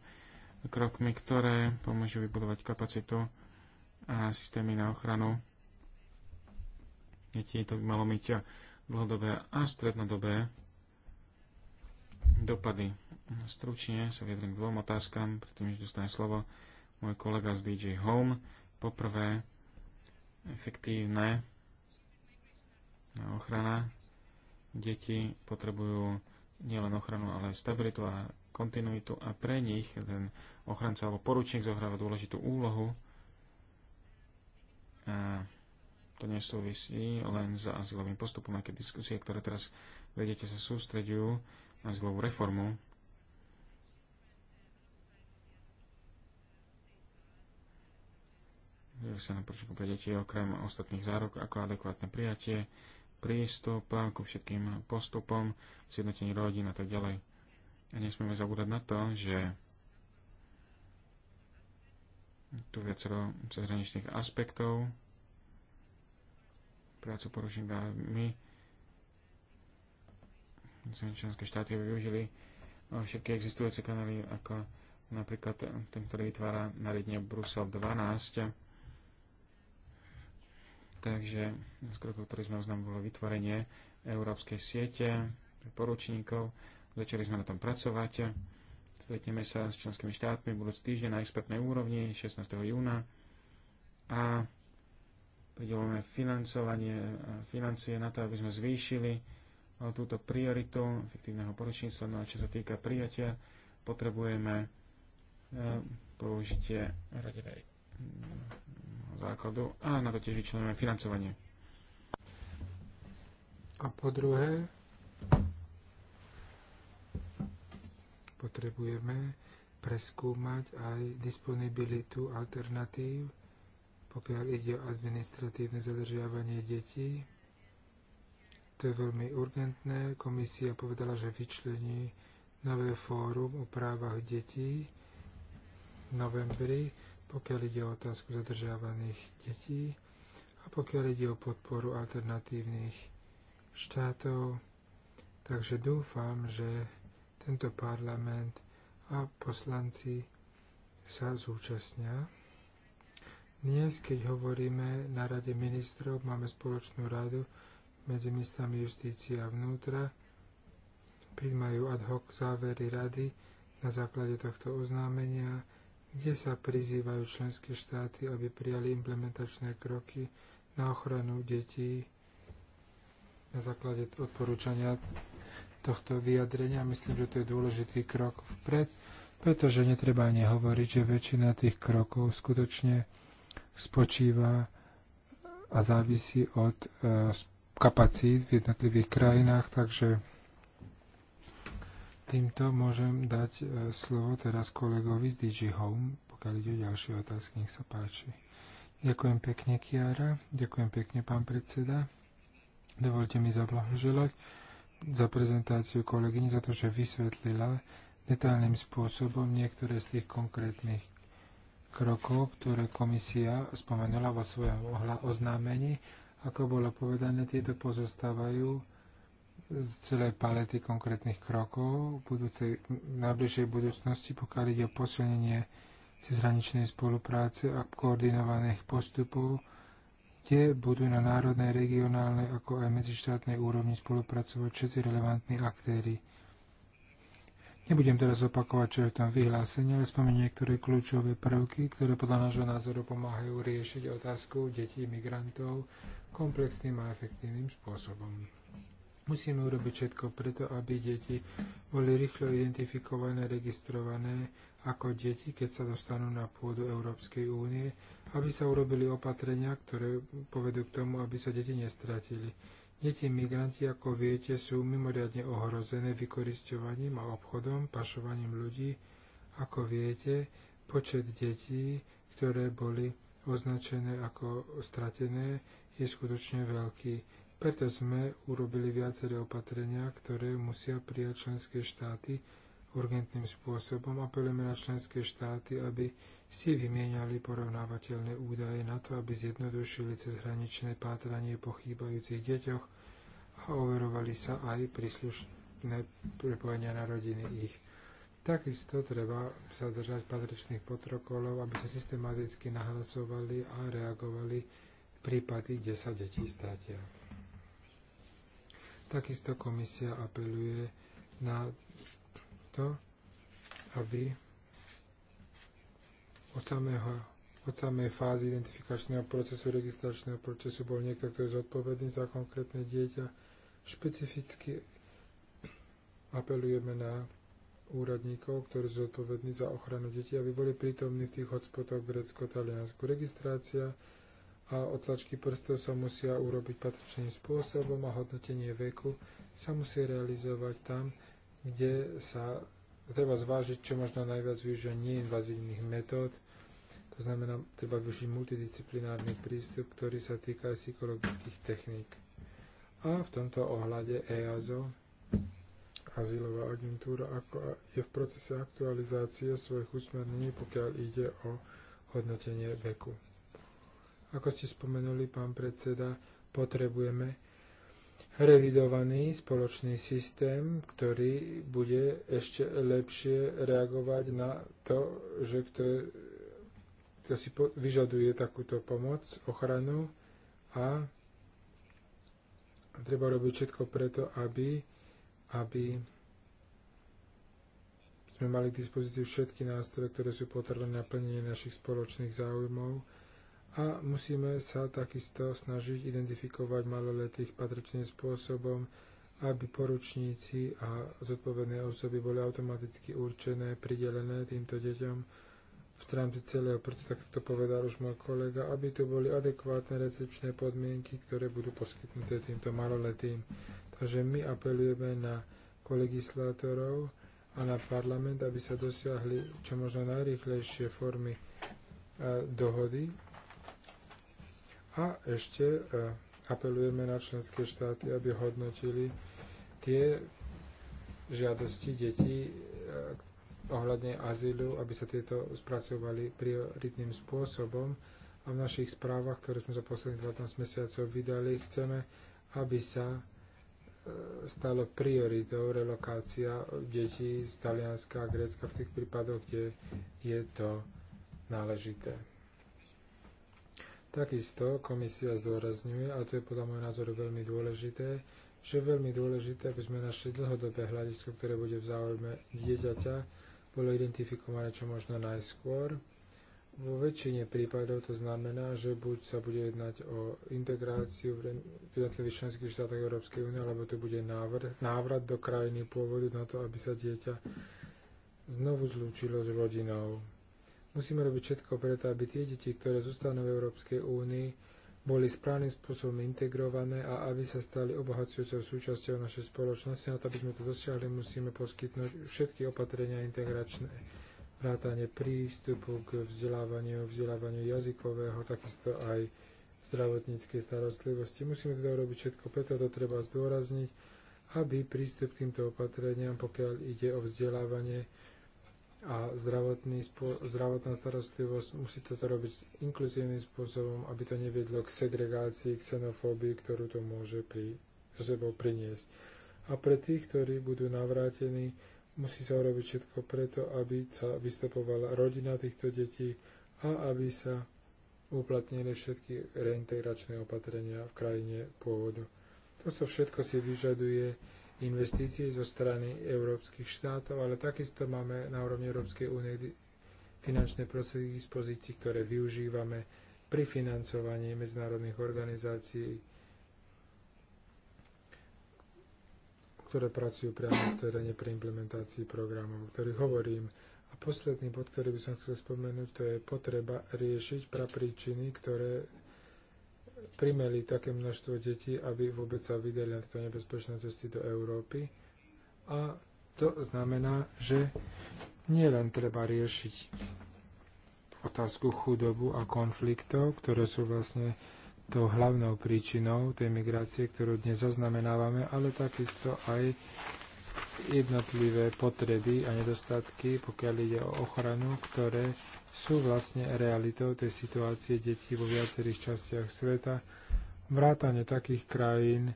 krokmi, ktoré pomôžu vybudovať kapacitu a systémy na ochranu detí. To by malo byť eh, dlhodobé a strednodobé dopady. Stručne sa vyjadrím k dvom otázkam, pretože dostane slovo môj kolega z DJ Home. Poprvé, efektívne ochrana. Deti potrebujú nielen ochranu, ale aj stabilitu a kontinuitu a pre nich ten ochranca alebo poručník zohráva dôležitú úlohu. A to nesúvisí len s azylovým postupom, aké diskusie, ktoré teraz vedete, sa sústreďujú na azylovú reformu. Že sa nám pre deti okrem ostatných zárok ako adekvátne prijatie, prístup ku všetkým postupom, zjednotení rodín a tak ďalej. A nesmieme zabúdať na to, že tu viacero cezhraničných aspektov prácu porušníkmi členské štáty využili eh, všetky existujúce kanály, ako napríklad ten, ktorý vytvára nariadenie Brusel 12, Takže z krokov, ktorý sme oznam bolo vytvorenie európskej siete poručníkov. Začali sme na tom pracovať. Stretneme sa s členskými štátmi budúci týždeň na expertnej úrovni 16. júna a pridelujeme financovanie, financie na to, aby sme zvýšili eh, túto prioritu efektívneho poručníctva. No a čo sa týka prijatia, potrebujeme eh, použitie radovej základu a na to tiež vyčlenujeme financovanie. A po druhé, potrebujeme preskúmať aj disponibilitu alternatív, pokiaľ ide o administratívne zadržiavanie detí. To je veľmi urgentné. Komisia povedala, že vyčlení nové fórum o právach detí v novembri pokiaľ ide o otázku zadržiavaných detí a pokiaľ ide o podporu alternatívnych štátov. Takže dúfam, že tento parlament a poslanci sa zúčastnia. Dnes, keď hovoríme na Rade ministrov, máme spoločnú radu medzi ministrami justície a vnútra. Príjmajú ad hoc závery rady na základe tohto oznámenia kde sa prizývajú členské štáty, aby prijali implementačné kroky na ochranu detí na základe odporúčania tohto vyjadrenia. Myslím, že to je dôležitý krok vpred, pretože netreba ani hovoriť, že väčšina tých krokov skutočne spočíva a závisí od eh, kapacít v jednotlivých krajinách, takže Týmto môžem dať e, slovo teraz kolegovi z DG Home, pokiaľ ide o ďalšie otázky, nech sa páči. Ďakujem pekne, Kiara. Ďakujem pekne, pán predseda. Dovolte mi zablahoželať za prezentáciu kolegyni, za to, že vysvetlila detálnym spôsobom niektoré z tých konkrétnych krokov, ktoré komisia spomenula vo svojom oznámení. Ako bolo povedané, tieto pozostávajú z celej palety konkrétnych krokov v budúcej, najbližšej budúcnosti, pokiaľ ide o posilnenie cezhraničnej spolupráce a koordinovaných postupov, kde budú na národnej, regionálnej ako aj medzištátnej úrovni spolupracovať všetci relevantní aktéry. Nebudem teraz opakovať, čo je tam vyhlásenie, ale spomeniem niektoré kľúčové prvky, ktoré podľa nášho názoru pomáhajú riešiť otázku detí migrantov komplexným a efektívnym spôsobom. Musíme urobiť všetko preto, aby deti boli rýchlo identifikované, registrované ako deti, keď sa dostanú na pôdu Európskej únie, aby sa urobili opatrenia, ktoré povedú k tomu, aby sa deti nestratili. Deti migranti, ako viete, sú mimoriadne ohrozené vykoristovaním a obchodom, pašovaním ľudí. Ako viete, počet detí, ktoré boli označené ako stratené, je skutočne veľký. Preto sme urobili viaceré opatrenia, ktoré musia prijať členské štáty urgentným spôsobom. Apelujeme na členské štáty, aby si vymieniali porovnávateľné údaje na to, aby zjednodušili cezhraničné pátranie po chýbajúcich deťoch a overovali sa aj príslušné prepojenia na rodiny ich. Takisto treba sa držať patričných potrokolov, aby sa systematicky nahlasovali a reagovali prípady, kde sa deti stratia. Takisto komisia apeluje na to, aby od, samého, od samej fázy identifikačného procesu, registračného procesu bol niekto, kto je zodpovedný za konkrétne dieťa. Špecificky apelujeme na úradníkov, ktorí sú zodpovední za ochranu detí, aby boli prítomní v tých hotspotoch Grécko-Taliansku. Registrácia a otlačky prstov sa musia urobiť patričným spôsobom a hodnotenie veku sa musí realizovať tam, kde sa treba zvážiť čo možno najviac využia neinvazívnych metód. To znamená, treba využiť multidisciplinárny prístup, ktorý sa týka aj psychologických techník. A v tomto ohľade EASO, azylová agentúra, ako je v procese aktualizácie svojich usmernení, pokiaľ ide o hodnotenie veku. Ako ste spomenuli, pán predseda, potrebujeme revidovaný spoločný systém, ktorý bude ešte lepšie reagovať na to, že kto, kto si vyžaduje takúto pomoc, ochranu a treba robiť všetko preto, aby, aby sme mali k dispozícii všetky nástroje, ktoré sú potrebné na plnenie našich spoločných záujmov a musíme sa takisto snažiť identifikovať maloletých patričným spôsobom, aby poručníci a zodpovedné osoby boli automaticky určené, pridelené týmto deťom v rámci celého procesu, tak to povedal už môj kolega, aby tu boli adekvátne recepčné podmienky, ktoré budú poskytnuté týmto maloletým. Takže my apelujeme na kolegislátorov a na parlament, aby sa dosiahli čo možno najrýchlejšie formy e, dohody a ešte e, apelujeme na členské štáty, aby hodnotili tie žiadosti detí e, ohľadne azylu, aby sa tieto spracovali prioritným spôsobom. A v našich správach, ktoré sme za posledných 12 mesiacov vydali, chceme, aby sa e, stalo prioritou relokácia detí z Talianska a Grécka v tých prípadoch, kde je to náležité. Takisto komisia zdôrazňuje, a to je podľa môjho názoru veľmi dôležité, že je veľmi dôležité, aby sme našli dlhodobé hľadisko, ktoré bude v záujme dieťaťa, bolo identifikované čo možno najskôr. Vo väčšine prípadov to znamená, že buď sa bude jednať o integráciu v jednotlivých členských štátoch Európskej únie, alebo to bude návrat, návrat do krajiny pôvodu na to, aby sa dieťa znovu zlúčilo s rodinou. Musíme robiť všetko preto, aby tie deti, ktoré zostanú v Európskej únii, boli správnym spôsobom integrované a aby sa stali obohacujúcou súčasťou našej spoločnosti. Na to, aby sme to dosiahli, musíme poskytnúť všetky opatrenia integračné, vrátanie prístupu k vzdelávaniu, vzdelávaniu jazykového, takisto aj zdravotníckej starostlivosti. Musíme teda robiť všetko, preto to treba zdôrazniť, aby prístup k týmto opatreniam, pokiaľ ide o vzdelávanie, a spo- zdravotná starostlivosť musí toto robiť inkluzívnym spôsobom, aby to neviedlo k segregácii, k xenofóbii, ktorú to môže pri, so sebou priniesť. A pre tých, ktorí budú navrátení, musí sa urobiť všetko preto, aby sa vystupovala rodina týchto detí a aby sa uplatnili všetky reintegračné opatrenia v krajine pôvodu. To, čo všetko si vyžaduje, investícií zo strany európskych štátov, ale takisto máme na úrovni Európskej únie finančné prostriedky k dispozícii, ktoré využívame pri financovaní medzinárodných organizácií, ktoré pracujú priamo v teréne pri implementácii programov, o ktorých hovorím. A posledný bod, ktorý by som chcel spomenúť, to je potreba riešiť prapríčiny, ktoré primeli také množstvo detí, aby vôbec sa vydali na tieto nebezpečné cesty do Európy. A to znamená, že nielen treba riešiť otázku chudobu a konfliktov, ktoré sú vlastne tou hlavnou príčinou tej migrácie, ktorú dnes zaznamenávame, ale takisto aj jednotlivé potreby a nedostatky, pokiaľ ide o ochranu, ktoré sú vlastne realitou tej situácie detí vo viacerých častiach sveta, vrátane takých krajín,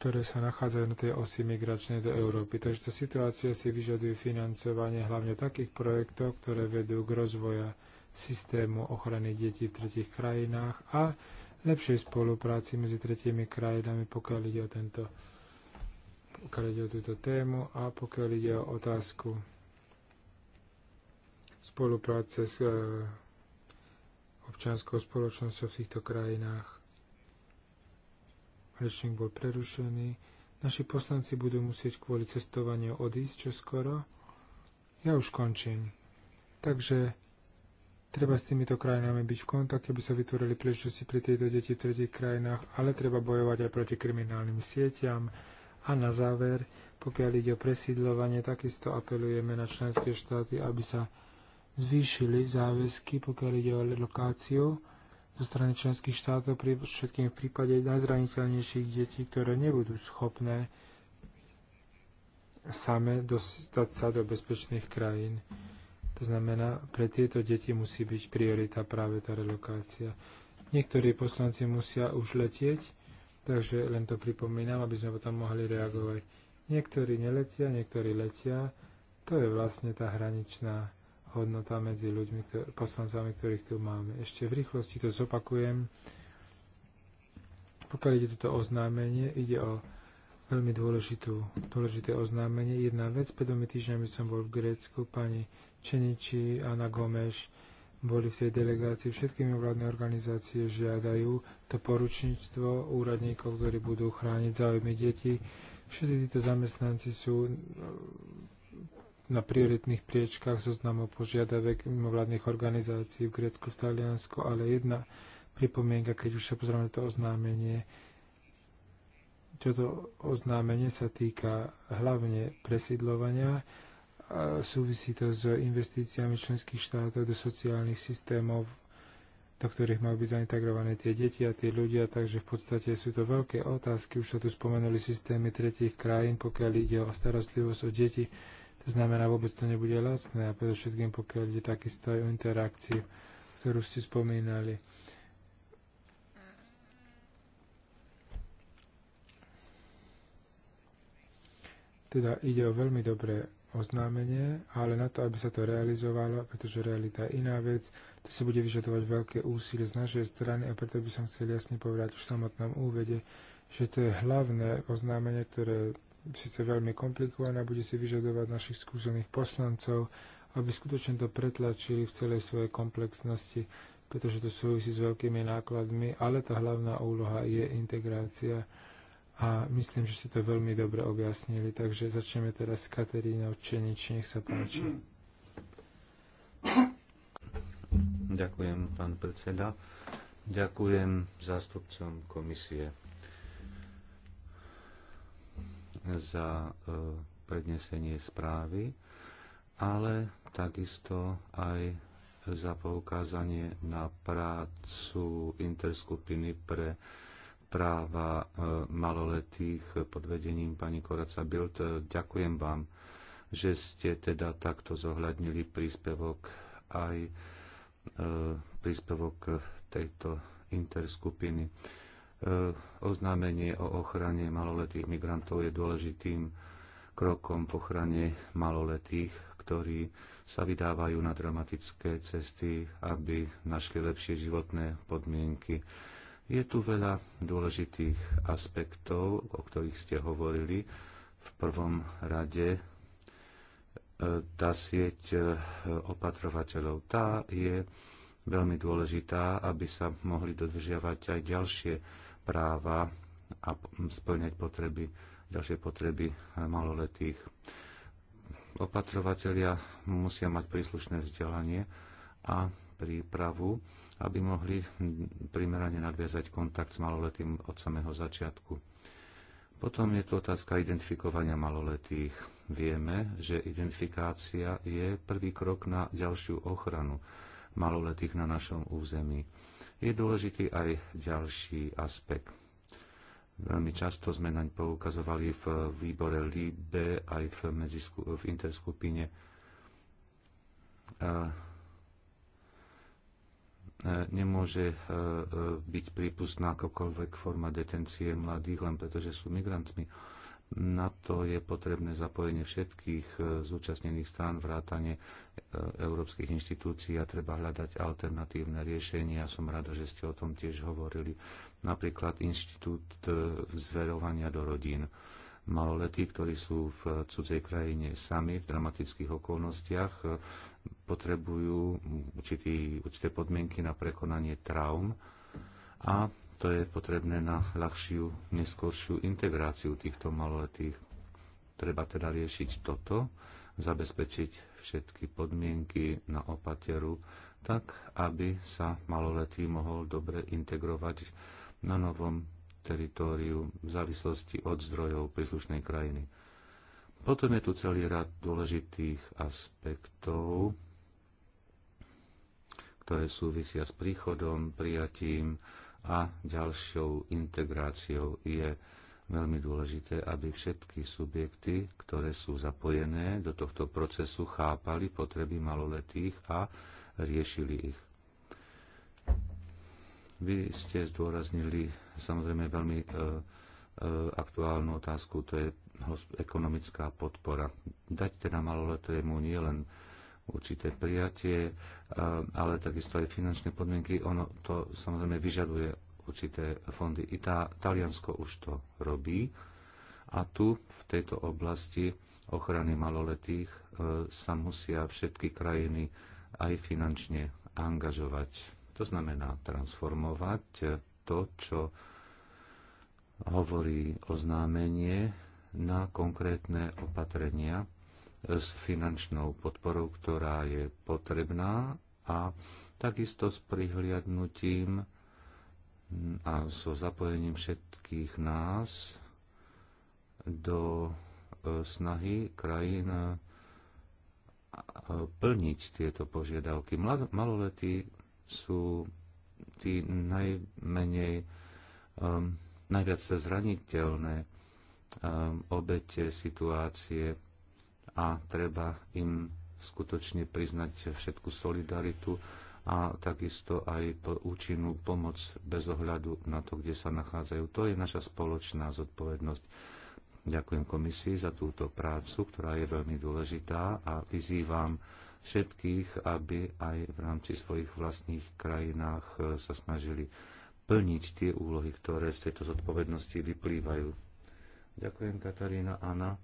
ktoré sa nachádzajú na tej osi migračnej do Európy. Takže tá situácia si vyžaduje financovanie hlavne takých projektov, ktoré vedú k rozvoja systému ochrany detí v tretich krajinách a lepšej spolupráci medzi tretimi krajinami, pokiaľ ide o tento pokiaľ ide o túto tému a pokiaľ ide o otázku spolupráce s e, občanskou spoločnosťou v týchto krajinách. Rečník bol prerušený. Naši poslanci budú musieť kvôli cestovaniu odísť čoskoro. Ja už končím. Takže treba s týmito krajinami byť v kontakte, aby sa vytvorili príležitosti pre tieto deti v tretich krajinách, ale treba bojovať aj proti kriminálnym sieťam. A na záver, pokiaľ ide o presídľovanie, takisto apelujeme na členské štáty, aby sa zvýšili záväzky, pokiaľ ide o lokáciu zo strany členských štátov, pri všetkým v prípade najzraniteľnejších detí, ktoré nebudú schopné same dostať sa do bezpečných krajín. To znamená, pre tieto deti musí byť priorita práve tá relokácia. Niektorí poslanci musia už letieť, takže len to pripomínam, aby sme potom mohli reagovať. Niektorí neletia, niektorí letia. To je vlastne tá hraničná hodnota medzi ľuďmi, ktor- poslancami, ktorých tu máme. Ešte v rýchlosti to zopakujem. Pokiaľ ide toto oznámenie, ide o veľmi dôležitú, dôležité oznámenie. Jedna vec, pred dvomi týždňami som bol v Grécku, pani Čeniči, Anna Gomeš, boli v tej delegácii, všetky mimovládne organizácie žiadajú to poručníctvo úradníkov, ktorí budú chrániť záujmy detí. Všetci títo zamestnanci sú na prioritných priečkách zoznamu požiadavek mimovládnych organizácií v Grécku, v Taliansku, ale jedna pripomienka, keď už sa pozrieme to oznámenie, toto oznámenie sa týka hlavne presídlovania, a súvisí to s investíciami členských štátov do sociálnych systémov, do ktorých majú byť zaintegrované tie deti a tie ľudia, takže v podstate sú to veľké otázky. Už sa tu spomenuli systémy tretich krajín, pokiaľ ide o starostlivosť o deti to znamená, vôbec to nebude lacné a predovšetkým pokiaľ ide takisto aj o interakciu, ktorú ste spomínali. Teda ide o veľmi dobré oznámenie, ale na to, aby sa to realizovalo, pretože realita je iná vec, to si bude vyžadovať veľké úsilie z našej strany a preto by som chcel jasne povedať v samotnom úvede, že to je hlavné oznámenie, ktoré síce veľmi komplikovaná, bude si vyžadovať našich skúsených poslancov, aby skutočne to pretlačili v celej svojej komplexnosti, pretože to súvisí s veľkými nákladmi, ale tá hlavná úloha je integrácia a myslím, že ste to veľmi dobre objasnili, takže začneme teraz s Katerínou Čenič, nech sa páči. Ďakujem, pán predseda. Ďakujem zástupcom komisie za e, prednesenie správy, ale takisto aj za poukázanie na prácu interskupiny pre práva e, maloletých pod vedením pani Koraca Bild. E, ďakujem vám, že ste teda takto zohľadnili príspevok aj príspevok tejto interskupiny. E, oznámenie o ochrane maloletých migrantov je dôležitým krokom v ochrane maloletých, ktorí sa vydávajú na dramatické cesty, aby našli lepšie životné podmienky. Je tu veľa dôležitých aspektov, o ktorých ste hovorili. V prvom rade e, tá sieť e, opatrovateľov. Tá je veľmi dôležitá, aby sa mohli dodržiavať aj ďalšie práva a splňať potreby, ďalšie potreby eh, maloletých. Opatrovatelia musia mať príslušné vzdelanie a prípravu, aby mohli primerane nadviazať kontakt s maloletým od samého začiatku. Potom je tu otázka identifikovania maloletých. Vieme, že identifikácia je prvý krok na ďalšiu ochranu maloletých na našom území. Je dôležitý aj ďalší aspekt. Veľmi často sme naň poukazovali v výbore LIBE aj v, medzisku, v interskupine. E, nemôže e, e, byť prípustná akokoľvek forma detencie mladých len pretože sú migrantmi na to je potrebné zapojenie všetkých e, zúčastnených strán, vrátanie e, európskych inštitúcií a treba hľadať alternatívne riešenia. Som rada, že ste o tom tiež hovorili. Napríklad inštitút e, zverovania do rodín. Maloletí, ktorí sú v cudzej krajine sami v dramatických okolnostiach, potrebujú určitý, určité podmienky na prekonanie traum a to je potrebné na ľahšiu, neskôršiu integráciu týchto maloletých. Treba teda riešiť toto, zabezpečiť všetky podmienky na opateru, tak aby sa maloletý mohol dobre integrovať na novom teritóriu v závislosti od zdrojov príslušnej krajiny. Potom je tu celý rad dôležitých aspektov, ktoré súvisia s príchodom, prijatím, a ďalšou integráciou je veľmi dôležité, aby všetky subjekty, ktoré sú zapojené do tohto procesu, chápali potreby maloletých a riešili ich. Vy ste zdôraznili samozrejme veľmi e, e, aktuálnu otázku, to je ekonomická podpora. Dať teda maloletému nielen len určité prijatie, ale takisto aj finančné podmienky. Ono to samozrejme vyžaduje určité fondy. I tá, Taliansko už to robí. A tu v tejto oblasti ochrany maloletých e, sa musia všetky krajiny aj finančne angažovať. To znamená transformovať to, čo hovorí oznámenie na konkrétne opatrenia, s finančnou podporou, ktorá je potrebná a takisto s prihliadnutím a so zapojením všetkých nás do e, snahy krajín e, plniť tieto požiadavky. Maloletí sú tí najmenej, e, najviac zraniteľné obete situácie a treba im skutočne priznať všetku solidaritu a takisto aj účinnú pomoc bez ohľadu na to, kde sa nachádzajú. To je naša spoločná zodpovednosť. Ďakujem komisii za túto prácu, ktorá je veľmi dôležitá a vyzývam všetkých, aby aj v rámci svojich vlastných krajinách e, sa snažili plniť tie úlohy, ktoré z tejto zodpovednosti vyplývajú. Ďakujem, Katarína Anna.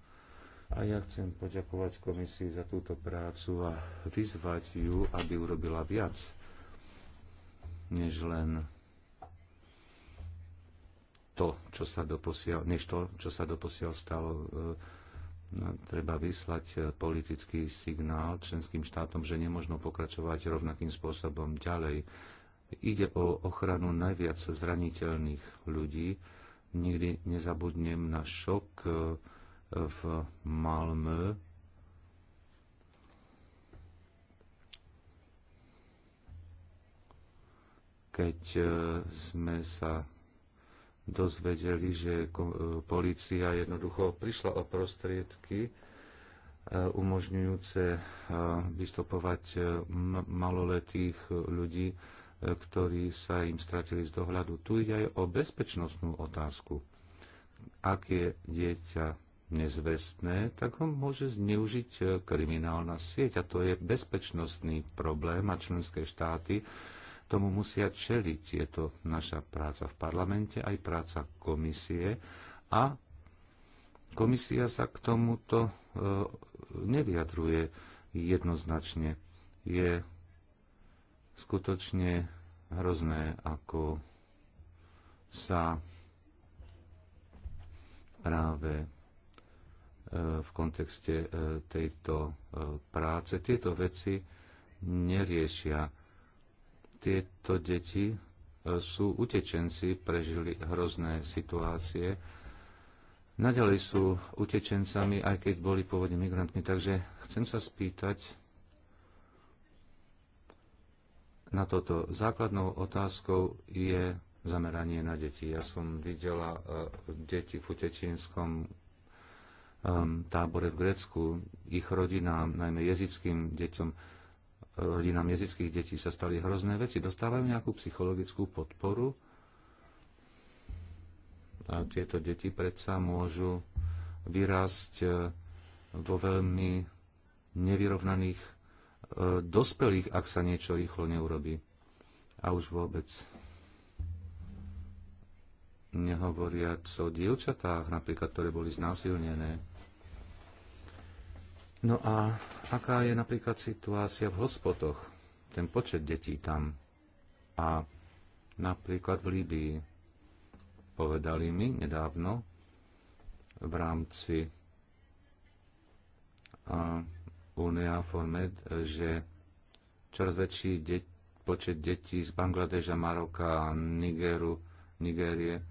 A ja chcem poďakovať komisii za túto prácu a vyzvať ju, aby urobila viac, než len to, čo sa doposiaľ, než to, čo sa doposiaľ stalo. E, no, treba vyslať e, politický signál členským štátom, že nemôžno pokračovať rovnakým spôsobom ďalej. Ide o ochranu najviac zraniteľných ľudí. Nikdy nezabudnem na šok, e, v Malmö. Keď e, sme sa dozvedeli, že e, policia jednoducho prišla o prostriedky, e, umožňujúce vystopovať maloletých ľudí, ktorí sa im stratili z dohľadu. Tu ide aj o bezpečnostnú otázku. Ak je dieťa nezvestné, tak ho môže zneužiť e, kriminálna sieť a to je bezpečnostný problém a členské štáty tomu musia čeliť. Je to naša práca v parlamente, aj práca komisie a komisia sa k tomuto e, nevyjadruje jednoznačne. Je skutočne hrozné, ako sa práve Eh, v kontexte eh, tejto eh, práce. Tieto veci neriešia. Tieto deti sú utečenci, prežili hrozné situácie. Naďalej sú utečencami, aj keď boli pôvodne migrantmi. Takže chcem sa spýtať na toto. Základnou otázkou je zameranie na deti. Ja som videla deti v utečenskom Um, tábore v Grécku, ich rodinám, najmä jezickým deťom, rodinám jezických detí sa stali hrozné veci. Dostávajú nejakú psychologickú podporu. A tieto deti predsa môžu vyrásť e, vo veľmi nevyrovnaných e, dospelých, ak sa niečo rýchlo neurobi. A už vôbec nehovoriac o dievčatách, napríklad, ktoré boli znásilnené. No a aká je napríklad situácia v hospotoch, ten počet detí tam a napríklad v Líbii. Povedali mi nedávno v rámci Unia for Med, že čoraz väčší deť, počet detí z Bangladeža, Maroka, Nigeru, Nigérie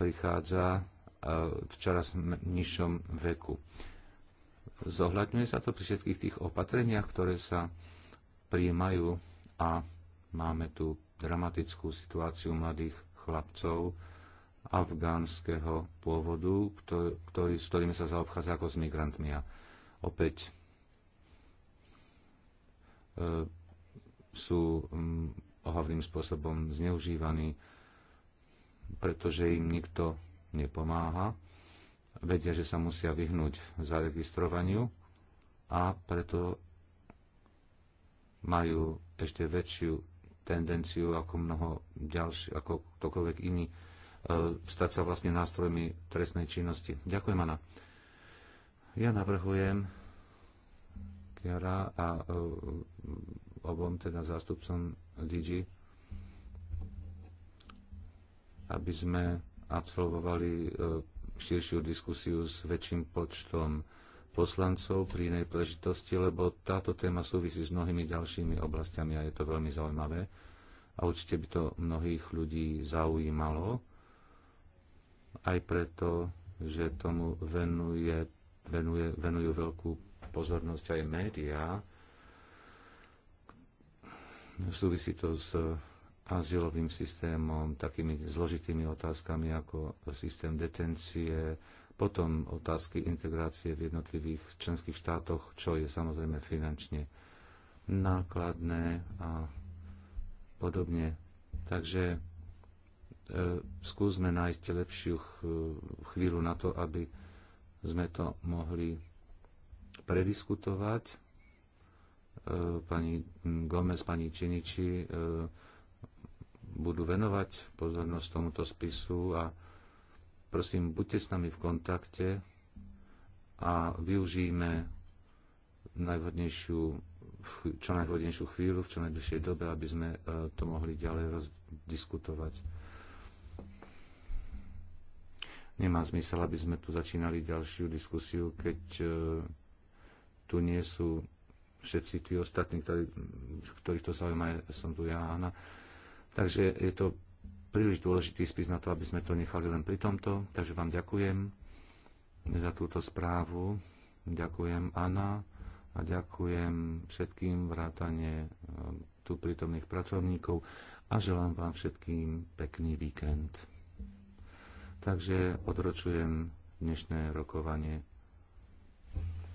prichádza v čoraz nižšom veku. Zohľadňuje sa to pri všetkých tých opatreniach, ktoré sa príjmajú a máme tu dramatickú situáciu mladých chlapcov afgánskeho pôvodu, ktorý, s ktorými sa zaobchádza ako s migrantmi. A opäť e, sú mm, ohavným spôsobom zneužívaní, pretože im nikto nepomáha vedia, že sa musia vyhnúť zaregistrovaniu a preto majú ešte väčšiu tendenciu ako mnoho ďalší, ako ktokoľvek iný, e, stať sa vlastne nástrojmi trestnej činnosti. Ďakujem, Ana. Ja navrhujem Kiara a e, obom teda zástupcom DG, aby sme absolvovali e, širšiu diskusiu s väčším počtom poslancov pri inej príležitosti, lebo táto téma súvisí s mnohými ďalšími oblastiami a je to veľmi zaujímavé. A určite by to mnohých ľudí zaujímalo, aj preto, že tomu venuje, venuje, venujú veľkú pozornosť aj médiá. Súvisí to s azylovým systémom, takými zložitými otázkami ako systém detencie, potom otázky integrácie v jednotlivých členských štátoch, čo je samozrejme finančne nákladné a podobne. Takže e, skúsme nájsť lepšiu chvíľu na to, aby sme to mohli prediskutovať. E, pani Gomez, pani Činiči, e, budú venovať pozornosť tomuto spisu a prosím, buďte s nami v kontakte a využijme najvhodnejšiu, čo najvhodnejšiu chvíľu v čo najbližšej dobe, aby sme e, to mohli ďalej rozdiskutovať. Nemá zmysel, aby sme tu začínali ďalšiu diskusiu, keď e, tu nie sú všetci tí ostatní, ktorí, ktorých to zaujíma, som tu ja, Anna Takže je to príliš dôležitý spis na to, aby sme to nechali len pri tomto. Takže vám ďakujem za túto správu. Ďakujem Anna a ďakujem všetkým vrátane e, tu prítomných pracovníkov a želám vám všetkým pekný víkend. Takže odročujem dnešné rokovanie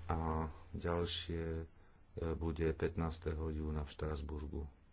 a ďalšie e, bude 15. júna v Štrasburgu.